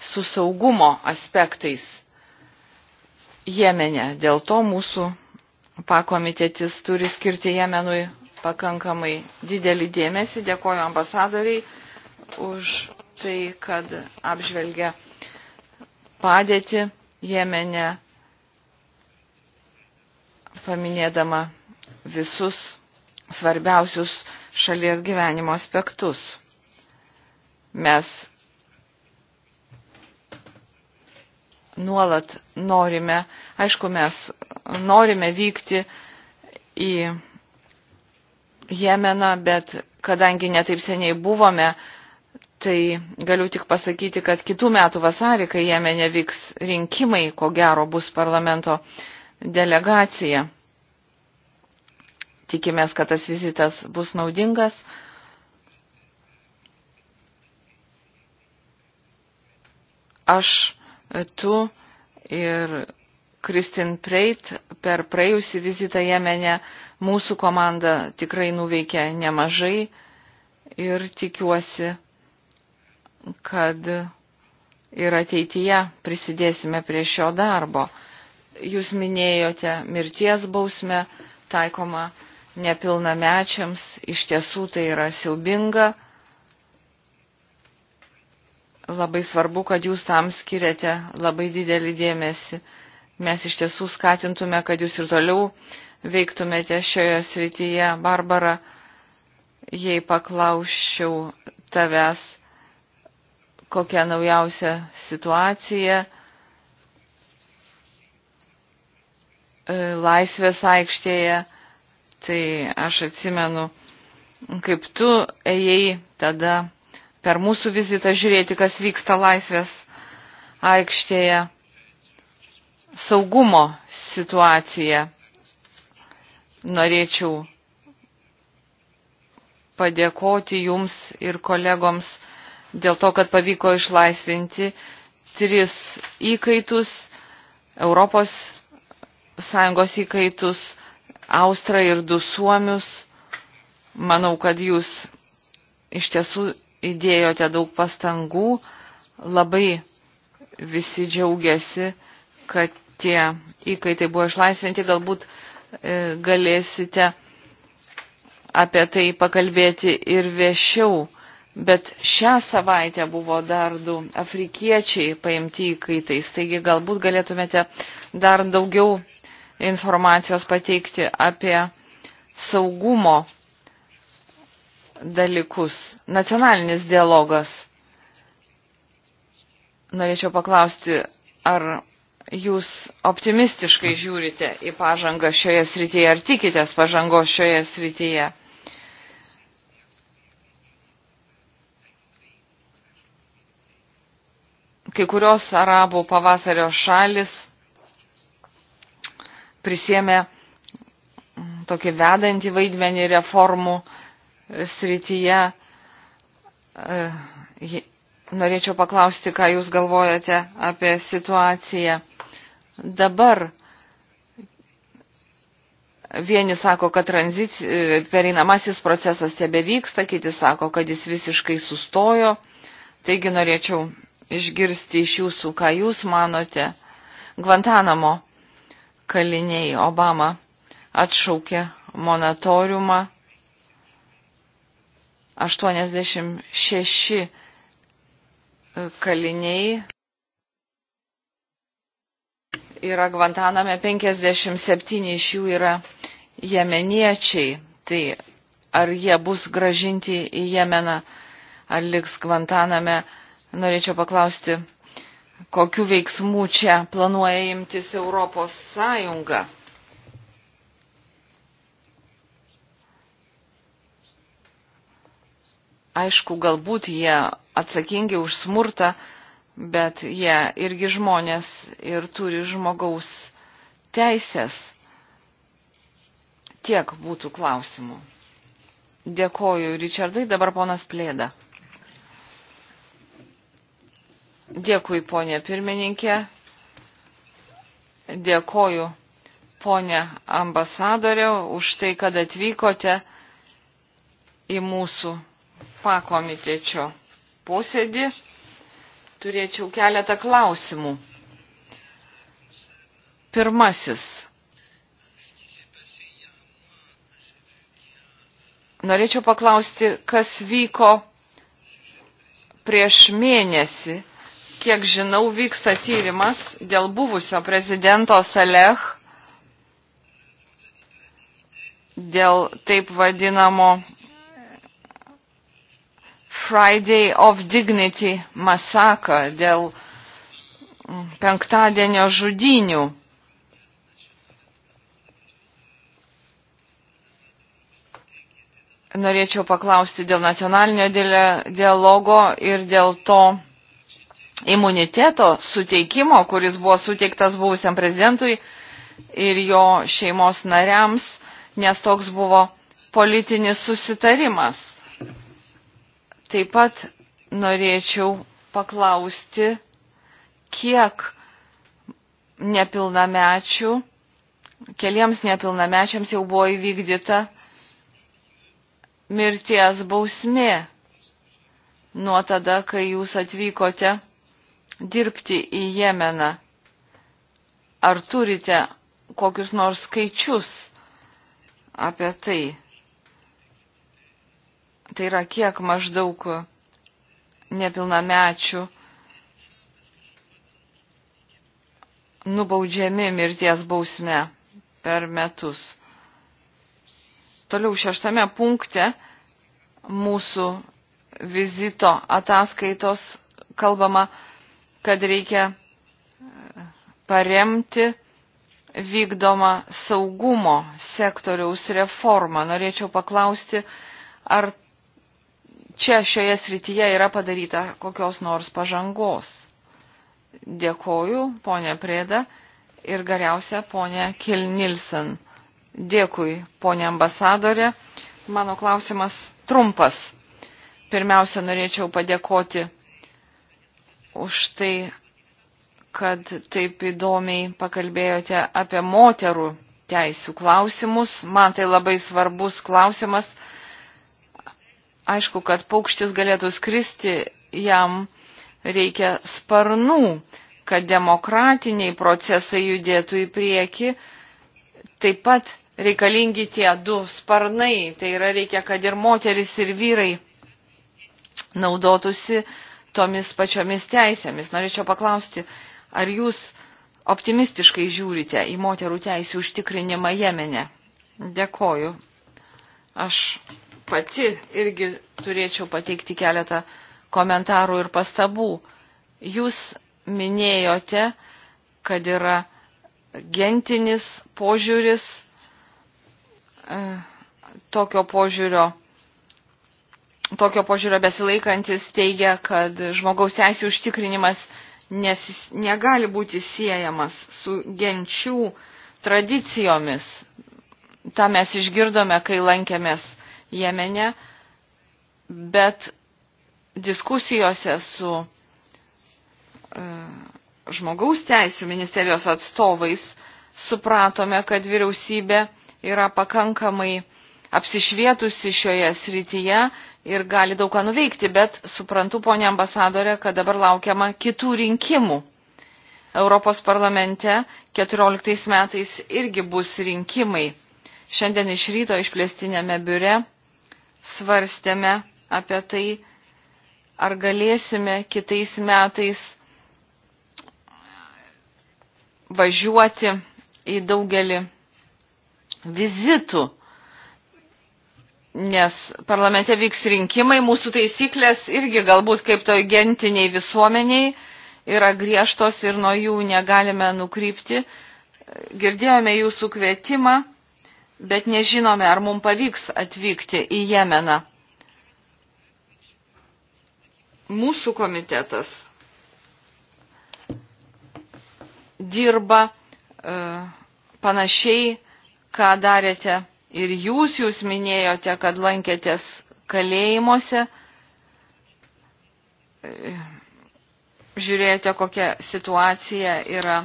su saugumo aspektais Jemene. Dėl to mūsų pakomitetis turi skirti Jemenui pakankamai didelį dėmesį. Dėkoju ambasadoriai už tai, kad apžvelgia padėti Jemene paminėdama visus svarbiausius šalies gyvenimo aspektus. Mes nuolat norime, aišku, mes norime vykti į Jemeną, bet kadangi netaip seniai buvome, tai galiu tik pasakyti, kad kitų metų vasarį, kai Jemenė vyks rinkimai, ko gero bus parlamento delegacija. Tikimės, kad tas vizitas bus naudingas. Aš, tu ir Kristin Preit per praėjusi vizitą Jemene mūsų komanda tikrai nuveikė nemažai ir tikiuosi, kad ir ateityje prisidėsime prie šio darbo. Jūs minėjote mirties bausmę taikoma nepilnamečiams, iš tiesų tai yra siaubinga. Labai svarbu, kad jūs tam skiriate labai didelį dėmesį. Mes iš tiesų skatintume, kad jūs ir toliau veiktumėte šioje srityje. Barbara, jei paklausčiau tavęs, kokia naujausia situacija E, laisvės aikštėje, tai aš atsimenu, kaip tu ėjai tada per mūsų vizitą žiūrėti, kas vyksta laisvės aikštėje, saugumo situacija. Norėčiau padėkoti jums ir kolegoms dėl to, kad pavyko išlaisvinti tris įkaitus Europos sąjungos įkaitus, Austrą ir du Suomius. Manau, kad jūs iš tiesų įdėjote daug pastangų, labai visi džiaugiasi, kad tie įkaitai buvo išlaisvinti, galbūt e, galėsite apie tai pakalbėti ir viešiau. Bet šią savaitę buvo dar du afrikiečiai paimti įkaitais, taigi galbūt galėtumėte dar daugiau informacijos pateikti apie saugumo dalykus. Nacionalinis dialogas. Norėčiau paklausti, ar jūs optimistiškai žiūrite į pažangą šioje srityje, ar tikitės pažangos šioje srityje? Kai kurios arabų pavasario šalis prisėmė tokį vedantį vaidmenį reformų srityje. E, norėčiau paklausti, ką Jūs galvojate apie situaciją dabar. Vieni sako, kad tranzic... E, pereinamasis procesas tebe vyksta, kiti sako, kad jis visiškai sustojo. Taigi norėčiau išgirsti iš jūsų, ką jūs manote. Gvantanamo kaliniai. Obama atšaukė monatoriumą. 86 e, kaliniai yra Gvantaname, 57 iš jų yra jemeniečiai. Tai ar jie bus gražinti į Jemeną, ar liks Gvantaname, norėčiau paklausti kokiu veiksmu čia planuoja imtis Europos Sąjunga. Aišku, galbūt jie atsakingi už smurtą, bet jie irgi žmonės ir turi žmogaus teisės. Tiek būtų klausimų. Dėkoju, Richardai, dabar ponas Plėda. Dėkui, ponė pirmininkė. Dėkoju, ponė ambasadorė, už tai, kad atvykote į mūsų pakomitečio posėdį. Turėčiau keletą klausimų. Pirmasis. Norėčiau paklausti, kas vyko prieš mėnesį kiek žinau, vyksta tyrimas dėl buvusio prezidento Saleh, dėl taip vadinamo Friday of Dignity masaką, dėl mm, penktadienio žudinių. Norėčiau paklausti dėl nacionalinio dialogo ir dėl to, imuniteto suteikimo, kuris buvo suteiktas buvusiam prezidentui ir jo šeimos nariams, nes toks buvo politinis susitarimas. Taip pat norėčiau paklausti, kiek nepilnamečių, keliems nepilnamečiams jau buvo įvykdyta mirties bausmė nuo tada, kai jūs atvykote dirbti į Jemeną. Ar turite kokius nors skaičius apie tai? Tai yra kiek maždaug nepilnamečių nubaudžiami mirties bausme per metus. Toliau šeštame punkte mūsų vizito ataskaitos kalbama kad reikia e, paremti vykdomą saugumo sektoriaus reformą. Norėčiau paklausti, ar čia šioje srityje yra padaryta kokios nors pažangos. Dėkoju, ponė Prėda ir galiausia ponė Kilnilsen. Dėkui, ponė ambasadorė. Mano klausimas trumpas. Pirmiausia, norėčiau padėkoti už tai, kad taip įdomiai pakalbėjote apie moterų teisų klausimus. Man tai labai svarbus klausimas. Aišku, kad paukštis galėtų skristi, jam reikia sparnų, kad demokratiniai procesai judėtų į priekį. Taip pat reikalingi tie du sparnai, tai yra reikia, kad ir moteris, ir vyrai naudotųsi uh, tomis pačiomis teisėmis. Norėčiau paklausti, ar jūs optimistiškai žiūrite į moterų teisų užtikrinimą Jemene? Dėkoju. Aš pati irgi turėčiau pateikti keletą komentarų ir pastabų. Jūs minėjote, kad yra gentinis požiūris, e, tokio požiūrio tokio požiūrio besilaikantis teigia, kad žmogaus teisų užtikrinimas nes, negali būti siejamas su genčių tradicijomis. Ta mes išgirdome, kai lankėmės Jemene, bet diskusijose su e, žmogaus teisų ministerijos atstovais supratome, kad vyriausybė yra pakankamai apsišvietusi šioje srityje ir gali daug ką nuveikti, bet suprantu, ponė ambasadorė, kad dabar laukiama kitų rinkimų. Europos parlamente 14 metais irgi bus rinkimai. Šiandien iš ryto išplėstinėme biure svarstėme apie tai, ar galėsime kitais metais važiuoti į daugelį vizitų nes parlamente vyks rinkimai, mūsų taisyklės irgi galbūt kaip toj gentiniai visuomeniai yra griežtos ir nuo jų negalime nukrypti. Girdėjome jūsų kvietimą, bet nežinome, ar mums pavyks atvykti į Jemeną. Mūsų komitetas dirba e, panašiai, ką darėte ir jūs, jūs minėjote, kad lankėtės kalėjimuose, žiūrėjote, kokia situacija yra,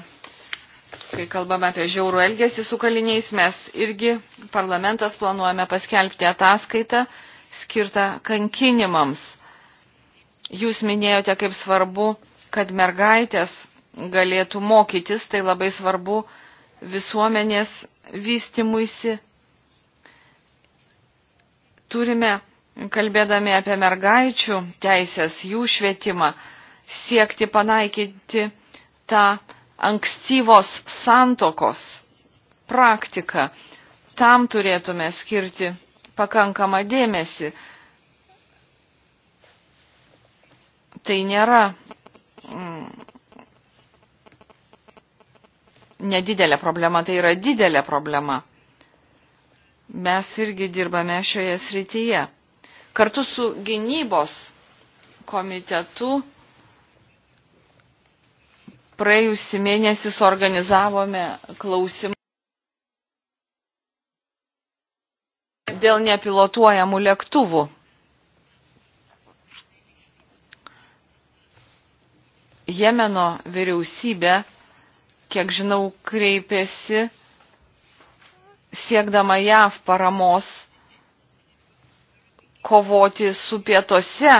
kai kalbame apie žiaurų elgesį su kaliniais, mes irgi parlamentas planuojame paskelbti ataskaitą skirtą kankinimams. Jūs minėjote, kaip svarbu, kad mergaitės galėtų mokytis, tai labai svarbu visuomenės vystimuisi turime, kalbėdami apie mergaičių teisės, jų švietimą, siekti panaikinti tą ankstyvos santokos praktiką. Tam turėtume skirti pakankamą dėmesį. Tai nėra mm, nedidelė problema, tai yra didelė problema. Mes irgi dirbame šioje srityje. Kartu su gynybos komitetu praėjusį mėnesį suorganizavome klausimą dėl nepilotuojamų lėktuvų. Jemeno vyriausybė, kiek žinau, kreipėsi siekdama JAV paramos kovoti su pietose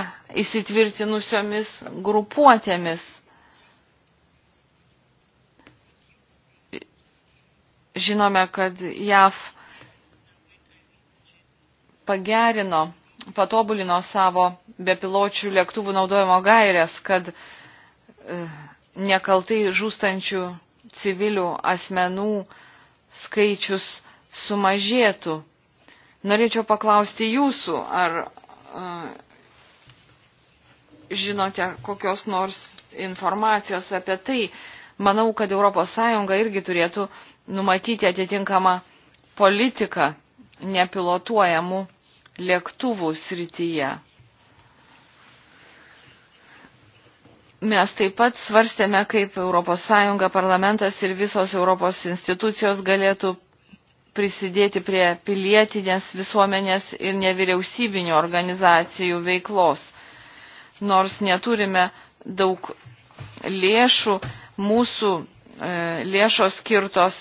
įsitvirtinusiomis grupuotėmis. Žinome, kad JAV pagerino, patobulino savo bepiločių lėktuvų naudojimo gairės, kad e, nekaltai žūstančių civilių asmenų skaičius sumažėtų. Norėčiau paklausti jūsų, ar uh, žinote kokios nors informacijos apie tai. Manau, kad ES irgi turėtų numatyti atitinkamą politiką nepilotuojamų lėktuvų srityje. Mes taip pat svarstėme, kaip ES parlamentas ir visos Europos institucijos galėtų prisidėti prie pilietinės visuomenės ir nevyriausybinių organizacijų veiklos. Nors neturime daug lėšų, mūsų e, lėšos skirtos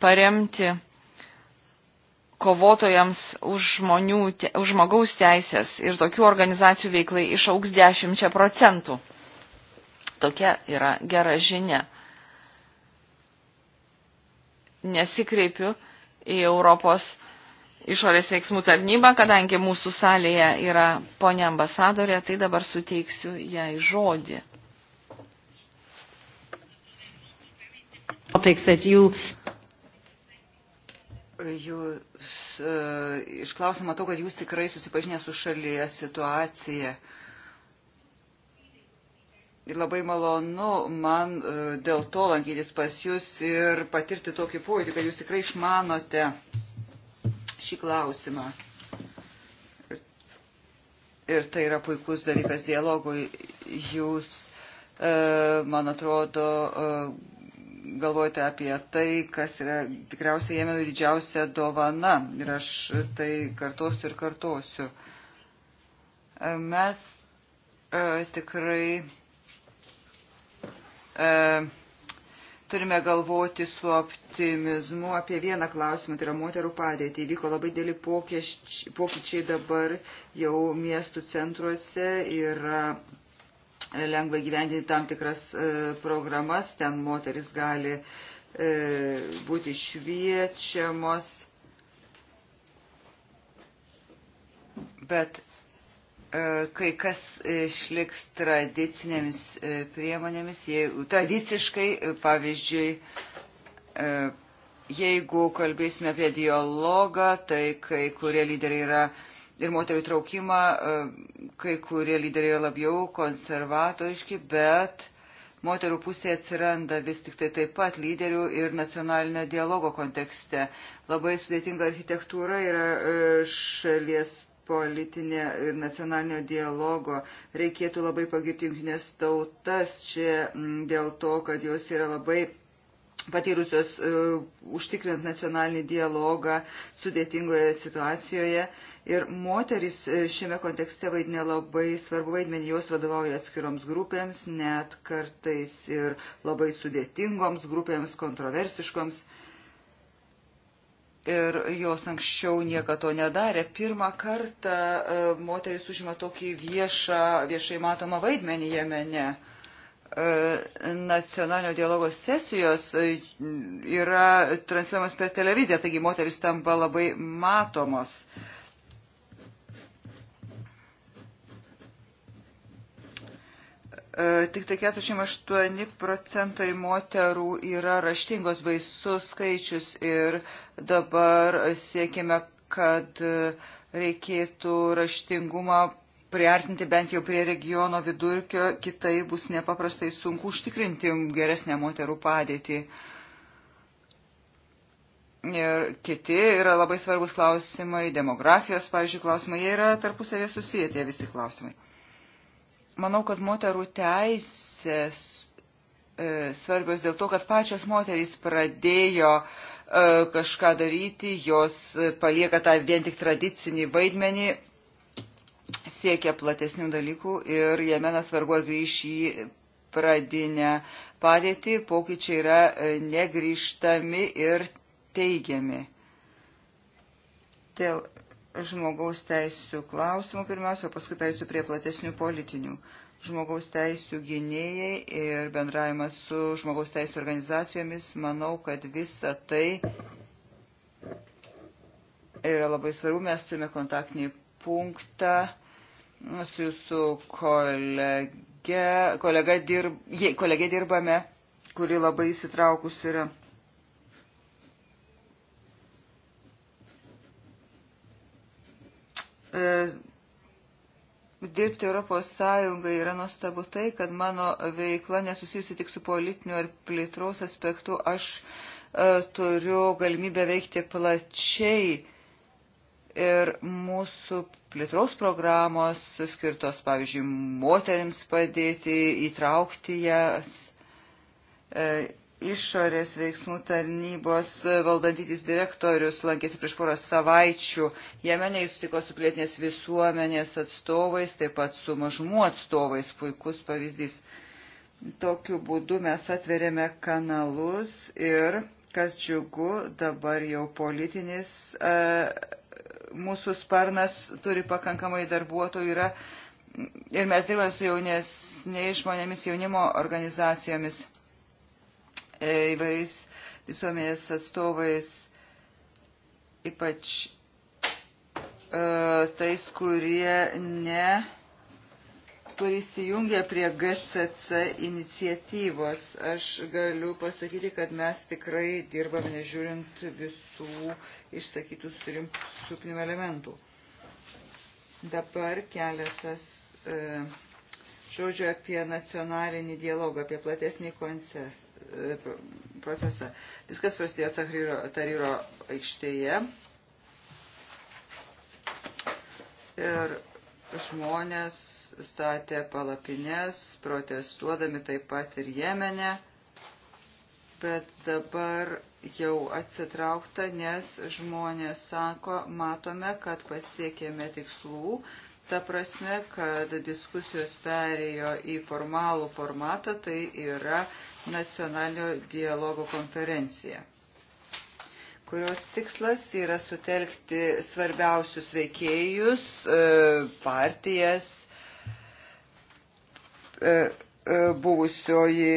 paremti kovotojams už, žmonių, už žmogaus teisės ir tokių organizacijų veiklai išauks 10 procentų. Tokia yra gera žinia. Nesikreipiu į Europos išorės veiksmų tarnybą, kadangi mūsų salėje yra ponia ambasadorė, tai dabar suteiksiu jai žodį. Jūs e, iš klausimo matau, kad jūs tikrai susipažinę su šalyje situacija. E, Ir labai malonu man e, dėl to lankytis pas jūs ir patirti tokį pojūtį, kad jūs tikrai išmanote šį klausimą. Ir, ir tai yra puikus dalykas dialogui. Jūs, e, man atrodo, e, galvojate apie tai, kas yra tikriausiai Jemenų didžiausia dovana. Ir aš tai kartosiu ir kartosiu. Mes e, tikrai E, turime galvoti su optimizmu apie vieną klausimą, tai yra moterų padėtį. Įvyko labai dėlį pokyčiai dabar jau miestų centruose ir lengva gyvendinti tam tikras e, programas, ten moteris gali e, būti šviečiamos. Bet E, kai kas e, išliks tradicinėmis e, priemonėmis, jeigu, tradiciškai, pavyzdžiui, jeigu kalbėsime apie dialogą, tai kai kurie lyderiai yra ir moterų traukimą, kai kurie lyderiai yra labiau konservatoriški, bet moterų pusėje atsiranda vis tik tai taip pat lyderių ir nacionalinio dialogo kontekste. Labai sudėtinga architektūra yra šalies politinė ir nacionalinio dialogo. Reikėtų labai pagirti jungtinės tautas čia dėl to, kad jos yra labai patyrusios uh, e, užtikrint nacionalinį dialogą sudėtingoje situacijoje. Ir moteris e, šiame kontekste vaidina labai svarbu vaidmenį, jos vadovauja atskiroms grupėms, net kartais ir labai sudėtingoms grupėms, kontroversiškoms. Uh, ir jos anksčiau nieko to nedarė. Pirmą kartą e, moteris užima tokį viešą, viešai matomą vaidmenį Jemene. E, nacionalinio dialogo sesijos e, yra transliuojamas per televiziją, taigi moteris tampa labai matomos. Uh, E, tik tai 48 procentai moterų yra raštingos baisus skaičius ir dabar siekime, kad reikėtų raštingumą priartinti bent jau prie regiono vidurkio, kitai bus nepaprastai sunku užtikrinti geresnę moterų padėtį. Ir kiti yra labai svarbus klausimai, demografijos, pavyzdžiui, klausimai, jie yra tarpusavė susiję tie visi klausimai. Manau, kad moterų teisės e, svarbios dėl to, kad pačios moterys pradėjo e, kažką daryti, jos palieka tą vien tik tradicinį vaidmenį, siekia platesnių dalykų ir Jemenas vargu ar grįš į pradinę padėtį, pokyčiai yra e, negrįžtami ir teigiami. Dėl žmogaus teisų klausimų pirmiausia, o paskui teisų prie platesnių politinių. Žmogaus teisų gynėjai ir bendravimas su žmogaus teisų organizacijomis, manau, kad visa tai yra labai svarbu. Mes turime kontaktinį punktą su jūsų kolege, kolega, dirb, je, kolege dirbame, kuri labai įsitraukus yra. Ir E, dirbti Europos Sąjungai yra nuostabu tai, kad mano veikla nesusijusi tik su politiniu ar plėtros aspektu. Aš e, turiu galimybę veikti plačiai ir mūsų plėtros programos skirtos, pavyzdžiui, moteriams padėti, įtraukti jas. E, išorės veiksmų tarnybos valdantytis direktorius lankėsi prieš porą savaičių. Jemene jis sutiko su plėtinės visuomenės atstovais, taip pat su mažumų atstovais. Puikus pavyzdys. Tokiu būdu mes atverėme kanalus ir, kas džiugu, dabar jau politinis e, mūsų sparnas turi pakankamai darbuotojų yra. Ir mes dirbame su jaunesniais žmonėmis jaunimo organizacijomis įvairiais visuomenės atstovais, ypač e, tais, kurie ne prisijungia prie GCC iniciatyvos. Aš galiu pasakyti, kad mes tikrai dirbame nežiūrint visų išsakytų surimtų elementų. Dabar keletas e, žodžių apie nacionalinį dialogą, apie platesnį koncesą E, procesą. Viskas prasidėjo Tahryro, Taryro aikštėje. Ir žmonės statė palapines, protestuodami taip pat ir Jemene. Bet dabar jau atsitraukta, nes žmonės sako, matome, kad pasiekėme tikslų, ta prasme, kad diskusijos perėjo į formalų formatą, tai yra nacionalinio dialogo konferencija, kurios tikslas yra sutelkti svarbiausius veikėjus, e, partijas, e, e, buvusioji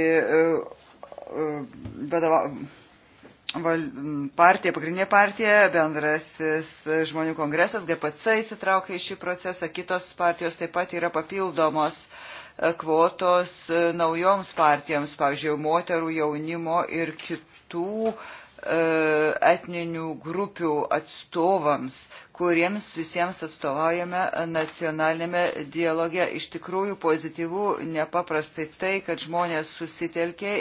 partija, pagrindinė partija, bendrasis žmonių kongresas, GPC įsitraukia į šį procesą, kitos partijos taip pat yra papildomos uh, kvotos e, naujoms partijoms, pavyzdžiui, moterų, jaunimo ir kitų e, etninių grupių atstovams, kuriems visiems atstovaujame nacionalinėme dialoge. Iš tikrųjų pozityvų nepaprastai tai, kad žmonės susitelkė,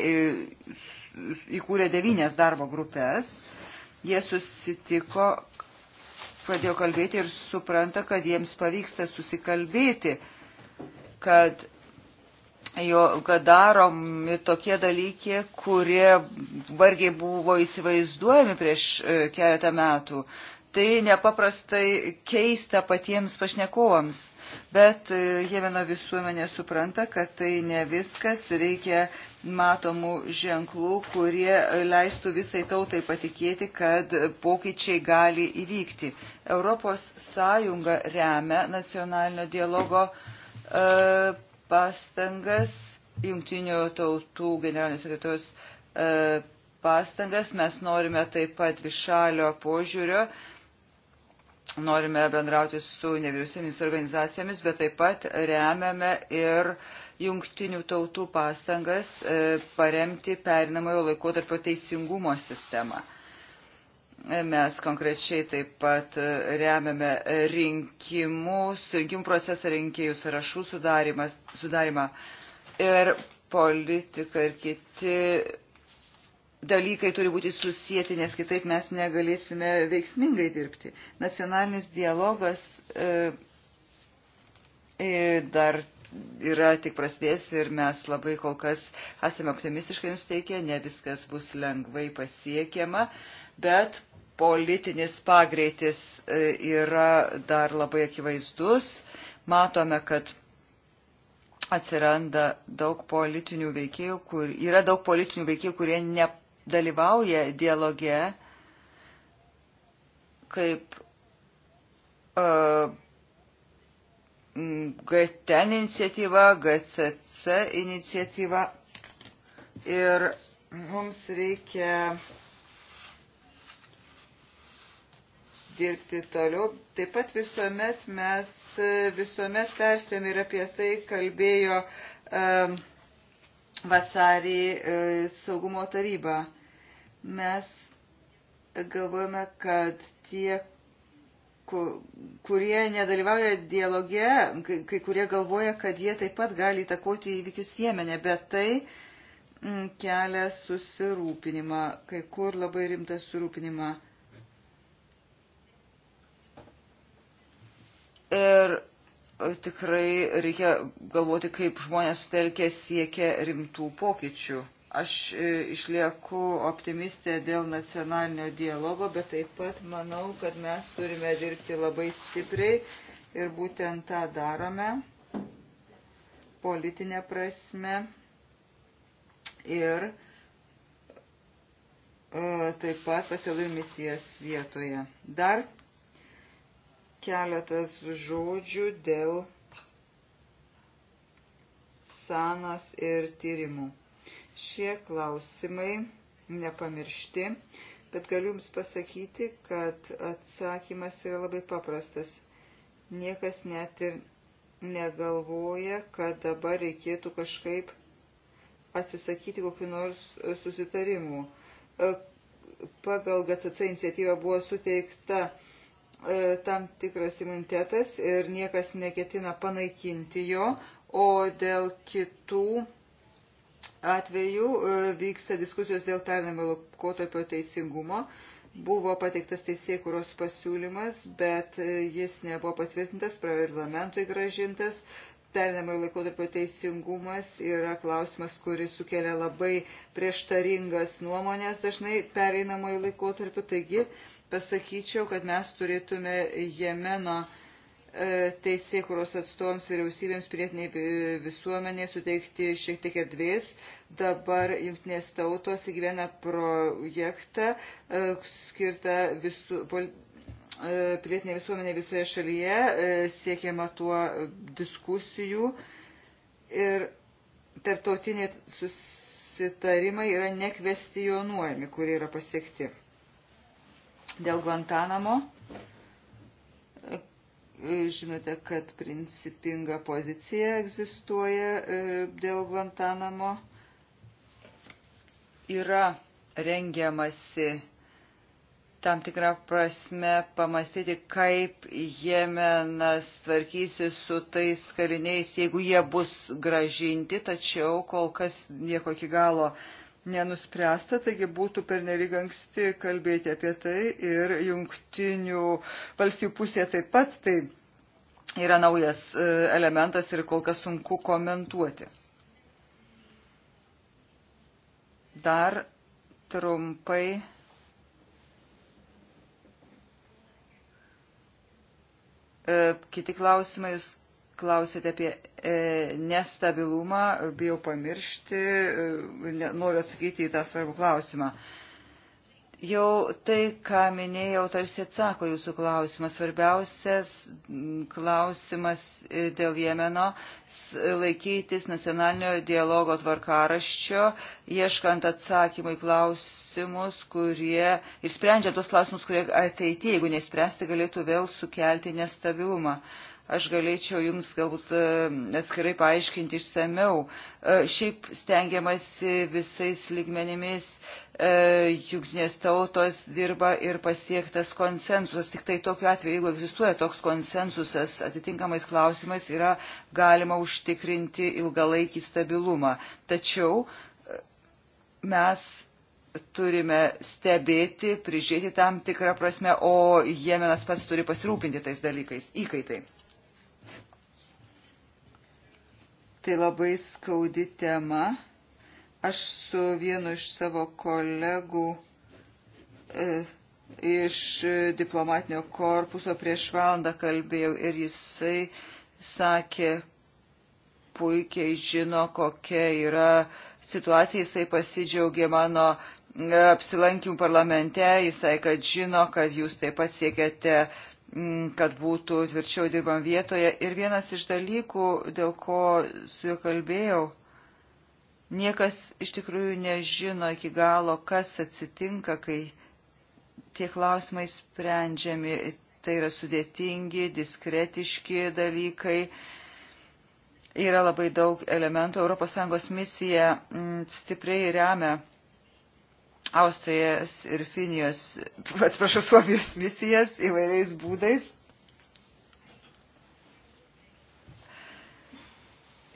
įkūrė devynės darbo grupės, jie susitiko, pradėjo kalbėti ir supranta, kad jiems pavyksta susikalbėti, kad jo, kad daromi tokie dalykai, kurie vargiai buvo įsivaizduojami prieš e, keletą metų. Tai nepaprastai keista patiems pašnekovams, bet e, Jemeno visuomenė supranta, kad tai ne viskas, reikia matomų ženklų, kurie leistų visai tautai patikėti, kad pokyčiai gali įvykti. Europos Sąjunga remia nacionalinio dialogo uh, pastangas, jungtinių tautų generalinės sekretorius e, pastangas, mes norime taip pat višalio požiūrio, norime bendrauti su nevyriausybėmis organizacijomis, bet taip pat remiame ir jungtinių tautų pastangas e, paremti perinamojo laikotarpio teisingumo sistemą. Mes konkrečiai taip pat remiame rinkimus, rinkimų procesą rinkėjų sąrašų sudarimą ir politika ir kiti dalykai turi būti susijęti, nes kitaip mes negalėsime veiksmingai dirbti. Nacionalinis dialogas e, e dar yra tik prasidės ir mes labai kol kas esame optimistiškai nusteikę, ne viskas bus lengvai pasiekiama. E, bet politinis pagreitis e, yra dar labai akivaizdus. Matome, kad atsiranda daug politinių veikėjų, kur, yra daug politinių veikėjų, kurie nedalyvauja dialoge, kaip uh, e, GTN iniciatyva, GCC iniciatyva. Ir mums reikia uh, dirbti toliau. Taip pat visuomet mes visuomet perspėjom ir apie tai kalbėjo vasarį e, saugumo taryba. Mes galvojame, kad tie, kurie nedalyvauja dialoge, kai kurie galvoja, kad jie taip pat gali įtakoti įvykius Jemenė, bet tai kelia susirūpinimą, kai kur labai rimtą susirūpinimą. Ir e, tikrai reikia galvoti, kaip žmonės sutelkė siekia rimtų pokyčių. Aš e, išlieku optimistė dėl nacionalinio dialogo, bet taip pat manau, kad mes turime dirbti labai stipriai ir būtent tą darome politinė prasme. Ir e, taip pat pasilai misijas vietoje. Dar Keletas žodžių dėl sanos ir tyrimų. Šie klausimai nepamiršti, bet galiu Jums pasakyti, kad atsakymas yra labai paprastas. Niekas net ir negalvoja, kad dabar reikėtų kažkaip atsisakyti kokiu nors susitarimu. Pagal GCC iniciatyvą buvo suteikta E, tam tikras imunitetas ir niekas neketina panaikinti jo, o dėl kitų atvejų e, vyksta diskusijos dėl pernamio laikotarpio teisingumo. Buvo pateiktas teisėkuros pasiūlymas, bet e, jis nebuvo patvirtintas, parlamentui gražintas. Perinamojo laikotarpio teisingumas yra klausimas, kuris sukelia labai prieštaringas nuomonės dažnai pereinamojo laikotarpio. Taigi pasakyčiau, kad mes turėtume Jemeno e, teisėkuros atstovams vyriausybėms pilietiniai e, visuomeniai suteikti šiek tiek erdvės. Dabar jungtinės tautos įgyvena projektą e, skirtą visu, pol, E, pilietinė visuomenė visoje šalyje, e, siekiama tuo diskusijų ir tarptautiniai susitarimai yra nekvestionuojami, kurie yra pasiekti. Dėl Guantanamo e, žinote, kad principinga pozicija egzistuoja dėl Guantanamo. Yra rengiamasi tam tikrą prasme pamastyti, kaip Jemenas tvarkysi su tais kaliniais, jeigu jie bus gražinti, tačiau kol kas nieko iki galo nenuspręsta, taigi būtų pernelyg anksti kalbėti apie tai ir jungtinių valstybių pusė taip pat tai yra naujas e, elementas ir kol kas sunku komentuoti. Dar trumpai E, kiti klausimai, jūs klausėte apie e, nestabilumą, bijau pamiršti, e, noriu atsakyti į tą svarbų klausimą. Jau tai, ką minėjau, tarsi atsako jūsų klausimas. Svarbiausias klausimas dėl Jemeno - laikytis nacionalinio dialogo tvarkaraščio, ieškant atsakymų į klausimus klausimus, kurie ir sprendžia tuos klausimus, kurie ateityje, jeigu nespręsti, galėtų vėl sukelti nestabilumą. Aš galėčiau jums galbūt e, atskirai paaiškinti išsameu. E, šiaip stengiamasi visais lygmenimis, e, jungtinės tautos dirba ir pasiektas konsensusas. Tik tai tokiu atveju, jeigu egzistuoja toks konsensusas, atitinkamais klausimais yra galima užtikrinti ilgalaikį stabilumą. Tačiau mes turime stebėti, prižiūrėti tam tikrą prasme, o Jemenas pats turi pasirūpinti tais dalykais, įkaitai. Tai labai skaudi tema. Aš su vienu iš savo kolegų e, iš diplomatinio korpuso prieš valandą kalbėjau ir jisai sakė, puikiai žino, kokia yra situacija, jisai pasidžiaugė mano apsilankimų parlamente, jisai, kad žino, kad jūs taip pat siekiate, mm, kad būtų tvirčiau dirbam vietoje. Ir vienas iš dalykų, dėl ko su juo kalbėjau, niekas iš tikrųjų nežino iki galo, kas atsitinka, kai tie klausimai sprendžiami. Tai yra sudėtingi, diskretiški dalykai yra labai daug elementų. ES misija mm, stipriai remia Austrijas ir Finijos, [LAUGHS] atsiprašau, Suomijos misijas įvairiais būdais.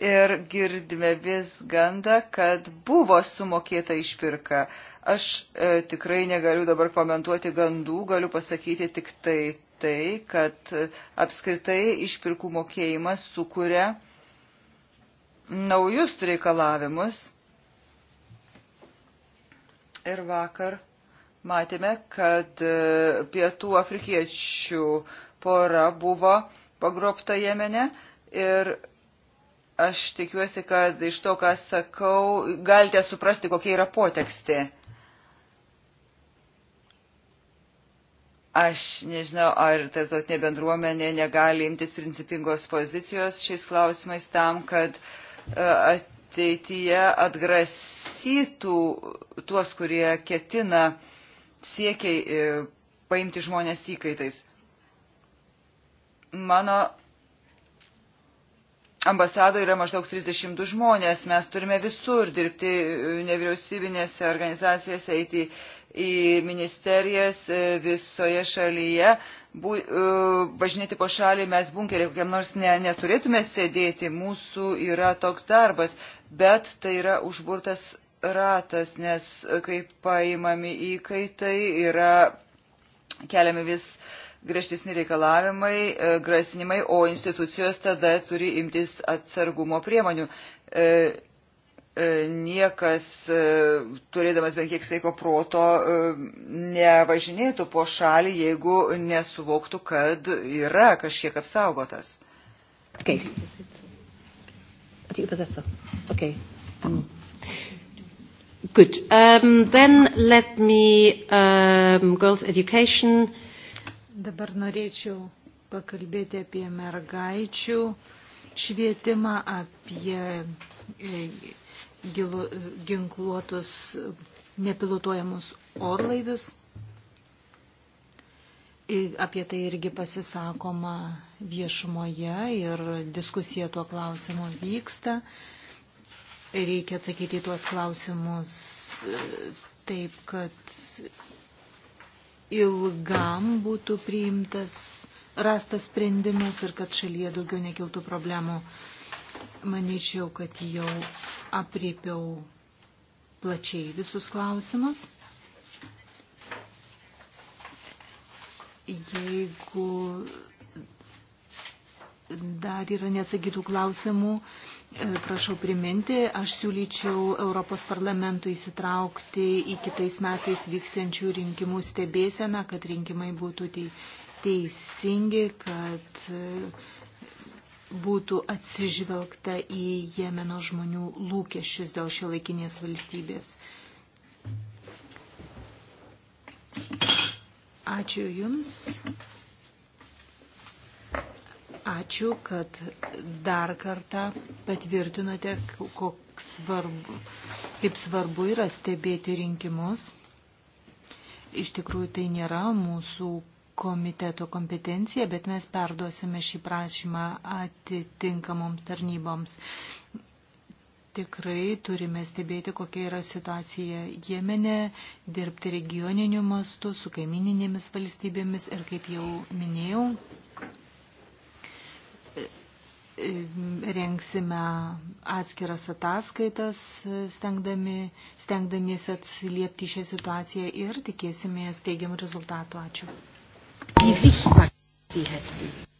ir girdime vis gandą, kad buvo sumokėta išpirka. Aš e, tikrai negaliu dabar komentuoti gandų, galiu pasakyti tik tai, tai kad e, apskritai išpirkų mokėjimas sukuria naujus reikalavimus Ir vakar matėme, kad e, pietų afrikiečių pora buvo pagrobta Jemene ir aš tikiuosi, kad iš to, ką sakau, galite suprasti, kokia yra potekstė. Aš nežinau, ar tarptautinė bendruomenė negali imtis principingos pozicijos šiais klausimais tam, kad e, ateityje atgrasytų tuos, kurie ketina siekiai e, paimti žmonės įkaitais. Mano ambasado yra maždaug 32 žmonės, mes turime visur dirbti e, nevyriausybinėse organizacijose, eiti į ministerijas e, visoje šalyje, bu, važinėti po šalį, mes bunkerį kokiam nors ne, neturėtume sėdėti, mūsų yra toks darbas bet tai yra užburtas ratas, nes kai paimami įkaitai yra keliami vis griežtesni reikalavimai, e, grasinimai, o institucijos tada turi imtis atsargumo priemonių. E, e, niekas, turėdamas bent kiek sveiko proto, nevažinėtų po šalį, jeigu nesuvoktų, kad yra kažkiek apsaugotas. Okay die Übersetzer. Okay. Um. Good. Um, then let me um, girls education. Dabar norėčiau pakalbėti apie mergaičių švietimą, apie e, ginkluotus nepilotuojamus orlaivius. Apie tai irgi pasisakoma viešumoje ir diskusija tuo klausimu vyksta. Reikia atsakyti į tuos klausimus e, taip, kad ilgam būtų priimtas, rastas sprendimas ir kad šalyje daugiau nekiltų problemų. Manyčiau, kad jau apriepiau plačiai visus klausimus. jeigu dar yra neatsakytų klausimų, e, prašau priminti, aš siūlyčiau Europos parlamentui įsitraukti į kitais metais vyksiančių rinkimų stebėseną, kad rinkimai būtų teisingi, kad e, būtų atsižvelgta į Jemeno žmonių lūkesčius dėl šio laikinės valstybės. Ačiū Jums. Ačiū, kad dar kartą patvirtinote, svarbu, kaip svarbu yra stebėti rinkimus. Iš tikrųjų, tai nėra mūsų komiteto kompetencija, bet mes perduosime šį prašymą atitinkamoms tarnyboms tikrai turime stebėti, kokia yra situacija Jemene, dirbti regioniniu mastu su kaimininėmis valstybėmis ir, kaip jau minėjau, rengsime atskiras ataskaitas, stengdami, stengdamiesi atsiliepti šią situaciją ir tikėsimės teigiamų rezultatų. Ačiū.